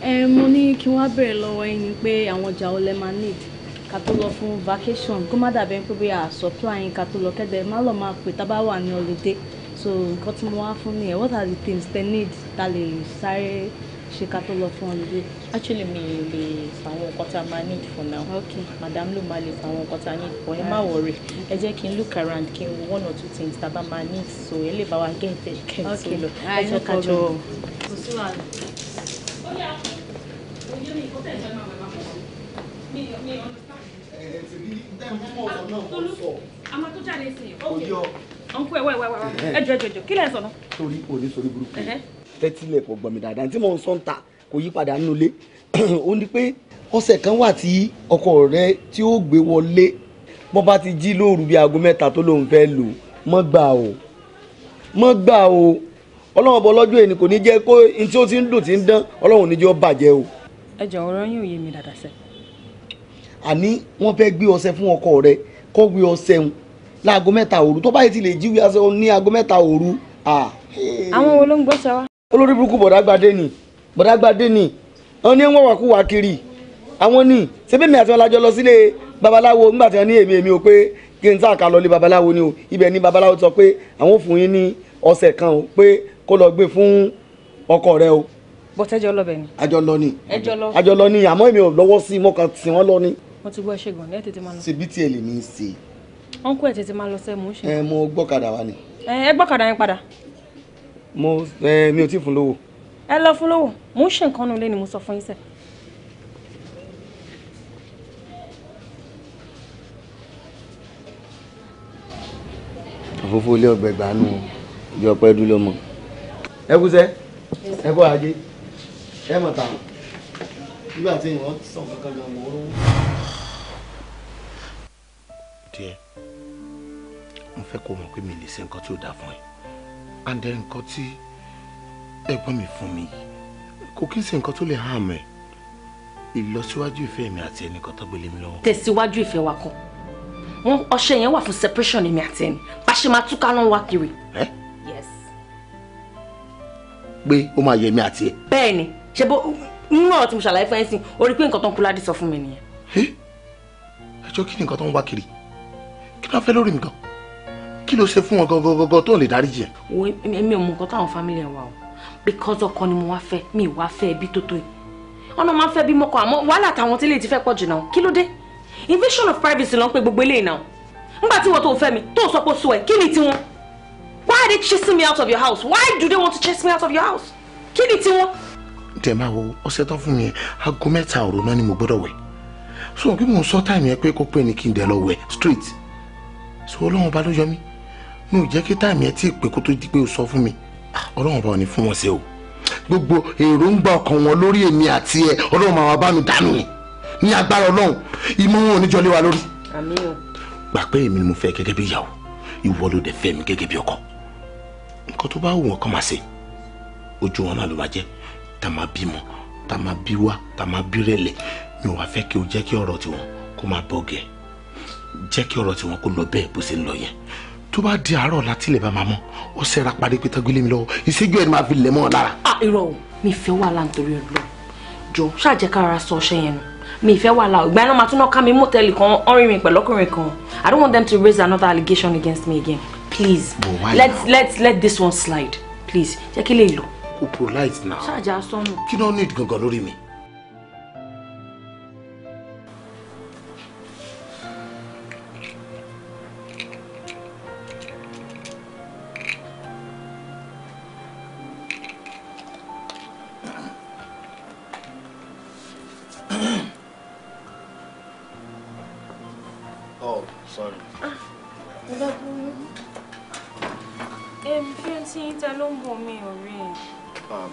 ẹ mo ní kí wọn bèrè lọ́wọ́ yín pé àwọn ọjà olè máa need ká tó lọ fún vacation kó má dàbẹ́ pé bí a supply yín ká tó lọ kẹ́dẹ̀ má lọ máa pè tábà wà ní holiday so nǹkan tí mo wá fún nìyẹn what are the things they need ta lè sáré ṣe ká tó lọ fún holiday. actually mi lè fàwọn nǹkan tá a máa need for now. okay madam ló máa lè fàwọn nǹkan tá a need for ẹ má worry ẹ jẹ́ kí n look around kí n wo one or two things tá a bá máa need so ẹ lè bá wa get ẹ kẹ́ ẹ tó lọ ẹ jẹ́ ká jọ. kò sí wàhálà. àmọ́ ah, tó jáde sí i. ọ̀nkú ẹ̀ wẹ̀ wẹ̀ wẹ̀ ẹ jọ ẹ jọ kí lẹ́yìn sọ̀nà. torí oníṣòrí burúkú tẹ́tílẹ̀ kò gbọ̀n mi dáadáa tí mò ń sọ́ǹtà kò yí padà nínú ilé <clears throat> ó ní pé ọ̀sẹ̀ kan wà tí ọkọ rẹ tí ó gbé wọlé bọ́n bá ti jí lóru bíi aago mẹ́ta tó lóun fẹ́ lò mọ́ gbà o mọ́ gbà o ọlọ́run ọba ọlọ́jọ́ èyí kò ní jẹ́ kó n tí ó ti ń dùn tí ń dán ọlọ́run ò ní jẹ́ ó bàjẹ́ o. ẹ jọ̀wọ́ ọ̀rọ̀ yín mi dàda sẹ́. àní wọ́n fẹ́ gbé ọṣẹ fún ọkọ rẹ kó gbé ọṣẹ ń láago mẹ́ta òru tó báyìí ti lè jí wíwá ní aago mẹ́ta òru. àwọn wo ló ń gbọ́sẹ̀ wá olórí burúkú bọ̀dágbadé ni bọ̀dágbadé ni wọn ní wọn wàkúwà kiri àwọn ní sẹbẹ̀mí àti ọlájọ lọ sílé babaláwo nígbà tí wọn ní èmi èmi o pé kí n sáàka lọ lé babaláwo ni o ibẹ̀ ni babaláwo sọ pé àwọn ò fún yín ní ọ̀sẹ̀ kan o pé kó lọ gbé fún ọkọ rẹ o. bọ́tẹ́jọ́ lọ bẹ̀ ni. àjọ lọ ni àjọ lọ ni àmọ́ èmi ò lọ́wọ́ sí i mo kàn tì wọ́n lọ ni. wọ́n ti gbọ́ ẹ ṣègùn ẹ tètè máa lọ. ṣèbí tiẹ̀ lè ní í ṣe. ọ̀nkú ẹ̀ tètè máa lọ sẹ́mu ṣe. ẹ mo gbọ́kadà wa ni. ẹ gbọ́kadà yẹn padà mo ẹ mi ò tí fún lówó. ẹ lọ fún lówó mò ń ṣe nu ilé ni mo sọ fún yín sẹ. òfófó ilé ọgbẹ gbanú ìjọ pẹ dúró mọ. ẹ kú sẹ ẹ kú ajé ẹ mọ tàwọn nígbà tí wọn sọ kankan gan mọ olówó. díẹ̀ mo fẹ́ kó mọ̀ pé mi lè ṣe nǹkan tí ò dáa fún ẹ and then nǹkan tí ẹ̀gbọ́n mi fún mi kò kí n ṣe nǹkan tó lè harm ẹ̀ ìlọsíwájú ìfẹ́ mi àti ẹnìkan tó gbélé mi lọ́wọ́. tẹ̀síwájú ìfẹ́ wa kan wọn ọṣẹ yẹn wà fún separation èmi àti ẹni bá ṣe máa túká lọ́n wá kiri. ẹ yes. pé ó máa yẹ mi àti ẹ. bẹ́ẹ̀ni ṣe bó nínú ọ̀rọ̀ tí mo ṣàlàyé fún ẹ sìn orí pé nǹkan tó ń kú ládì sọ fún mi nìyẹn. ẹ ẹjọ́ kí ni nǹkan tó ń wá kiri kí ni wọ́n fẹ́ lórí mi gan-an kí ló ṣe fún wọn gangan gangan tó lè dáríjì ẹ. wo èmi ò mọ nǹkan táwọn family ẹ wà o because ọkọ ni mo wá fẹ́ mi wá fẹ́ ẹbí tó tó yìí ọ̀nà máa ń fẹ́ bí mọ́kọ àmọ́ wàhálà táwọn tí lè ti fẹ́ pọ̀ jù náà kí ló dé invasion of privacy ló ń pe gbogbo eléyìí náà nígbà tí wọ́n tó fẹ́ mi tó sọ pé sùn ẹ̀ kí ni tiwọn why are they chasing me out of your house why do they want to chase me out of your house kí ni tiwọn. tẹ máa wo ọṣẹ tán fún mi yẹn aago mẹ́ta òru náà ni mo gbọ́dọ̀ wẹ̀ so bí mo sọ táìmù yẹn pé kó pè ní kí n dẹ lọ wẹ̀ straight so Ọlọ́run ọba ló yọ mí mi ò jẹ́ kí táàmì ẹ tí ì pé kó tó di pé o sọ fún mi ah, ọlọ́run bá ò ní fún wọn ṣe o gbogbo èròǹgbà ọkàn wọn lórí èmi àti ẹ ọlọ́run máa bá mi dànù yìí ní agbára ọlọ́run ìmọ̀ wọn ò ní jọ wa lórí. o. gbà pé èmi ni mo fẹ́ gẹ́gẹ́ bí ìyàwó ìwọ ló dẹ̀ fẹ́ mi gẹ́gẹ́ bí ọkọ nǹkan tó bá wù wọn kọ́ máa ṣe ojú wọn náà ló máa jẹ́ tá máa bímọ tá máa bí wá tá máa bí rẹ̀lẹ̀ mi ò wá fẹ́ kí o jẹ́ kí ọ̀rọ̀ tiwọn kó máa bọ̀gẹ̀ jẹ́ kí ọ̀rọ̀ tiwọn kó lọ bẹ́ẹ̀ bó ṣe ń lọ yẹn tó bá di àárọ̀ láti ilẹ̀ bá máa mọ́ ó ṣẹ́ra parí pé tágbélé mi lọ́wọ́ ìṣẹ́jú ẹ̀ ni máa fi lẹ̀ mọ́ ọ lára. Ah, irọ́ o mi fẹ́ wàhálà nítorí ọlọ́ jọ ṣáàjẹ́ kára sọ ọṣẹ yẹn nu mi fẹ́ wàhálà ìgbà iná máa tún náà ká mi mọ́tẹ́lì kan ọ̀rìn mi kan I don't want them to raise another allegation against me again please let let let this one slide please jẹ́ kí lè lọ. o pro light now. ṣáàjẹ́ asọ́nù. kí ló ní ìgangan lórí mi.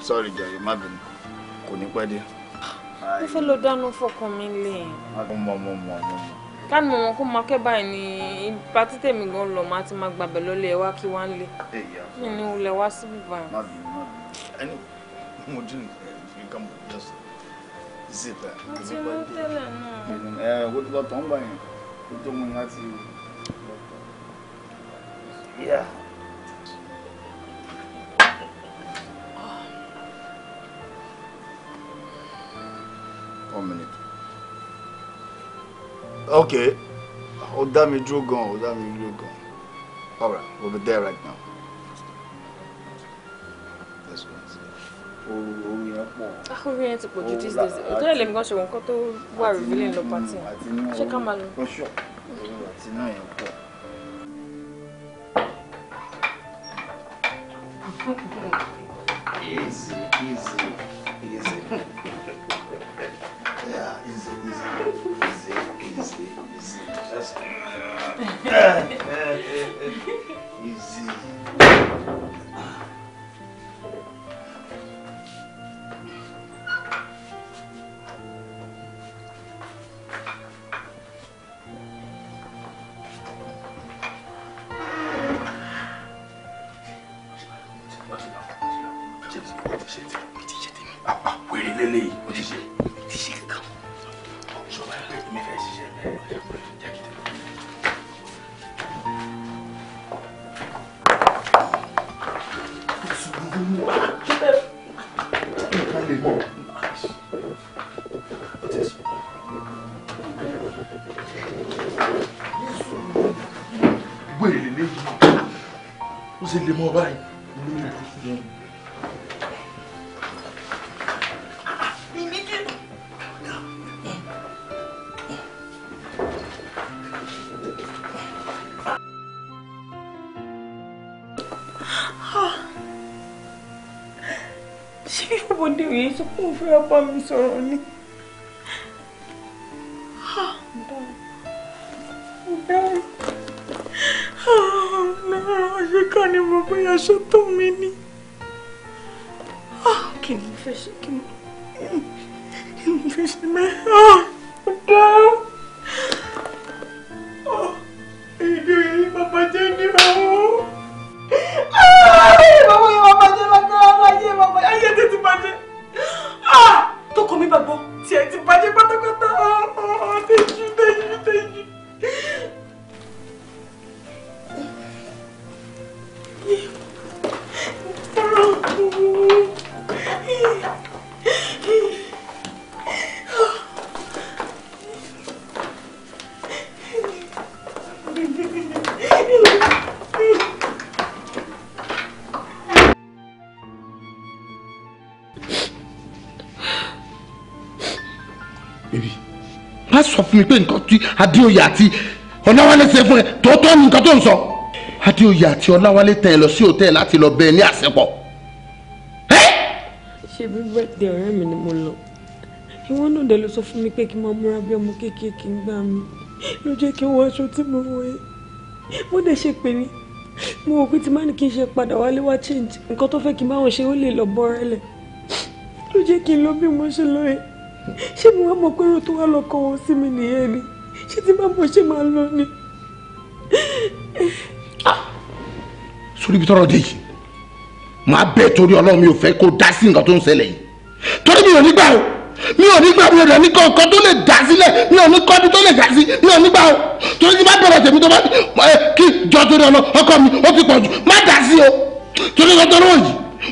Sorry, jàre má bínú kò ní pẹ́ dé. mo fẹ́ lọ dáná fọkàn mi lè. mo mọ mo mọ mo mọ. káàdì mọ̀mọ́ kó máa kẹ́ báyìí ni ipa títẹ̀ mi gan lọ máa ti máa gbàbẹ̀ lọ́lẹ̀ ẹ̀ wá kí wá ń lé. mi ni wulẹ̀ wá síbí báyìí. má bínú má bínú ẹni mo dín nǹkan just zip ẹ. mo ti rú tẹ́lẹ̀ náà. ẹ wo lọ tán gbà yẹn kó tó láti. Yeah. one minute. okay ó dá mi dúró gan ó dá mi dúró gan alright we'll be there right now. orin yẹn pọ̀. Ah, orin yẹn ti pọ̀ ju these days tó lè lèmi gan ṣe nǹkan tó wà revealing lọ pàtì ṣé ká máa lọ. àti náà yẹn pọ̀. <laughs> easy easy easy. Yeah, easy, easy, easy, easy, easy. Just. good. <laughs> fẹ́ bá mi sọ̀rọ̀ ni. sọ fún mi pé nǹkan tí adéoyè àti ọláwálé ṣe fún ẹ tòótọ́ ni nǹkan tó ń sọ adéoyè àti ọláwálé tẹ̀ ẹ lọ sí òtẹ́ẹ̀ láti lọ bẹ ẹ ní àṣepọ̀. ṣé bí bẹ́ẹ̀dẹ̀ ọ̀rẹ́ mi ni mo lọ ìwọ náà dẹ̀ ló sọ fún mi pé kí n máa múra bí ọmọ kéékèèké ń gbà mí ló jẹ́ kí n wọ aṣọ tí mo wọ̀ ẹ́ mo dẹ̀ ṣe pè mí mo wò pé tí má ní kí n ṣe padà wálé wá change nǹkan tó fẹ́ kí n bá wọn ṣe ó lè lọ bọ́ ọ́rẹ́lẹ̀ ló jẹ́ kí n lọ bí mo ṣe lọ yẹn ṣé mo wá mọ̀ pé irun tó wá lọ kọ́ wọn sí mi nìyẹn ni ṣé ti bá mọ̀ ṣe máa lọ ni. Ah! sórí ibi tọrọ dé yìí màá bẹ torí Ọlọ́run mi ò fẹ́ kó dá sí nǹkan tó ń ṣẹlẹ̀ yìí torí mi ò ní gbà o mi ò ní gbà mi ò dẹ̀ ní kọ́ ọ̀kan tó lè dá sílẹ̀ mi ò ní kọ́ ọdún tó lè dá sí mi ò ní gbà o torí ti bá bẹ̀rẹ̀ tèmi tó bá kí jọ torí Ọlọ́run ọkọ mi ó ti pọ̀ jù má dá sí o torí ọjọ́ tó lóyìn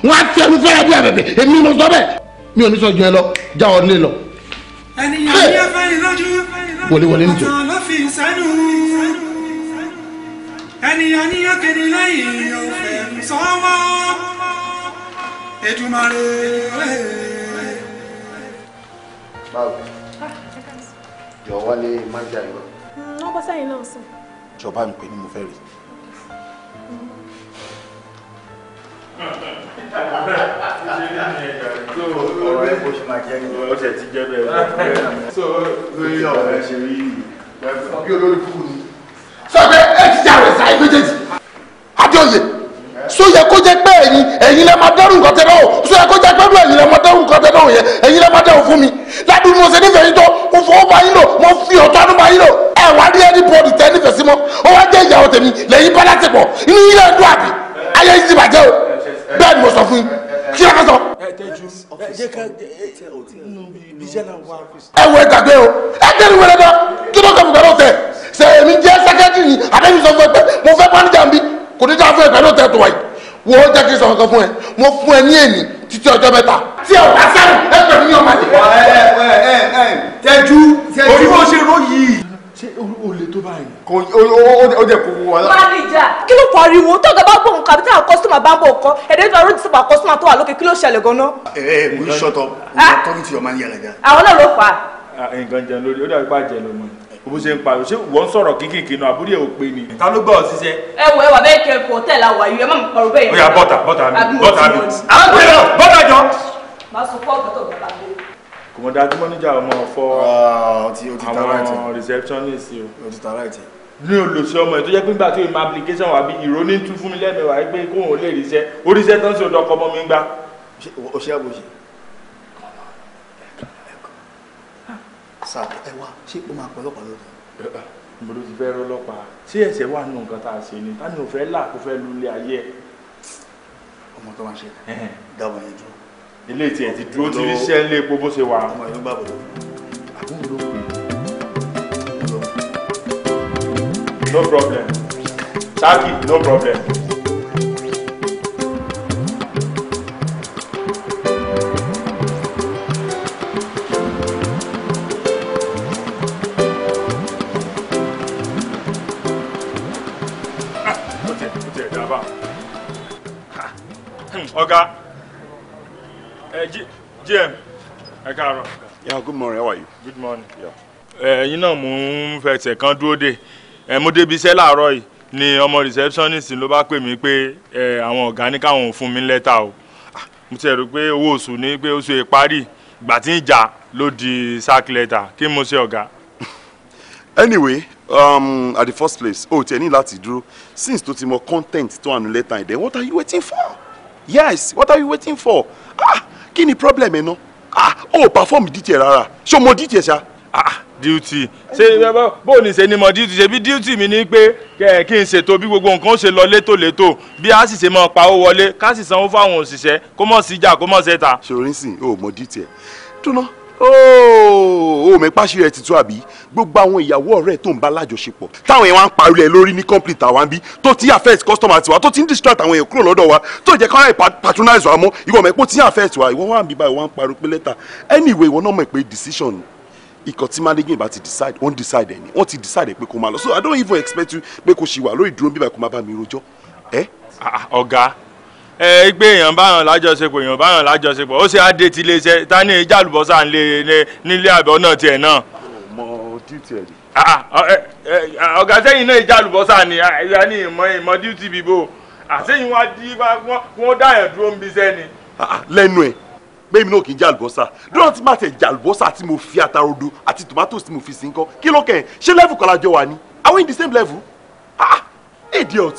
wọn á fi ẹnu fẹ́ràn bí abẹ̀bẹ̀ èmi mo sọ bẹ́ẹ̀ mi ò ní sọ̀jọ́ ẹ lọ já ọ nílé lọ. ènìyàn ní afẹ́ ìlọ́jú wọléwọlé nìjọ. ọ̀tàn ló fi sẹ́nu ènìyàn ní akéde lẹ́yìn òfin sọ́wọ́ Èdùmàrè. jọ wálé májà ìwà. wọ́n bọ́ sẹ́yìn náà sùn. jọba mi pé ni mo fẹ́ rí i. Mm-hmm so ọ̀rọ̀ ẹ̀ kò ṣe máa jẹ́ ní ọ̀sẹ̀ tí jẹ́ bẹ́ẹ̀ so lórí ọ̀rọ̀ ẹ̀ ṣe rí bí olórí kúkú ni. sọ pé ẹ ti jà rẹ̀ sáyé méjèèjì Adéoyè so yẹ kó jẹ́ pé ẹ̀yin ẹ̀yin lẹ máa dẹrù nǹkan tẹ náà o so yẹ kó jẹ́ pé ẹ̀yin lẹ máa dẹrù nǹkan tẹ náà o yẹ ẹ̀yin lẹ máa dẹrù fún mi ládùúgbò mo ṣe nífẹ̀ẹ́ yín tó mo fọwọ́ bá yín lò mo fi ọ̀tọ́ àánú bá yín lò ẹ wá rí ẹni bọ́ọ̀dì tẹ nífẹ̀ẹ́ sí mọ́ ó wá jẹ́ ìyàwó tèmi lẹ́yìn bá láti pọ̀ inú yín lẹ́ẹ̀dún àbí ayé yìí ti bàjẹ́ o bẹ́ẹ̀ ni mo sọ fún yín kí ẹ sọ. ẹ wo ìgbàgbé o ẹ tẹ́lẹ̀ wẹ̀rẹ̀ dán kí ló kọ́ mi pẹ̀lú ọ̀tẹ̀ ṣe èmi jẹ́ sẹ́kẹ́tìrì ni àbẹ́mi sọ fún ẹ pé mo fẹ́ mánìjà mi kò ní dáa fún ẹ pẹ̀lú ọ̀tẹ̀ tó wáyé wo ó jẹ́ kí n sọ kankan fún ẹ mo fún ẹ ní èmi títí ọjọ́ mẹ́ta. tí ẹ wá sáré ẹ pẹ̀lú ní ọmọdé. tẹ́jú orí wo ṣe ro yìí ṣé o lè tó báyìí. kò ó dẹ̀ kó wa. mánìjà kí ló pariwo tọ́gà bá gbóhùn kàbí táwọn kọ́sítọ́mà bá ń bọ̀ kọ́ ẹ̀dẹ́ tó arúgbó sípà kọ́sítọ́mà tó wà lókè kí ló ṣẹlẹ̀ gan-an. ẹ ẹ mo ní ṣọtọ mo ní tọ́kì tí ọmọ yẹn rẹ̀ gan. àwọn náà ló fà á. Ah, nǹkan jẹun lórí ó dàbí pàjẹ́ ló mọ̀ bó ṣe ń pariwo ṣé wọ́n sọ̀rọ̀ kíkìkì náà àbúrò ò pé ni. ta ló gbọ́ ọ ṣiṣẹ́. ẹ wọ ẹwà bẹ́ẹ̀ kẹ́ ẹ̀kọ́ tẹ̀ la wà yìí ẹ má mi pariwo bẹ́ẹ̀ yẹn. ó yá bọ́tà bọ́tà mi bọ́tà mi. àwọn gbé ìwọ̀n dájú mọ́níjà ọmọ ọ̀fọ́ ah, àwọn receptionist o. o ti ta right. ní olùsí ọmọ ẹ̀ tó jẹ́ pé nígbà tí o máa application wà bí ìrònú tún fún mi lẹ́mẹ̀wá pé kóun ò lè ríṣẹ́ oríṣẹ́ tán sí odò ọkọ ọmọ mi gbá. o ṣe àbòṣe. sáà ẹ wá ṣé o máa pẹ́ ọlọ́pàá lọ́dọ̀ mo ló ti fẹ́ rọ́lọ́pàá ṣé ẹ̀ṣẹ̀ wà nù nǹkan tá a ṣe ni tani ò fẹ́ là kó fẹ́ lulẹ̀ ayé ẹ̀. ọmọ tó máa ṣe dábàá yẹn dúró ilé tiẹ̀ ti dúró ti rí iṣẹ́ ilé epo bó ṣe wà. ọmọ yẹn gbà bọ̀dọ̀ àbúrò ló pè é. no problem ṣáàkì no problem. Ah, ọ̀gá. Eh, gm ẹ yeah good morning how are you. good morning. Eh, ẹ̀yin You know, ń fẹsẹ̀ I can't do ẹ̀ mo débi iṣẹ́ láàárọ̀ yìí ni ọmọ receptionist ló bá pè mí pé eh, àwọn ọ̀gá ní káwọn ò fún mi lẹ́tà o ah, mo ti rò pé owó oṣù ni But in ìparí ìgbà tí ń jà ló di sack letter kí mo ṣe ọ̀gá. <laughs> anyway um, at the first place o tiẹ̀ ní láti dúró since tó ti mọ content to an lẹ́tà ẹ̀dẹ̀ what are you waiting for yes what are you waiting for ah kí ni problem ẹ̀ náà ah oh perform duty ẹ̀ rárá ṣé o mọ duty ẹ̀ ṣá. ah duty ṣe bó ní ṣe ni mo duty ṣe bí duty mi ni pé kí n ṣètò bí gbogbo nǹkan ṣe lọ létòlétò bí a sì ṣe máa pawó wọlé ká sì sanwó fáwọn òṣìṣẹ́ kó mọ̀ síjà kó mọ̀ sẹ́ta. ṣòro ń sìn o mọ duty tó náà ó mi páṣí rẹ ti tú àbí gbogbo àwọn ìyàwó ọ̀rẹ́ tó ń bá lájọṣepọ̀ táwọn yẹn wá ń parí ẹ lórí ní complete àwọn bí tó ti affect customer tiwa tó ti ń distract àwọn yẹn kúrò lọ́dọ̀ wa tó jẹ́ káwọn patronize wa mọ́ ìwọ mọ̀ pé ó ti ń affect wa ìwọ wà ń bí báyìí wọ́n ń parí pé lẹ́tà anyway ìwọ náà mọ̀ pé decision ikọ̀ tí management bá ti decide wọ́n decide ẹni wọ́n ti decide pé kó máa lọ so I don't even expect you pé kó ṣì wà lórí dúró bíbá kó máa bá mi rojọ́ ẹ́. Ah, ah, ọ̀gá ẹ gbé èèyàn báyàn lájọṣepọ̀ èèyàn báyàn lájọṣepọ̀ ó ṣe adé ti lè ṣe ta ní ìjà àlùbọ́sà ńlẹ̀ nílé àbẹ̀ ọ̀nà tiẹ̀ náà. ọmọ díìtì ẹ̀ ni. ọ̀gá sẹ́yìn náà ìjà àlùbọ́sà ni ìyá ní ìmọ̀ ìmọ̀ díìtì bíbó àṣeyìn wá dí wọ́n dáyàn dúró ń bí sẹ́ni. lẹ́nu ẹ̀ gbẹ̀mí náà kì í jẹ àlùbọ́sà dúró tí má tẹ̀ jẹ àlùbọ́sà tí mo fi àtàrodo àti tomatoes tí mo fi sí nǹkan kí ló kẹ́ ẹ̀ ṣé level kan la jọ wà ní are we in the same level? ah, ah idiot.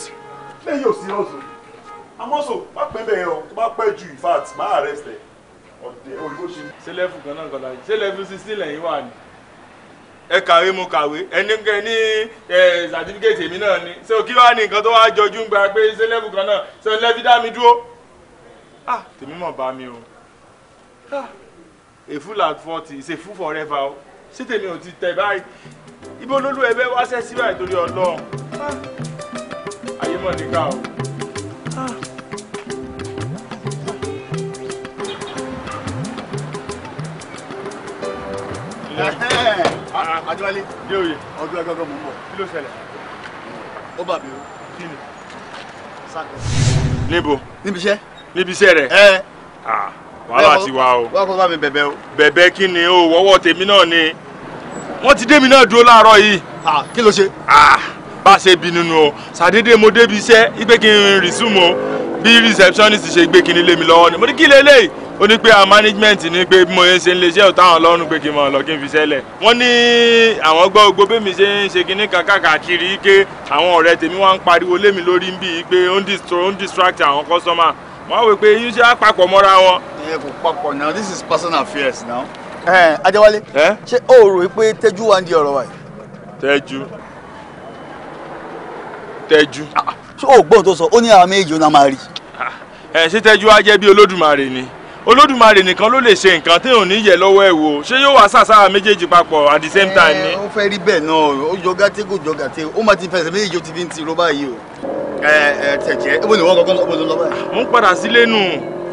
lẹ́yìn ò sí ọ̀sùn amọ́sọ̀ má pẹ́ bẹ́ẹ̀ o tó bá pẹ́ ju in fact má arrest ẹ̀ ọ̀dẹ̀ olùkó ṣe. sẹlẹ̀fù kan náà kọ̀dà sẹlẹ̀fù sixteen lẹ́yìn wà ní. ẹ kàwé mo kàwé ẹni kẹ ní ẹ sàtífíkẹ́tì èmi náà ni ṣé kí wàá ní nǹkan tó wàá jọjú ń gba pé sẹlẹ̀fù kan náà ṣe ń dá mi dúró. ah tèmi mọ̀ bá mi o ah a fool at forty is a fool forever o ṣé tèmi ò ti tẹ̀ báyìí ibo lólu ẹbẹ wá sẹ́ síbáyìí torí ọlọ́run ah, ayé mọ̀ níkà o. Ah. àjọyọ̀lé ah, ah. dé òye ọdún ẹgbẹ́gbẹ́ mọ̀ ń bọ̀ kí ló ṣẹlẹ̀ ó bàbí o kí ni sáàkì. níbo níbi iṣẹ́ níbi iṣẹ́ rẹ̀ ah, wàhálà ti wá o wọ́n kọ́ bá mi bẹ̀bẹ̀ o. bẹ̀bẹ̀ kí ni o wọ́wọ́ tèmi náà ni wọ́n ti dé mi náà dúró láàárọ̀ yìí. kí ló ṣe. bá a ṣe bínú nu o ṣàdédé mo débi iṣẹ́ ipe kí n rìsúmù o bí receptionist ṣe gbé kinní lé mi lọ́wọ́ ni mo ní kí lélẹ́yìí ó ní pé a management n'ipe pé bí mo ṣe ń lè ṣe òtáwọn lọ́rùn pé kí n mọ̀ lọ kí n fi ṣẹlẹ̀ wọ́n ní àwọn gbọ́ gbogbo bẹ́ẹ̀ mi ṣe ń ṣe pé àwọn ọ̀rẹ́ tèmi wá ń pariwo lémi lórí ń bì í pé ó ń distract àwọn customer wọ́n wò pé yín ṣe á papọ̀ mọ́ra wọn. kò papọ̀ now this is personal affairs now. ẹ ṣé o rò pé Tẹ́jú wa di ọrọ. Tẹ́jú Tẹ́jú. ṣé o sọ ó ní àwọn méjì ó olódùmarè nìkan ló lè ṣe nǹkan tí òun ní yẹ lọ́wọ́ ẹ̀ wò ṣé yóò wá sàṣàrà méjèèjì papọ̀ at the same time ni. ó fẹ́ rí bẹ́ẹ̀ náà ó jọ gàtẹ́ kò jọ gàtẹ́ ó máa ti fẹsẹ̀ méjèèjì ó ti fi ń ti ró báyìí o. ẹ ẹ tẹ̀jẹ́ ó bò ní wọ́n kọ́kọ́ ó bò ní lọ báyìí. mo ń padà sílé nù.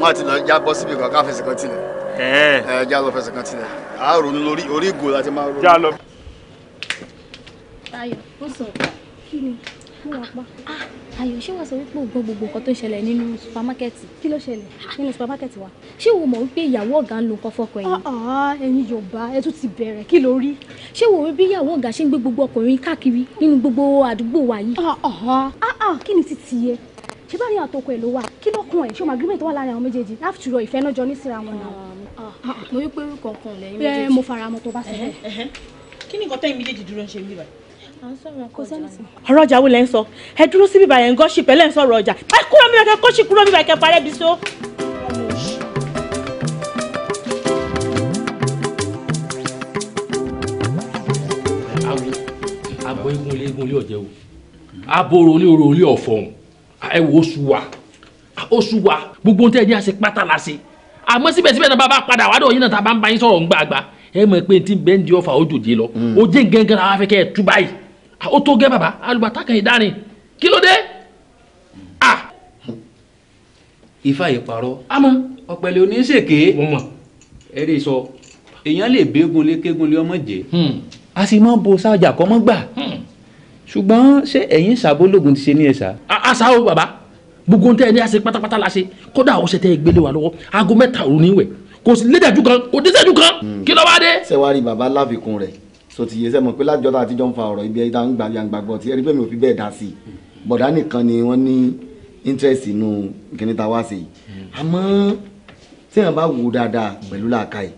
wọn àti lọ já bọ́ síbi kan ká kan tilẹ̀. ẹ já lọ fẹsẹ̀ kan tilẹ̀ à ronú lórí orí ìgò láti máa ronú fún wa pa. Ah, ayọ̀ ṣé wàá sọ wípé o gbọ́ gbogbo nǹkan tó ń ṣẹlẹ̀ nínú supamákẹ́ẹ̀tì kí ló ṣẹlẹ̀ nínú supamákẹ́ẹ̀tì wa ṣé o mọ̀ wípé ìyàwó ọ̀gá ń lo nǹkan fọkọ ẹ̀yìn. Ah, ah, ẹ̀yin yorùbá ẹ tún ti bẹ̀rẹ̀ kí ló rí. ṣé o wípé ìyàwó ọ̀gá ṣe ń gbé gbogbo ọkùnrin káàkiri nínú gbogbo àdúgbò wa yìí. kí ni títí yẹ ṣé bá rí àtọkọ ẹ ló wà kí lọ́kàn ẹ ṣé o máa agreement wà láàrin àwọn méjèèjì láti rọ ìfẹ́ náà jọ ní síra wọn náà. mo rí pé orúkọ kan lẹ́yìn eh, méjèèjì. mo fara mọ́ tó bá sọ bẹ́ẹ̀. kí ni nǹkan tẹ́yìn méjèèjì dúró ń ṣe níbàyìí ọ̀rọ̀ ọjà wo lẹ ń sọ ẹ dúró síbi ìbàyẹ̀ ń gọ́ṣì pẹ̀lẹ́ ń sọ̀rọ̀ ọjà ẹ kúrò mi kẹ kọ́ṣì kúrò mi kẹ parẹ́ bí so. abo egun ilé egun ilé ọ̀jẹ̀ o aboro ní oró ilé ọ̀fọ̀hún ẹ wo oṣù wa oṣù wa gbogbo ohun tẹ́ ẹ ní àṣẹ pátá la ṣe àmọ́ síbẹ̀síbẹ̀ náà bá padà wádọ̀ yín náà tá a bá ń bá yín sọ̀rọ̀ ń gbàgbà ẹ mọ̀ pé tí bẹ́ẹ̀ ń di ọ̀fà ó jòjì lọ mm. ó jẹ́ gẹ́gẹ́ la wá fẹ́ kẹ́ ẹ tú báyìí ó tó gẹ́ bàbá alùpàtà kan ìdárin kí ló dé. ifá ìparọ́ ọ̀pẹ̀lẹ̀ oníṣèké ẹ̀rí sọ èèyàn lè bégun lé kégun lé ọmọ jẹ́ hmm. a sì máa ń bo sájà kọ́ mọ́ gbà hmm. ṣùgbọ́n ṣé ẹ̀yin ṣàbólógún ti ṣe ní ẹ̀ṣà. àṣà o bàbá gbogbo tẹ ẹ ní àṣẹ pátápátá la ṣe kódà ọṣẹ tẹ ẹ gbélé wa lọ́wọ́ aago mẹ́ta òru níwẹ̀ kò sí lédàjú kan kò díṣẹ́jú kan hmm. kí ló wá dé. sẹ́wárí bàbá láfikún rẹ̀ so ti yé sẹ́mọ̀ pé lájọ́ tá a ti jọ ń fa ọ̀rọ̀ ibi ẹ̀dá ń gbà yà ń gbàgbọ́ tí ẹ̀rí pé mi ò fi bẹ́ẹ̀ dá sí i bọ̀dá nìkan ni wọ́n ní interest inú kíní ta wá sí i àmọ́ téèyàn bá wò dáadáa pẹ̀lú làákàyè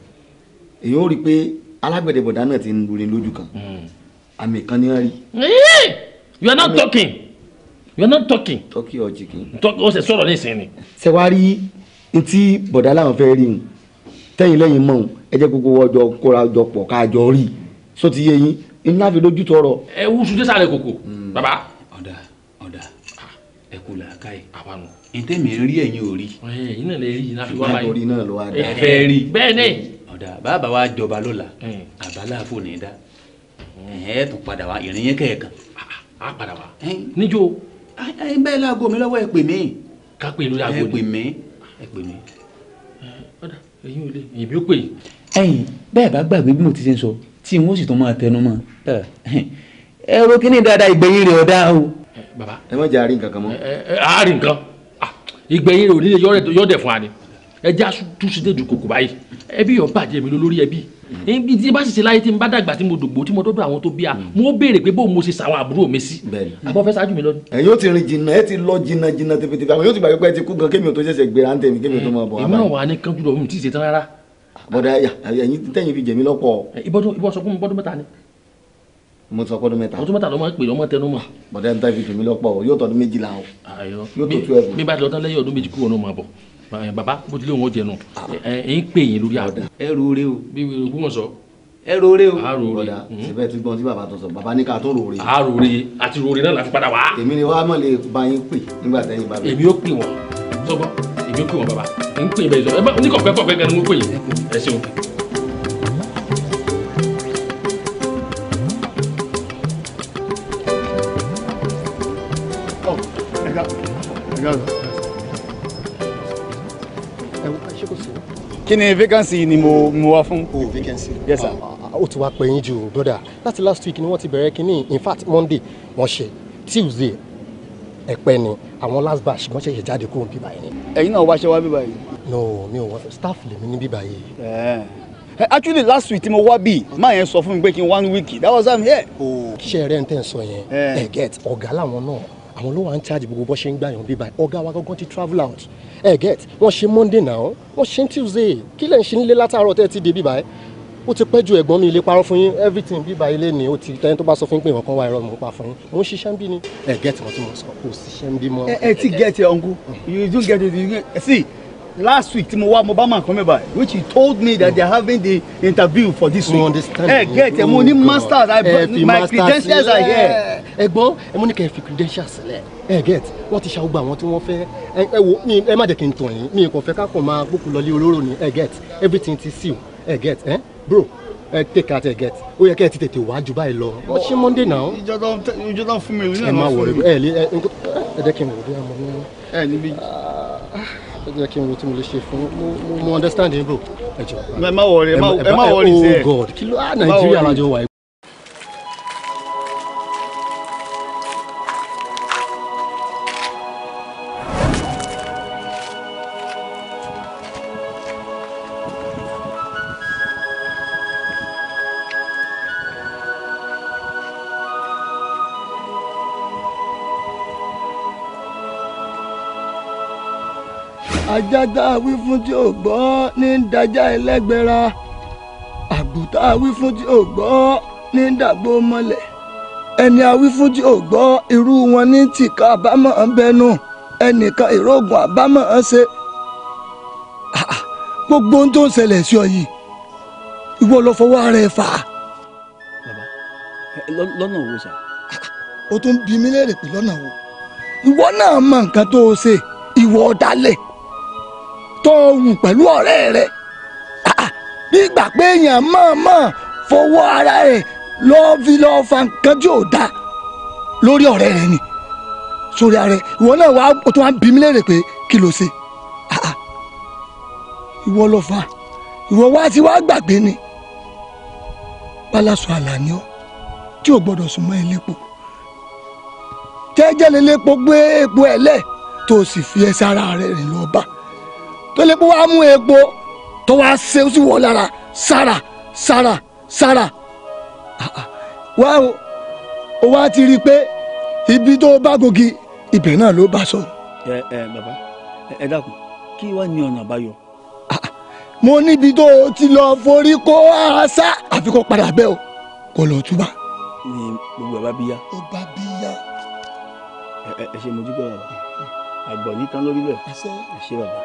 èyàn ó rí i pé alágbẹ̀dẹ bọ̀dá náà ti ń lu ni lójú kan àmì kan ní rí. you are not talking you are not talking. talking or chicken. o ṣe sọ̀rọ̀ ní ìsìn ṣe wá rí ntí bọ̀dá làwọn fẹ́ rí un tẹ́yìn lẹ́yìn mọ́ ẹ jẹ́ gbogbo ọjọ́ kóra jọ pọ̀ káàjọ rí i so ti yé yín iná fi lójú tọrọ. ẹ wúṣu dé sàlẹ̀ kòkò hmm. bàbá. ọ̀dà ọ̀dà ah, ẹ kò là á ká yìí. àwa nù. ntẹ́ mi rí ẹ̀yin ò rí. ẹ̀yin náà lè rí iná fi wá báyìí. ìnátorí náà ló wá dá. ẹ fẹ́ rí. bẹ́ẹ̀ ni. ọ̀dà bàbá wa jọba lọ́la àbáláàfò ní í dá ẹ tún padà wá ìrìn yẹn kẹ̀ẹ̀kan. a padà wá. níjó. ẹ bẹ́ẹ̀ láago mi lọ́wọ́ ẹ pè mí. ká pè lórí aago ni. ẹ pè mí ẹ pè mí. ọ̀dà ẹ̀yin ò lè ìbí ó pè. ẹ̀yin bẹ́ẹ̀ tí wọ́n sì tún máa tẹnu mọ́ ẹ̀rọ kí ni dáadáa ìgbẹ̀yìn rẹ̀ ọ̀dá o. bàbá ẹ má jẹ́ àárín nǹkan kan mọ́. àárín nǹkan ah, ìgbẹ̀yìn rẹ̀ onílé yọ̀ọ̀dẹ̀ fún wa ni ẹ já túnṣe dé ju kòkò báyìí ẹbí yọ̀ bàjẹ́ mi lórí ẹbí ibi tí bá sì ṣe láyé tí n bá dàgbà tí mo dògbò tí mo dọ́dọ̀ àwọn tó bí a mo béèrè pé bó mo ṣe ṣàwọn àbúrò mi sí àbọ̀ fẹ́ ṣáájú mi lọ́dún. ẹ̀yin ó ti rìn jìnnà ẹ ti lọ jìnnà jìnnà tẹfẹtẹfẹ àwọn yóò ti gbàgbé pé ẹ ti kú gan kémi ò tó ṣẹ̀ṣẹ̀ gbéra ń tẹ̀mí kémi ò tó máa bọ̀ wá báyìí. ìmọ̀ wà ní kánjú lọ́wọ́ mi tí ì ṣe tán rárá bọ́dà ẹ̀yìn tẹ̀yìn fi jẹ̀mí lọ́pọ̀. ìbọ́dún ìbọ́ sọ fún mi bọ́dún mẹ́ta ni. mo sọ pọ́dún mẹ́ta. ọdún mẹ́ta ló máa ń pè lọ́mọ tẹnu mọ́. bọ́dà ẹ̀yìn tẹ̀yìn fi jẹ̀mí lọ́pọ̀ yóò tọdún méjìlá o. ayọ̀ mi bá ti lọ tán lẹ́yìn ọdún méjì kúrò ní ọmọ àbọ̀ eh, bàbá mo ti lé òun jẹnu ẹ ah. eh, eh, ń pè yín lórí àgbo. ẹ rore o. bí wọ́n sọ. ẹ rore o. a rore. bọ́dà hmm. síbẹ̀ tí gbọ́n tí bàbá tó sọ bàbá ní ká tó rore. a rore àti rore náà la padà wá. èmi ni wàá mọ̀ lè bá yín pè nígbà tẹ́yìn bá mi. èmi ó pè wọ́n sọ́gbọ́n èmi pè wọn bàbá n pè bẹ́ẹ̀ sọ ẹ bá oníkọ̀ọ̀kẹ́ kọ̀ọ̀kẹ́ gan ni mo pè yín ẹ ṣeun. Oh, kí ni vacancy ni mo mo wá fún. o oh, vacancy. yes sir. Ah, ah, ah, ó ti wá pè jù broda láti last week ni wọ́n ti bẹ̀rẹ̀ kínní in fact monday wọ́n ṣe tuesday ẹ̀pẹ́ ni àwọn last batch wọ́n ṣẹ̀ṣẹ̀ jáde kó bíbá yìí ni. ẹ̀yin náà wáṣẹ́ wá bíbá yìí. no mi ò wọ́n staff lèmi ní bíbá yìí. Eh, actually last week tí mo wá bíi máa yẹn sọ fún mi pé kí n one week that was am here. Oh. ṣé rẹ ń tẹ̀ ń sọ yẹn ẹ eh. eh, get ọ̀gá làwọn náà àwọn ló wà ń charge gbogbo bó ṣe ń gbà yàn bíbá ọ̀gá wa gángan ti travel out ẹ get wọ́n ṣe monday náà wọ́n ṣe tuesday kí lẹ́ ń ṣe nílé látàárọ̀ tẹ́ ti dé bíbá yẹn ó ti pẹ́ ju ẹ̀gbọ́n mi ilé parọ́ fún yín everything bíbá ilé ni ó ti tẹ́yìn tó bá sọ fún pé nǹkan wà irọ́ mò pa fún yín mò ń ṣiṣẹ́ ń bí ni ẹ gẹ́tì wọn tí mo sọ kò ṣiṣẹ́ ń bí mọ́. ẹ ti get it uncle you don't get it see last week tí mo wá mo bá máa kàn which he told me that mm. they are having the interview for this week. You ẹ get ẹ mo oh ní masters I, my credentials are here. ẹ̀gbọ́n ẹ mo ní kẹ́ ẹ fi credentials sílẹ̀ ẹ get wọ́n ti ṣàwùgbà àwọn tí wọ́n fẹ́ ẹ wo ẹ má jẹ́ kí n tàn yín mi kò fẹ́ ká kàn máa gbókù lọ lé olóró ni ẹ get everything ti seal ẹ get ẹ bro ẹ take out ẹ get ó yẹ kẹ́ ẹ ti tètè wá ju báyìí lọ ọ ṣé monday náà. ìjọ tó ń fún mi ìlú náà máa fún mi. ẹ má wọlé ẹ ẹ jẹ́ kí n wò bí ọmọ mi. ẹ níbi. Ah, ẹ jẹ́ kí tí mo lè ṣe fún mo understand yín bro. ẹ jọ ẹ má wọlé ẹ má wọlé sẹ. oh god kí ló ah, á nàìjíríà lájọ wà ajá tá a wí fún tí ò gbọ́ ní ń ẹlẹ́gbẹ̀ra àgbò a wí fún tí ò gbọ́ ní ń dàgbò mọ́lẹ̀ ẹni àwí fún tí ò gbọ́ irú wọn ní tìka àbámọ̀ ń bẹnu ẹnìkan ìrógùn àbámọ̀ ń ṣe gbogbo ohun tó ń ṣẹlẹ̀ sí ọ yìí ìwọ fọwọ́ ara ẹ fà bàbá lọ́nà wo sà. o tún bí mi léèrè pé lọ́nà wo ìwọ náà mọ nǹkan tó o ṣe ìwọ ọ̀dàlẹ̀. tó wù pẹ̀lú ọ̀rẹ́ rẹ̀ ah, nígbà pé èèyàn mọ̀ọ́mọ̀ fọwọ́ ara rẹ̀ lọ́ọ́ fi lọ́ọ́ fa nǹkan tí ò dáa lórí ọ̀rẹ́ rẹ̀ ni sórí ara rẹ̀ ìwọ náà wàá o tún wá bí mi léèrè pé kí ló ṣe ah, ah. ìwọ ló fà ìwọ wá sí wàá gbàgbé ni pálásọ àlàní ọ tí ò gbọdọ̀ sùn mọ́ elépo jẹ́jẹ́ lè gbé epo ẹ̀ tó o sì fi ẹsẹ̀ ara rẹ̀ rìn lọ bá tó lè pé wàá mú egbò tó wàá ṣe ó sì wọ̀ lára sára sára sára wá o wá ti rí i pé ibi tó bá gògì ibẹ̀ náà ló bá sọ. ẹ ẹ bàbá ẹ dákun kí wàá ní ọ̀nà àbáyọ. mo níbi tó o ti lọ forí kó ara sá àfi padà bẹ́ẹ̀ o kò lọ túbà. ni gbogbo ẹ bá bí yá. ó bá bí yá. ẹ ẹ ṣe mojú pé bàbá àgbọ̀n nìkan lórí bẹ́ẹ̀ ẹ ṣe bàbá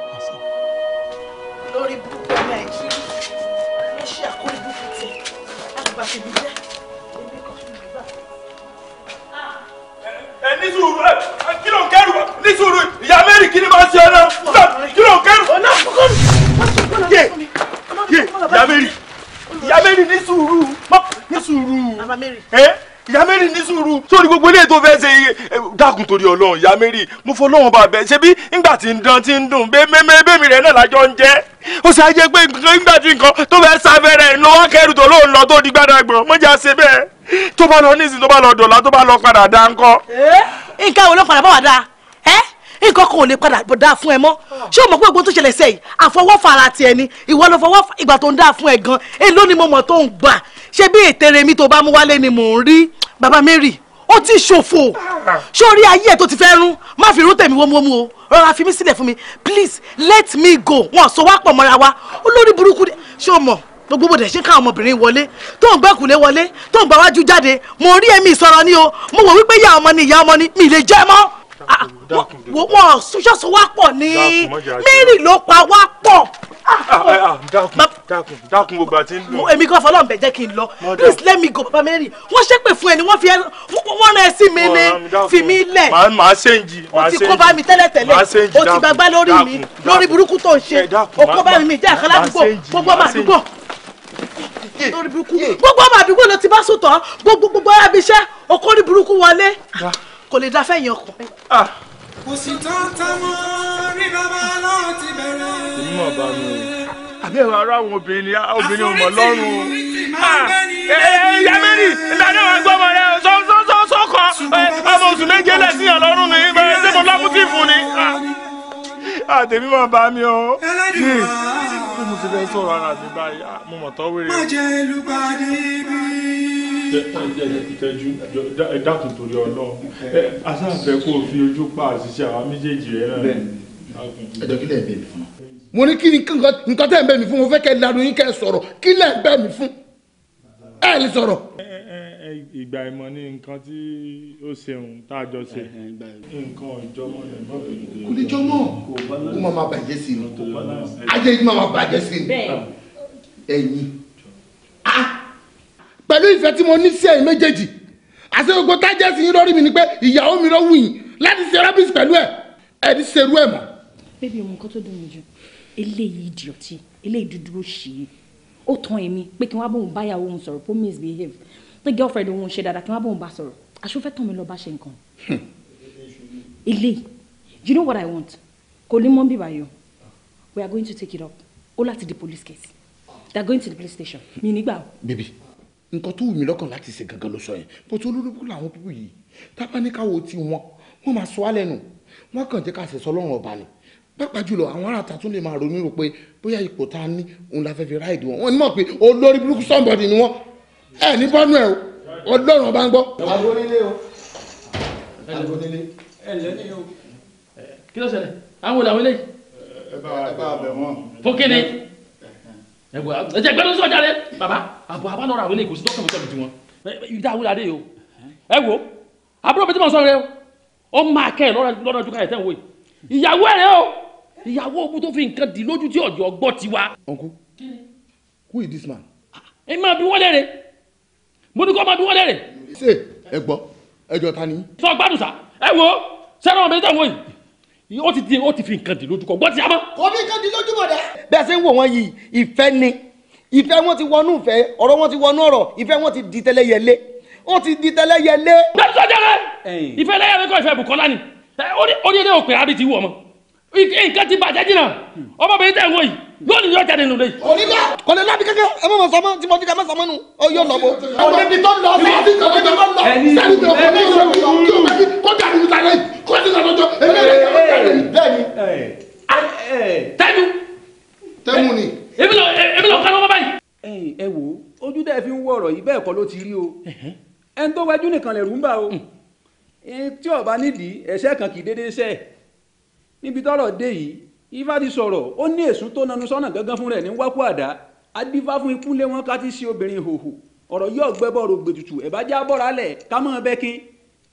olórí burúkú nàìjíríà ló ṣe àkórí burúkú tiẹ̀ àgbà mi gbà. ní sùúrù ẹ kí ló ń kẹrù ní sùúrù ìyá mẹ́rin kí ni máa ṣe ẹran kí ló ń kẹrù. ọ̀nà àkókò mi wọ́n ìyá mẹ́rin ìyá mẹ́rin ní sùúrù ní sùúrù. àbámẹ́rin ìyá mẹ́rin ní sùúrù sórí gbogbo ilé tó fẹ́ ṣe dákun torí ọlọ́run ìyá mẹ́rin mo fọlọ́run bá bẹ̀ ṣebí ńgbà tí ń dán tí ń dùn bẹ́ẹ̀mẹ́mẹ́bẹ́mi rẹ̀ náà lájọ ń jẹ́ ó ṣe ajẹ́ pé ńgbà tí nǹkan tó fẹ́ sáfẹ́rẹ́ ló wá kẹ́rù tó lóun lọ tó di gbàdàgbọ̀n mọ́jà ṣe bẹ́ẹ̀ tó bá lọ nísìnyí tó bá lọ dọ̀là tó bá lọ padà dá ńkọ́. nǹkan wo ló padà bọ̀ wá dáa ẹ́ nǹkan kan ò lè padà dáa fún ẹ mọ́ ṣé o mọ̀ pé gbogbo tó ṣẹlẹ̀ sẹ́yìn àfọwọ́fà ara tiẹ̀ ni ìwọ ló fọwọ́ ìgbà tó ń dáa fún ẹ gan èló ni mo mọ̀ tó ń gbà ṣé bí ètèrè mi tó bá mú wálé ni mò ń rí bàbá Mary ó ti ṣòfò ṣé orí ayé ẹ tó ti fẹ́ rún má fi irú tèmi wómúwómú o rọra fi mí sílẹ̀ fún mi please let me go wọn sọ wá pọ̀ mọ́ra wa olórí burúkú ṣé o mọ̀ gbogbo bòdè ṣe ń káwọn ọmọbìnrin wọlé tó ń gbẹ́kùlé wọlé tó ń gbàwájú jáde mo rí ẹ̀mí ìsọ̀rọ̀ ni o mo wò wípé ìyá ọmọ ni ìyá ọmọ ni mi lè jẹ́ mọ́ wọ́n sọ́sọ́ wá pọ̀ ní mary ló pa wá pọ̀. dákun dákun gbogbo àti ń lò. èmi kan fọlọ́n bẹ̀ jẹ́ kí n lọ please let me go baba mary wọ́n ṣépè fún ẹni wọ́n fi wọ́n rẹ sí mi ní fi mi lẹ̀. màá ṣe ń jì màá ṣe ń jì. o ti kó bá mi tẹ́lẹ̀tẹ́lẹ̀ o ti gbàgbá lórí mi lórí burúkú tó ń ṣe o kó bá mi jẹ́ àkàlà àdúgbò gbogbo ọmọ àdúgbò lórí burúkú gbogbo ọmọ àdúgbò ló ti bá sùn tán gbogbo gbogbo arábíṣẹ́ okòrí burúkú wọlé kò lè da fẹ́yìn ọkùnrin. Ah. kò sì tán tán mọ́ rírọ́ lọ́wọ́ ti bẹ̀rẹ̀. èmi mọ̀ bá mi àbí ẹ̀rọ ara àwọn obìnrin ah, obìnrin ò mọ̀ lọ́rùn o. ẹ̀yà mẹ́rin ìlànà àwọn rẹ sọ́kọ eh, ọmọ oṣù méje lẹ́sìn ọlọ́run ni ṣé mo lọ́kùn tí fún ni. àtẹ̀mí ah. mọ̀ bá mi o. ẹlẹ́dìí hmm. mo ti fẹ́ sọ̀rọ̀ ara mi báyìí mo mọ̀ tọ́ wéré. má jẹ́ ìlú bíi ìtẹ́jú dákun torí ọlọ́run asáfẹ́ kó o fi ojú pa àṣìṣe àwọn méjèèjì rẹ̀ náà ẹjọ́ kí lẹ́ẹ̀ bẹ̀ mí fún. mo ní kí ni nǹkan tẹ́ ẹ̀ ń bẹ̀ mí fún mo fẹ́ kẹ́ ẹ lanu yín kẹ́ ẹ sọ̀rọ̀ kí lẹ́ẹ̀ bẹ̀ mí fún ẹ lè sọ̀rọ̀. ìgbà ìmọ̀ ni nǹkan tí ó ṣeun tá a jọ ṣe. nǹkan ìjọmọ rẹ̀ mọ́ bẹ̀rẹ̀. kò ní jọmọ kó máa bàjẹ́ sí i. ajé yìí máa bàjẹ́ sí i. ẹ̀yin pẹ̀lú ìfẹ́ tí mo ní sí ẹ̀yin méjèèjì àti gbogbo tájẹ́sì yín lórí mi ni pé ìyàwó mi ló wù yín láti ṣe rọ́bìsì pẹ̀lú ẹ̀ ẹ̀ ní ṣerú ẹ̀ mọ́. bébí ohun kan tó dùn mí jù eléyìí ìdí ọtí eléyìí dúdú ó ṣì í ó tan èmi pé kí wọ́n bá òun báyàwó òun sọ̀rọ̀ pé misbehave pé girlfriend òun ṣe dáadáa kí wọ́n bá òun bá sọ̀rọ̀ aṣọ́fẹ́ tán mi lọ bá ṣe nǹkan. Hmm. eléyìí you know what i want kò ní mọ́ bíbá yọ we are going to take it up ó láti the police case they are going to the police station mi nígbà bébí nǹkan tó wù mí lọ́kàn láti ṣe gangan ló sọ yẹn bó tó lórúkú làwọn púpù yìí tábà ní káwo ti wọn wọn máa sọ á lẹ́nu wọn kàn jẹ́ ká ṣe sọ lọ́rùn ọba ni pàápàá jùlọ àwọn ará àtàtún lè máa ronú pé bóyá ipò tá a ní òun la fẹ́ fi ráìdì wọn wọn ní mọ̀ pé olórí burúkú somebody ni wọn ẹ ní bọ́nú ẹ o ọlọ́run ọba ń gbọ́. agbónílé o agbónílé. ẹ lẹ́ni o. kí ló ṣẹlẹ̀ àwọn olè àwọn eléyìí. ẹ bá a bẹ̀ wọ́n. fún kíni. ẹ jẹ́ gbẹ́dọ̀ sọ̀jà bàbá àbọ̀ abánọ́ra àwọn eléyìí kò sí dọ́kítà mi tọ́bi tiwọn ìdá àwọn adé o ẹ wo àbúrò mi tí mo sọ rẹ o ó máa kẹ́ ẹ lọ́dọ̀ ju káyọ̀ tẹ́ ń wo yìí ìyàwó ẹ rẹ o ìyàwó ogun tó fi nǹkan dì lójú tí ọ̀jọ̀ gbọ́ ti wa. uncle who is this man. ẹ máa bí wọ́n lẹ́rẹ̀ mo ní kó máa bí wọ́n lẹ́rẹ̀. ṣe ẹ gbọ́ ẹjọ́ ta ni. sọ gbádùn sá ẹ wo sẹ́nu ọmọ ẹ̀jẹ̀ wọ̀nyí ó ti di ó ti fi nǹkan dì lójú kọ gbọ́ ti a mọ́. kò fi nǹkan dì lójú mọ́ dẹ. bẹ́ẹ̀ sẹ́ ń wò wọ́n yìí ìfẹ́ ni ìfẹ́ wọn ti wọnú ìfẹ́ ọ̀rọ̀ wọn ti wọnú ọ̀rọ̀ ìfẹ́ wọn ti di tẹ́lẹ̀yẹlé ó ti di tẹ́lẹ̀yẹlé. bẹ́ẹ̀ sọ́jà rẹ̀ ìfẹ́ lẹ́yẹlé kọ́ ìfẹ́ Bùkọ́lá ni orí ilé òpè àbí ti wù ọmọ nǹkan ti bàjẹ́ jìnnà ọmọbìnrin tẹ̀ ń wò yìí lónìí yóò jáde nù lé. kọ́lé lábí kékeré ẹ mọ̀ mọ̀ sọmọ tí mo ti ká mọ̀ sọmọ nù ó yóò lọ bó. ọ̀rẹ́bí tó lọ sí ọ̀rẹ́bí tó lọ sí ọ̀rẹ́bí tó lọ sí. kọ́ ló ti rí o ẹni tó wájú nìkan lè rúmbà o hmm. tí ọba nídìí ẹ̀ṣẹ̀ kan kì í déédéé ṣẹ̀ níbi tọ́rọ̀ dé yìí ifá ti sọ̀rọ̀ ó ní èsùn tó nanu sọ́nà gángan fún rẹ̀ ní wákú àdá adífá fún ikú lé wọn ká ti ṣe obìnrin hòhò ọ̀rọ̀ yóò gbẹ́bọ̀ rògbè tutù ẹ̀bá já bọ́ra lẹ̀ ká mọ́ bẹ́ kín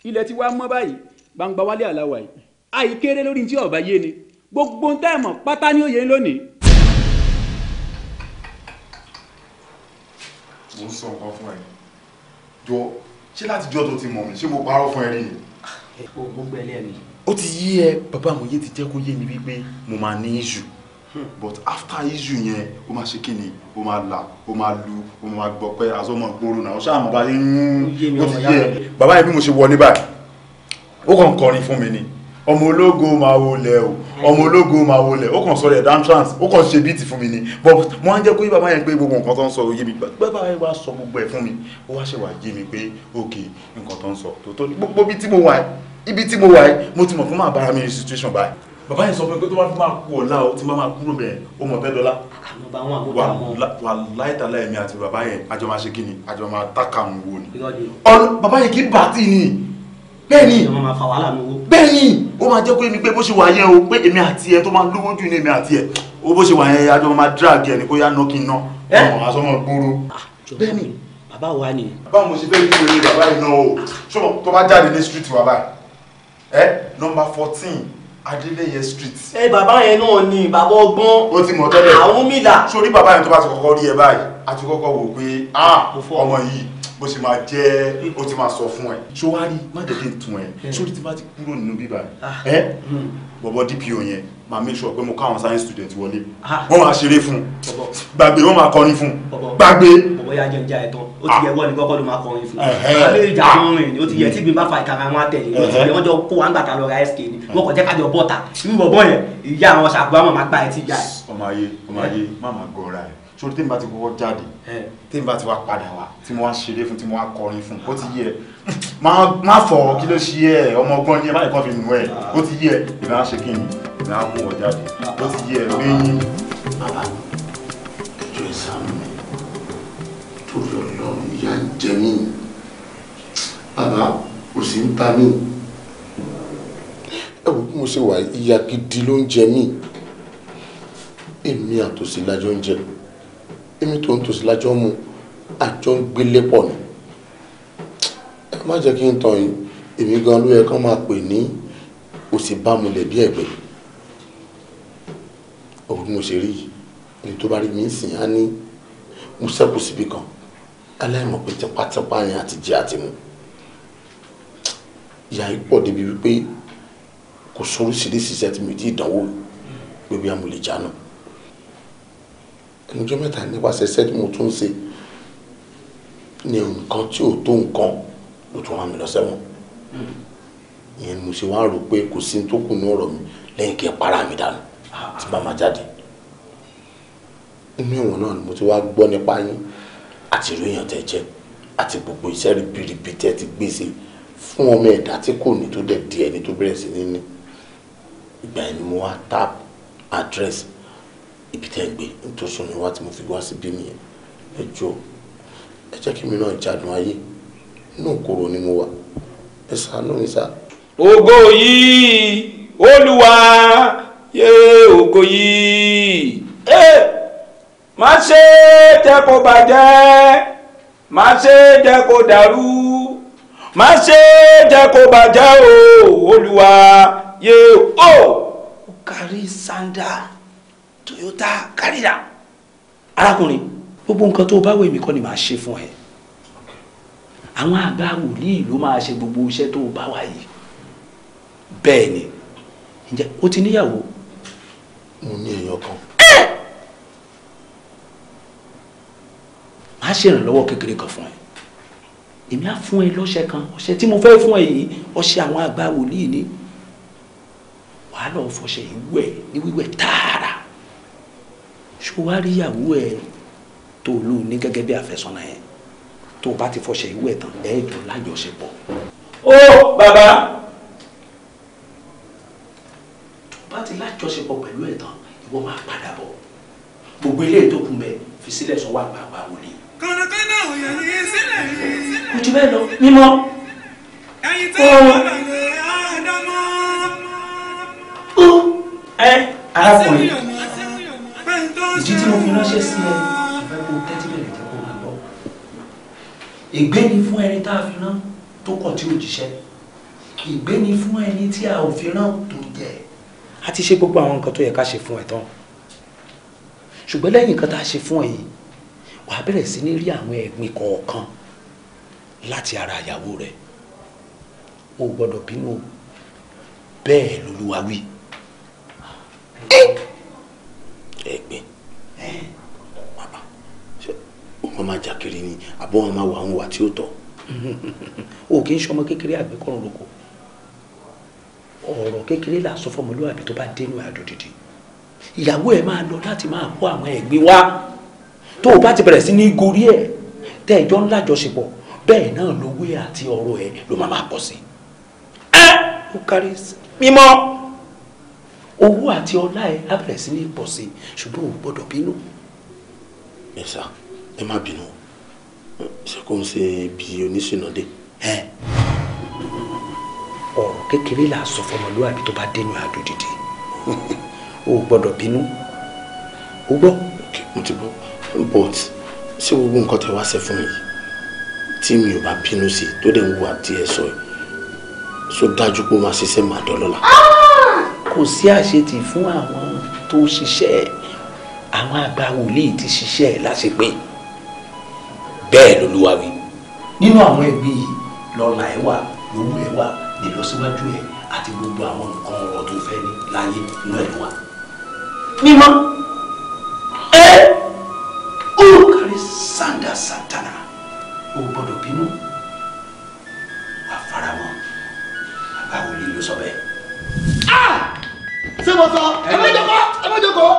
ilẹ̀ tí wàá mọ́ báyìí gbangba wálé àláwà yìí àìkéré lórí tí ọba yé ni gbogbo ń tẹ́ mọ̀ pátá ní òye lónìí mo ń sọ nǹkan fún ẹ jọ ṣé láti jọ́ tó ti mọ̀ mí ṣé mo parọ́ fún ẹ rí ni. o gbogbo ẹlẹ́ mi. ó ti yí ẹ bàbá àmọ̀yé ti jẹ́ kó yé mi wípé mo máa ní issue hmm. but after issue yẹn ó máa ṣe kíni ó máa là ó máa lu ó máa gbọ́ pé asọ́mọ̀ gbòòrò náà ó ṣáà mọ̀ bá ṣe ń ó ti yé ẹ bàbá yẹn bí mo ṣe wọlé báyìí ó kàn kọrin fún mi ni ọmọ ológo máa wọlé o ọmọ ológo máa wọlé ó kàn sọ̀rọ̀ ẹ̀dá trans o kàn ṣe bíìtì fún mi ni but wọ́n á jẹ́ kó yí bàbá yẹn pé gbogbo nǹkan tó ń sọ òye mi pé bàbá yẹn wá sọ gbogbo ẹ̀ fún mi ó wá ṣe wà yé mi pé ok nǹkan tó ń sọ tòótọ́ ni gbogbo ibi tí mo wà ibi tí mo wà mo ti mọ̀ fún màá bára mi ní situation báyìí. bàbá yẹn sọ fún mi pé tó bá fi máa kú ọ̀la o ti máa kúrò bẹ́ẹ̀ ó mọ̀ bẹ́ẹ̀ dọ́là wà láìtàlá ẹ̀mí ni bẹ́ẹ̀ni bẹ́ẹ̀ni ó máa jẹ́ pé ní pé bó ṣe wà yẹn o pé èmi àti ẹ tó máa lówó jù ní èmi àti ẹ o bó ṣe wà yẹn adó máa drag ẹ ní kó yá ná kí n ná ọmọ àsọmọ gbòòrò. Ah, bẹ́ẹ̀ni bàbá wa ni. báwo mo ṣe fẹ́ kí oye bàbá yìí ná o ṣọ tó bá jáde ní street wa báyìí ẹ nọmba fourteen Adélẹ́yẹ street. ẹ bàbá yẹn náà ni bàbá ọgbọ́n. ó ti mọ̀ tẹ́lẹ̀ àwọn mìlá. sórí bàbá yẹn tó bá ti kọ́kọ́ rí ẹ báyìí àti kọ́kọ́ wò pé ah, ọmọ yìí bó ṣe máa jẹ́ ó ti máa sọ fún ẹ ṣó wá rí má dẹ́gẹ́ tún ẹ hmm. ṣó rí ti bá ti kúrò nínú bíbá ah. ẹ hmm. bọ̀bọ̀ DPO yẹn máa make sure pé mo káwọn science student wọlé ah. wọ́n máa ṣeré fún gbàgbé wọ́n máa kọrin fún gbàgbé. bọ̀bọ̀ yá jẹun já ẹ̀tọ́ ó ti yẹ ah. wọ́ọ̀lì kọ́kọ́ ló máa kọrin fún un lórí ìjà wọn rìn ó ti yẹ tí gbin bá fa ìkara wọn àtẹ̀lé ó ti yẹ wọ́n jọ kó wọn gbàtà lọ ra sk ni wọ́n kọ̀ jẹ́ kájọ bọ́ta irú bọ̀bọ̀ yẹn ìyá àwọn ṣàgbọ́n máa gbà ẹ̀ ti jà ẹ̀. ọmọ ayé ọmọ ayé má máa gọra ẹ̀ sórí tèmi bá ti kọ́kọ́ jáde tèmi bá ti wá padà wá tí mo wá ṣeré fún tí mo wá kọrin fún ó ti yẹ má fọ kí ló ṣe ẹ ọmọ ọgbọ́n ní ẹ báyìí kan fi nù ẹ ó ti yẹ ìlànà ṣe kí ni ìlànà mú ọ jáde ó ti yẹ lẹ́yìn bàbá mi ìjọ ìsàmù mi torí ọlọ́run ìyá ń jẹ mí bàbá kò sí ń bá mi ẹ wò bí mo ṣe wà ìyà gidi ló ń jẹ mí èmi àtòsí ń jẹ mí èmi tó ń tòsí lájọ́ mu àjọ ń gbélé pọ̀ ni ẹ má jẹ́ kí n tàn yín èmi gan ló yẹ kán máa pè ní òsì bámulẹ̀ bí ẹ̀gbẹ́ òun mo ṣe rí ni tó bá rí mi sìn á ní mo sẹ́kù síbi kan aláìmọ̀ pé tipátipá yẹn àti jẹ àti mu ìyá yìí pọ̀ débi wípé kò sóríṣiríṣi iṣẹ́ tí mi ti dánwò pé bí a mo lè jà níjọ́ mẹ́ta nípasẹ̀ sẹ́ẹ̀dì mo tún ṣe ní nǹkan tí ò tó nǹkan ló tún rán mi lọ sẹ́wọ̀n ìyẹn ni mo ṣe wá rò pé kò sí tó kù ní ọ̀rọ̀ mi lẹ́yìn kí ẹ para mi dànù tí bá máa jáde inú ìwọ̀n náà ni mo ti wá gbọ́ nípa yín àti ìròyìn tẹ́ jẹ́ àti gbogbo iṣẹ́ ribiribi tẹ́ ti gbèsè fún ọmọ ẹ̀dá tí kò ní tó dẹ̀ di ẹni tó bẹ̀rẹ̀ sí ní ní ìgbà yẹn ni mo wá tap address ibi tẹ́ ń gbé nítorí sọ mi wá tí mo fi wá síbí mi yẹn ẹ ẹ jẹ́ kí mi náà jádùn ayé inú òkúrò ni mo wà ẹ ṣàánú mi sá. ògo yìí olúwa yé ògo yìí ẹ má ṣe jẹ́ bàjẹ́ má ṣe jẹ́ dàrú má ṣe jẹ́ bàjẹ́ o olúwa yé o kárí sándà. Toyota carry down. arákùnrin gbogbo nǹkan tó o bá wọ èmi kọ́ ni màá ṣe fún ẹ àwọn àgbà wòlíì ló máa ṣe gbogbo iṣẹ́ tó o bá wà yìí bẹ́ẹ̀ ni ǹjẹ́ o ti níyàwó. mo ní èèyàn kan. màá ṣe ìrànlọ́wọ́ kékeré kan fún ẹ èmi á fún ẹ lọ́ṣẹ kan ọṣẹ tí mo fẹ́ fún ẹ yìí ọṣẹ àwọn àgbà wòlíì ni wàá lọ ìwẹ̀ ní wíwẹ̀ tààrà ṣó wá rí ìyàwó ẹ tó lù ní gẹ́gẹ́ bí àfẹ́sọ́nà yẹn tó o bá ti fọṣẹ ìwé ẹ̀ tán ẹ̀ jọ lájọṣepọ̀. ó bàbá tó o bá ti lájọṣepọ̀ pẹ̀lú ẹ̀ tán ìwọ máa padà bọ̀ gbogbo ilé tó kún bẹ fi sílẹ̀ sọ wà gbàgbà wòlé. kọ̀nàkọ́nà òyà ni sílẹ̀ yìí. kò jù bẹ́ẹ̀ lọ mímọ́. ẹyin tó ń bọ̀ lọ́dọ̀ àdámọ́. ó ẹ arákùnrin ìdí tí mo fi ránṣẹ́ sí ẹ ìfẹ́ kó tẹ́tí bẹ̀rẹ̀ jẹ́ kó máa lọ. ègbé ni fún ẹni tá a fi rán tó kọ̀ tí ò jíṣẹ́ ègbé ni fún ẹni tí a ò fi rán tó jẹ. a ti ṣe gbogbo àwọn nǹkan tó yẹ ká ṣe fún ẹ tán ṣùgbọ́n lẹ́yìn nǹkan tá a ṣe fún ẹ yìí wàá bẹ̀rẹ̀ sí ní rí àwọn ẹ̀gbin kọ̀ọ̀kan láti ara ìyàwó rẹ̀ o gbọ́dọ̀ bínú bẹ́ẹ̀ lolúwa wí. kọ́ máa jà kiri ni àbọ̀ wọn máa wà àwọn wà tí ó tọ́ o kì í ṣọmọ kékeré àgbẹ̀kọ̀rùn lóko ọ̀rọ̀ kékeré là sọ fọmọlúwàbí tó bá dénú àdó dìde ìyàwó ẹ máa lọ láti máa kó àwọn ẹ̀gbin wá tó o bá ti bẹ̀rẹ̀ sí ní gorí ẹ̀ tẹ́ ẹjọ́ ńlá jọṣepọ̀ bẹ́ẹ̀ náà lówó ẹ̀ àti ọ̀rọ̀ ẹ̀ ló máa máa pọ̀ sí. ẹ ó kárí mímọ́ owó àti ọlá ẹ̀ á bẹ̀rẹ̀ sí ní pọ̀ sí ṣùgbọ́n ò gbọ́dọ̀ bínú. ẹ sáà ẹ má bínú ṣé kò ń ṣe ibi oníṣìnàdé. ọ̀rọ̀ kékeré là á sọ fọmọlúwàbí tó bá dénú àdó dìde o gbọ́dọ̀ bínú o gbọ́. mo ti gbọ́ but ṣé gbogbo nǹkan tẹ wá ṣe fún mi tí mi ò bá bínú sí tó dẹ̀ ń wo àti ẹ̀ sọ yìí so dájú pé ó máa ṣiṣẹ́ màá dọ́lọ́la. kò sí àṣetì fún àwọn tó ṣiṣẹ́ àwọn àgbà wòlíì ti ṣiṣẹ́ láṣepẹ́ bẹ́ẹ̀ lolúwa wí. nínú àwọn ẹbí yìí lọ́la ẹ̀ wà lówó ẹ̀ wà nílọsíwájú ẹ̀ àti gbogbo àwọn nǹkan ọ̀rọ̀ tó fẹ́ ní láyé inú ẹ̀ wà. mímọ́ ẹ olùkárí sanda sátánà ò gbọ́dọ̀ bínú àfaramọ́ àbáwọlé ló sọ bẹ́ẹ̀. Ah! ṣé mo sọ ẹ mọ́jọ́kọ́ ẹ mọ́jọ́kọ́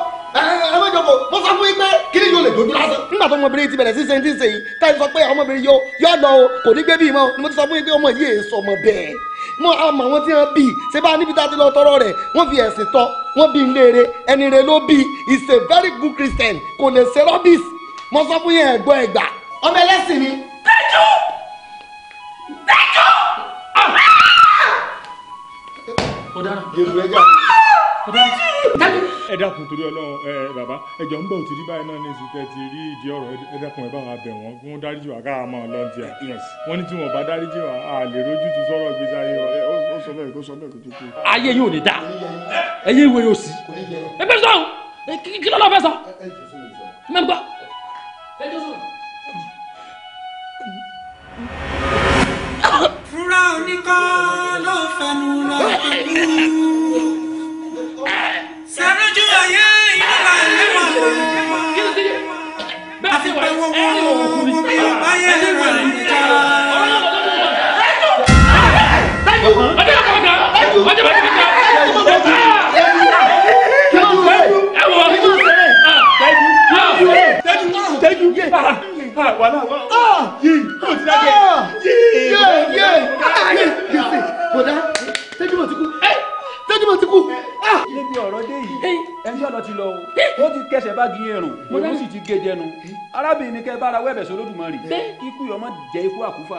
ẹ mẹ́jọ kò mo sọ fún yín pé kíni yóò lè dojú lásán. nígbà tó ọmọbìnrin ti bẹ̀rẹ̀ sí ṣe ń tí ń ṣe yìí tá a ti sọ pé ọmọbìnrin yóò yọ lọ o kò ní gbé bí mọ́ ni mo ti sọ fún yín pé ọmọ yìí èso ọmọ bẹ́ẹ̀ mọ àmọ́ àwọn tí wọ́n bí ṣe bá níbi tá a ti lọ tọrọ rẹ̀ wọ́n fi ẹ̀sìn tọ́ wọ́n bí léèrè ẹni rẹ̀ ló bí is a very good Christian kò lè ṣe rọ́bìs mo sọ fún yín ẹ̀gbọ́ ẹ̀gbà ọmọ ẹlẹ́sìn ni. tẹ́jú tẹ́jú. ọ̀daràn. Ah! Ah! èrò ẹ dákun torí Ọlọ́run ẹ bàbá ẹjọ ń bọ òtítí báyìí náà ní ìsìnkẹ ti rí ìdí ọ̀rọ̀ ẹ dákun ẹ bá wọn bẹ̀ wọ́n kí wọ́n dáríjì wá káà máa lọ tiẹ wọ́n ní tí wọ́n bá dáríjì wá a lè rojú tu sọ̀rọ̀ gbèsè ayé wa. ó sọ bẹ́ẹ̀ kó sọ bẹ́ẹ̀ kó tó kú. ayé yóò ní dáa ẹyẹ ìwé yóò sí. ẹ bẹ sọ kí lọ́lọ́ fẹ́ sọ. mẹ gbọ́. fúra oníkan ló fẹnu lọ pẹ̀lú sànújú ayé inú la yẹ wà wà àfi pé wọ́n wọ́n wọ́n bí ọba yẹ wà níjà. Tẹ́jú yé. Wàhálà wàhálà. Yé. Yé. Yé. Yé. Yé. Bọ̀dá. ọ̀nà ti lọ o ó ti kẹsẹ̀ bá gi ẹrùn òun sì ti gé jẹnu arábìnrin kẹ bára wẹ́bẹ̀ sọlódùmarè ikú yọmọ jẹ ikú àkúfà.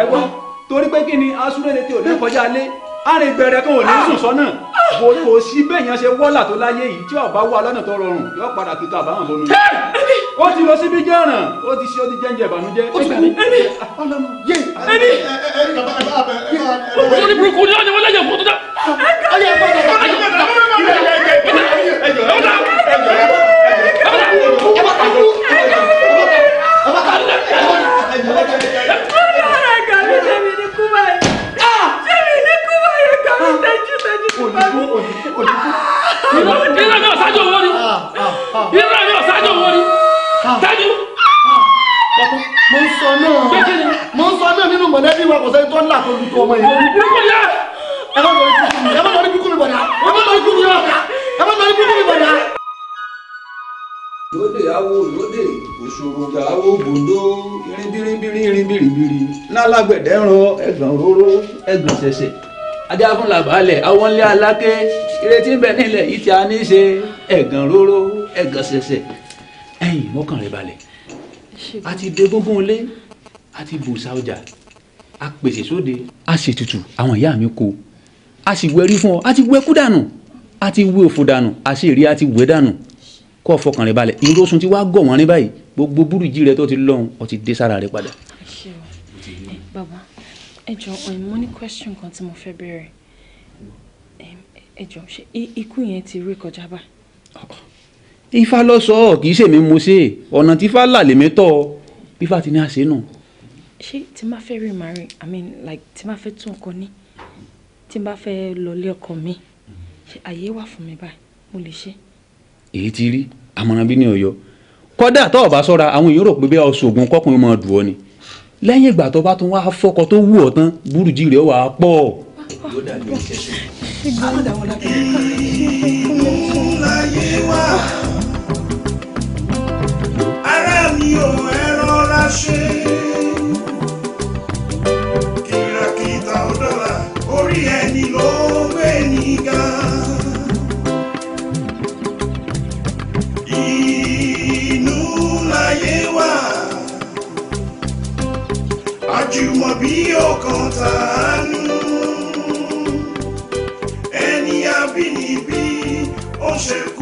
ẹ gbọ́ torí pé kí ni asúrẹ́lẹ̀ tí ò ní kọjá lé arìn gbẹrẹ kan ò ní sùn sọ́nà kò sí bẹ́ẹ̀ yẹn ṣe wọ́là tó láyé yìí tí ọba wà lọ́nà tó rọrùn yọ padà kíkọ àbáwọn bọnu. ó ti lọ síbi jẹ́ ọ̀ràn ó ti ṣe ó ti jẹ́ ǹjẹ́ ìbànújẹ́. ó ti kú ẹni ọlọmọ yé ẹni ẹni burúkú ni wọ́n lẹ́yìn fún tó dá. ayé ẹ̀ bá bàbá ayé ọmọ yìí. ẹ má lọ rí kúkú mi bọ̀dá ẹ má lọ rí kúkú mi bọ̀dá ẹ má lórí búburú ìbọn náà. lóde awo lóde òṣòrògà awo gbòǹdó irinbiribiri irinbiribiri lálágbẹ̀dẹ̀ ran ẹ̀gàn róró ẹ̀gàn ṣẹ̀ṣẹ̀ ajáfúnla baálẹ̀ awọ́nlé aláké ìrètí bẹ nílẹ̀ yìí tí a ní í ṣe ẹ̀gàn róró ẹ̀gàn ṣẹ̀ṣẹ̀ ẹ̀yìn mọ́kàn rẹ̀ balẹ̀ a ti dé gbogbo ilé a ti bùsà ọjà a pèsè sóde a ṣètùtù àwọn ìyá mi kó a sì wẹrí fún ọ a ti wẹkú dànù a ti wé òfò dànù àṣírí a ti wé dànù kó fọkàn rẹ balẹ̀ irú oṣù tí gọ̀ wọ́n ní báyìí gbogbo búrújì rẹ tó ti lọ́hùn ọ ti dé sára rẹ padà. bàbá ẹ jọ mo ní question kan tí mo fẹ́ béèrè ẹ jọ ṣe ikú yẹn ti rí kọjá bá. ifá lọ sọ ọ kì í ṣèmi mo ṣe ọ̀nà tí ifá là lèmi tọ́ ọ ifá ti ní àṣẹ nù. ṣé tí máa fẹ́ rí màrí i mean like tí máa fẹ́ tún ọkọ ní tí máa fẹ́ lọ ọkọ mi àyè wà fún mi báyìí mo lè ṣe. èyí ti rí àmọ̀ràn bí ní ọ̀yọ́ kọ́dà tó o bá sọ́ra àwọn èèyàn rò pé bẹ́ẹ̀ ọ̀ṣọ́gun kọ́kùnrin máa dùn ọ ni lẹ́yìn ìgbà tó bá tún wá fọ́kọ tó wù ọ́ tán burújí rẹ̀ wà á pọ̀. ara mi ò ẹ̀rọ ra ṣe. àjùmọ̀bí ọkàn tàánú ẹni àbínibí ó ṣe kú.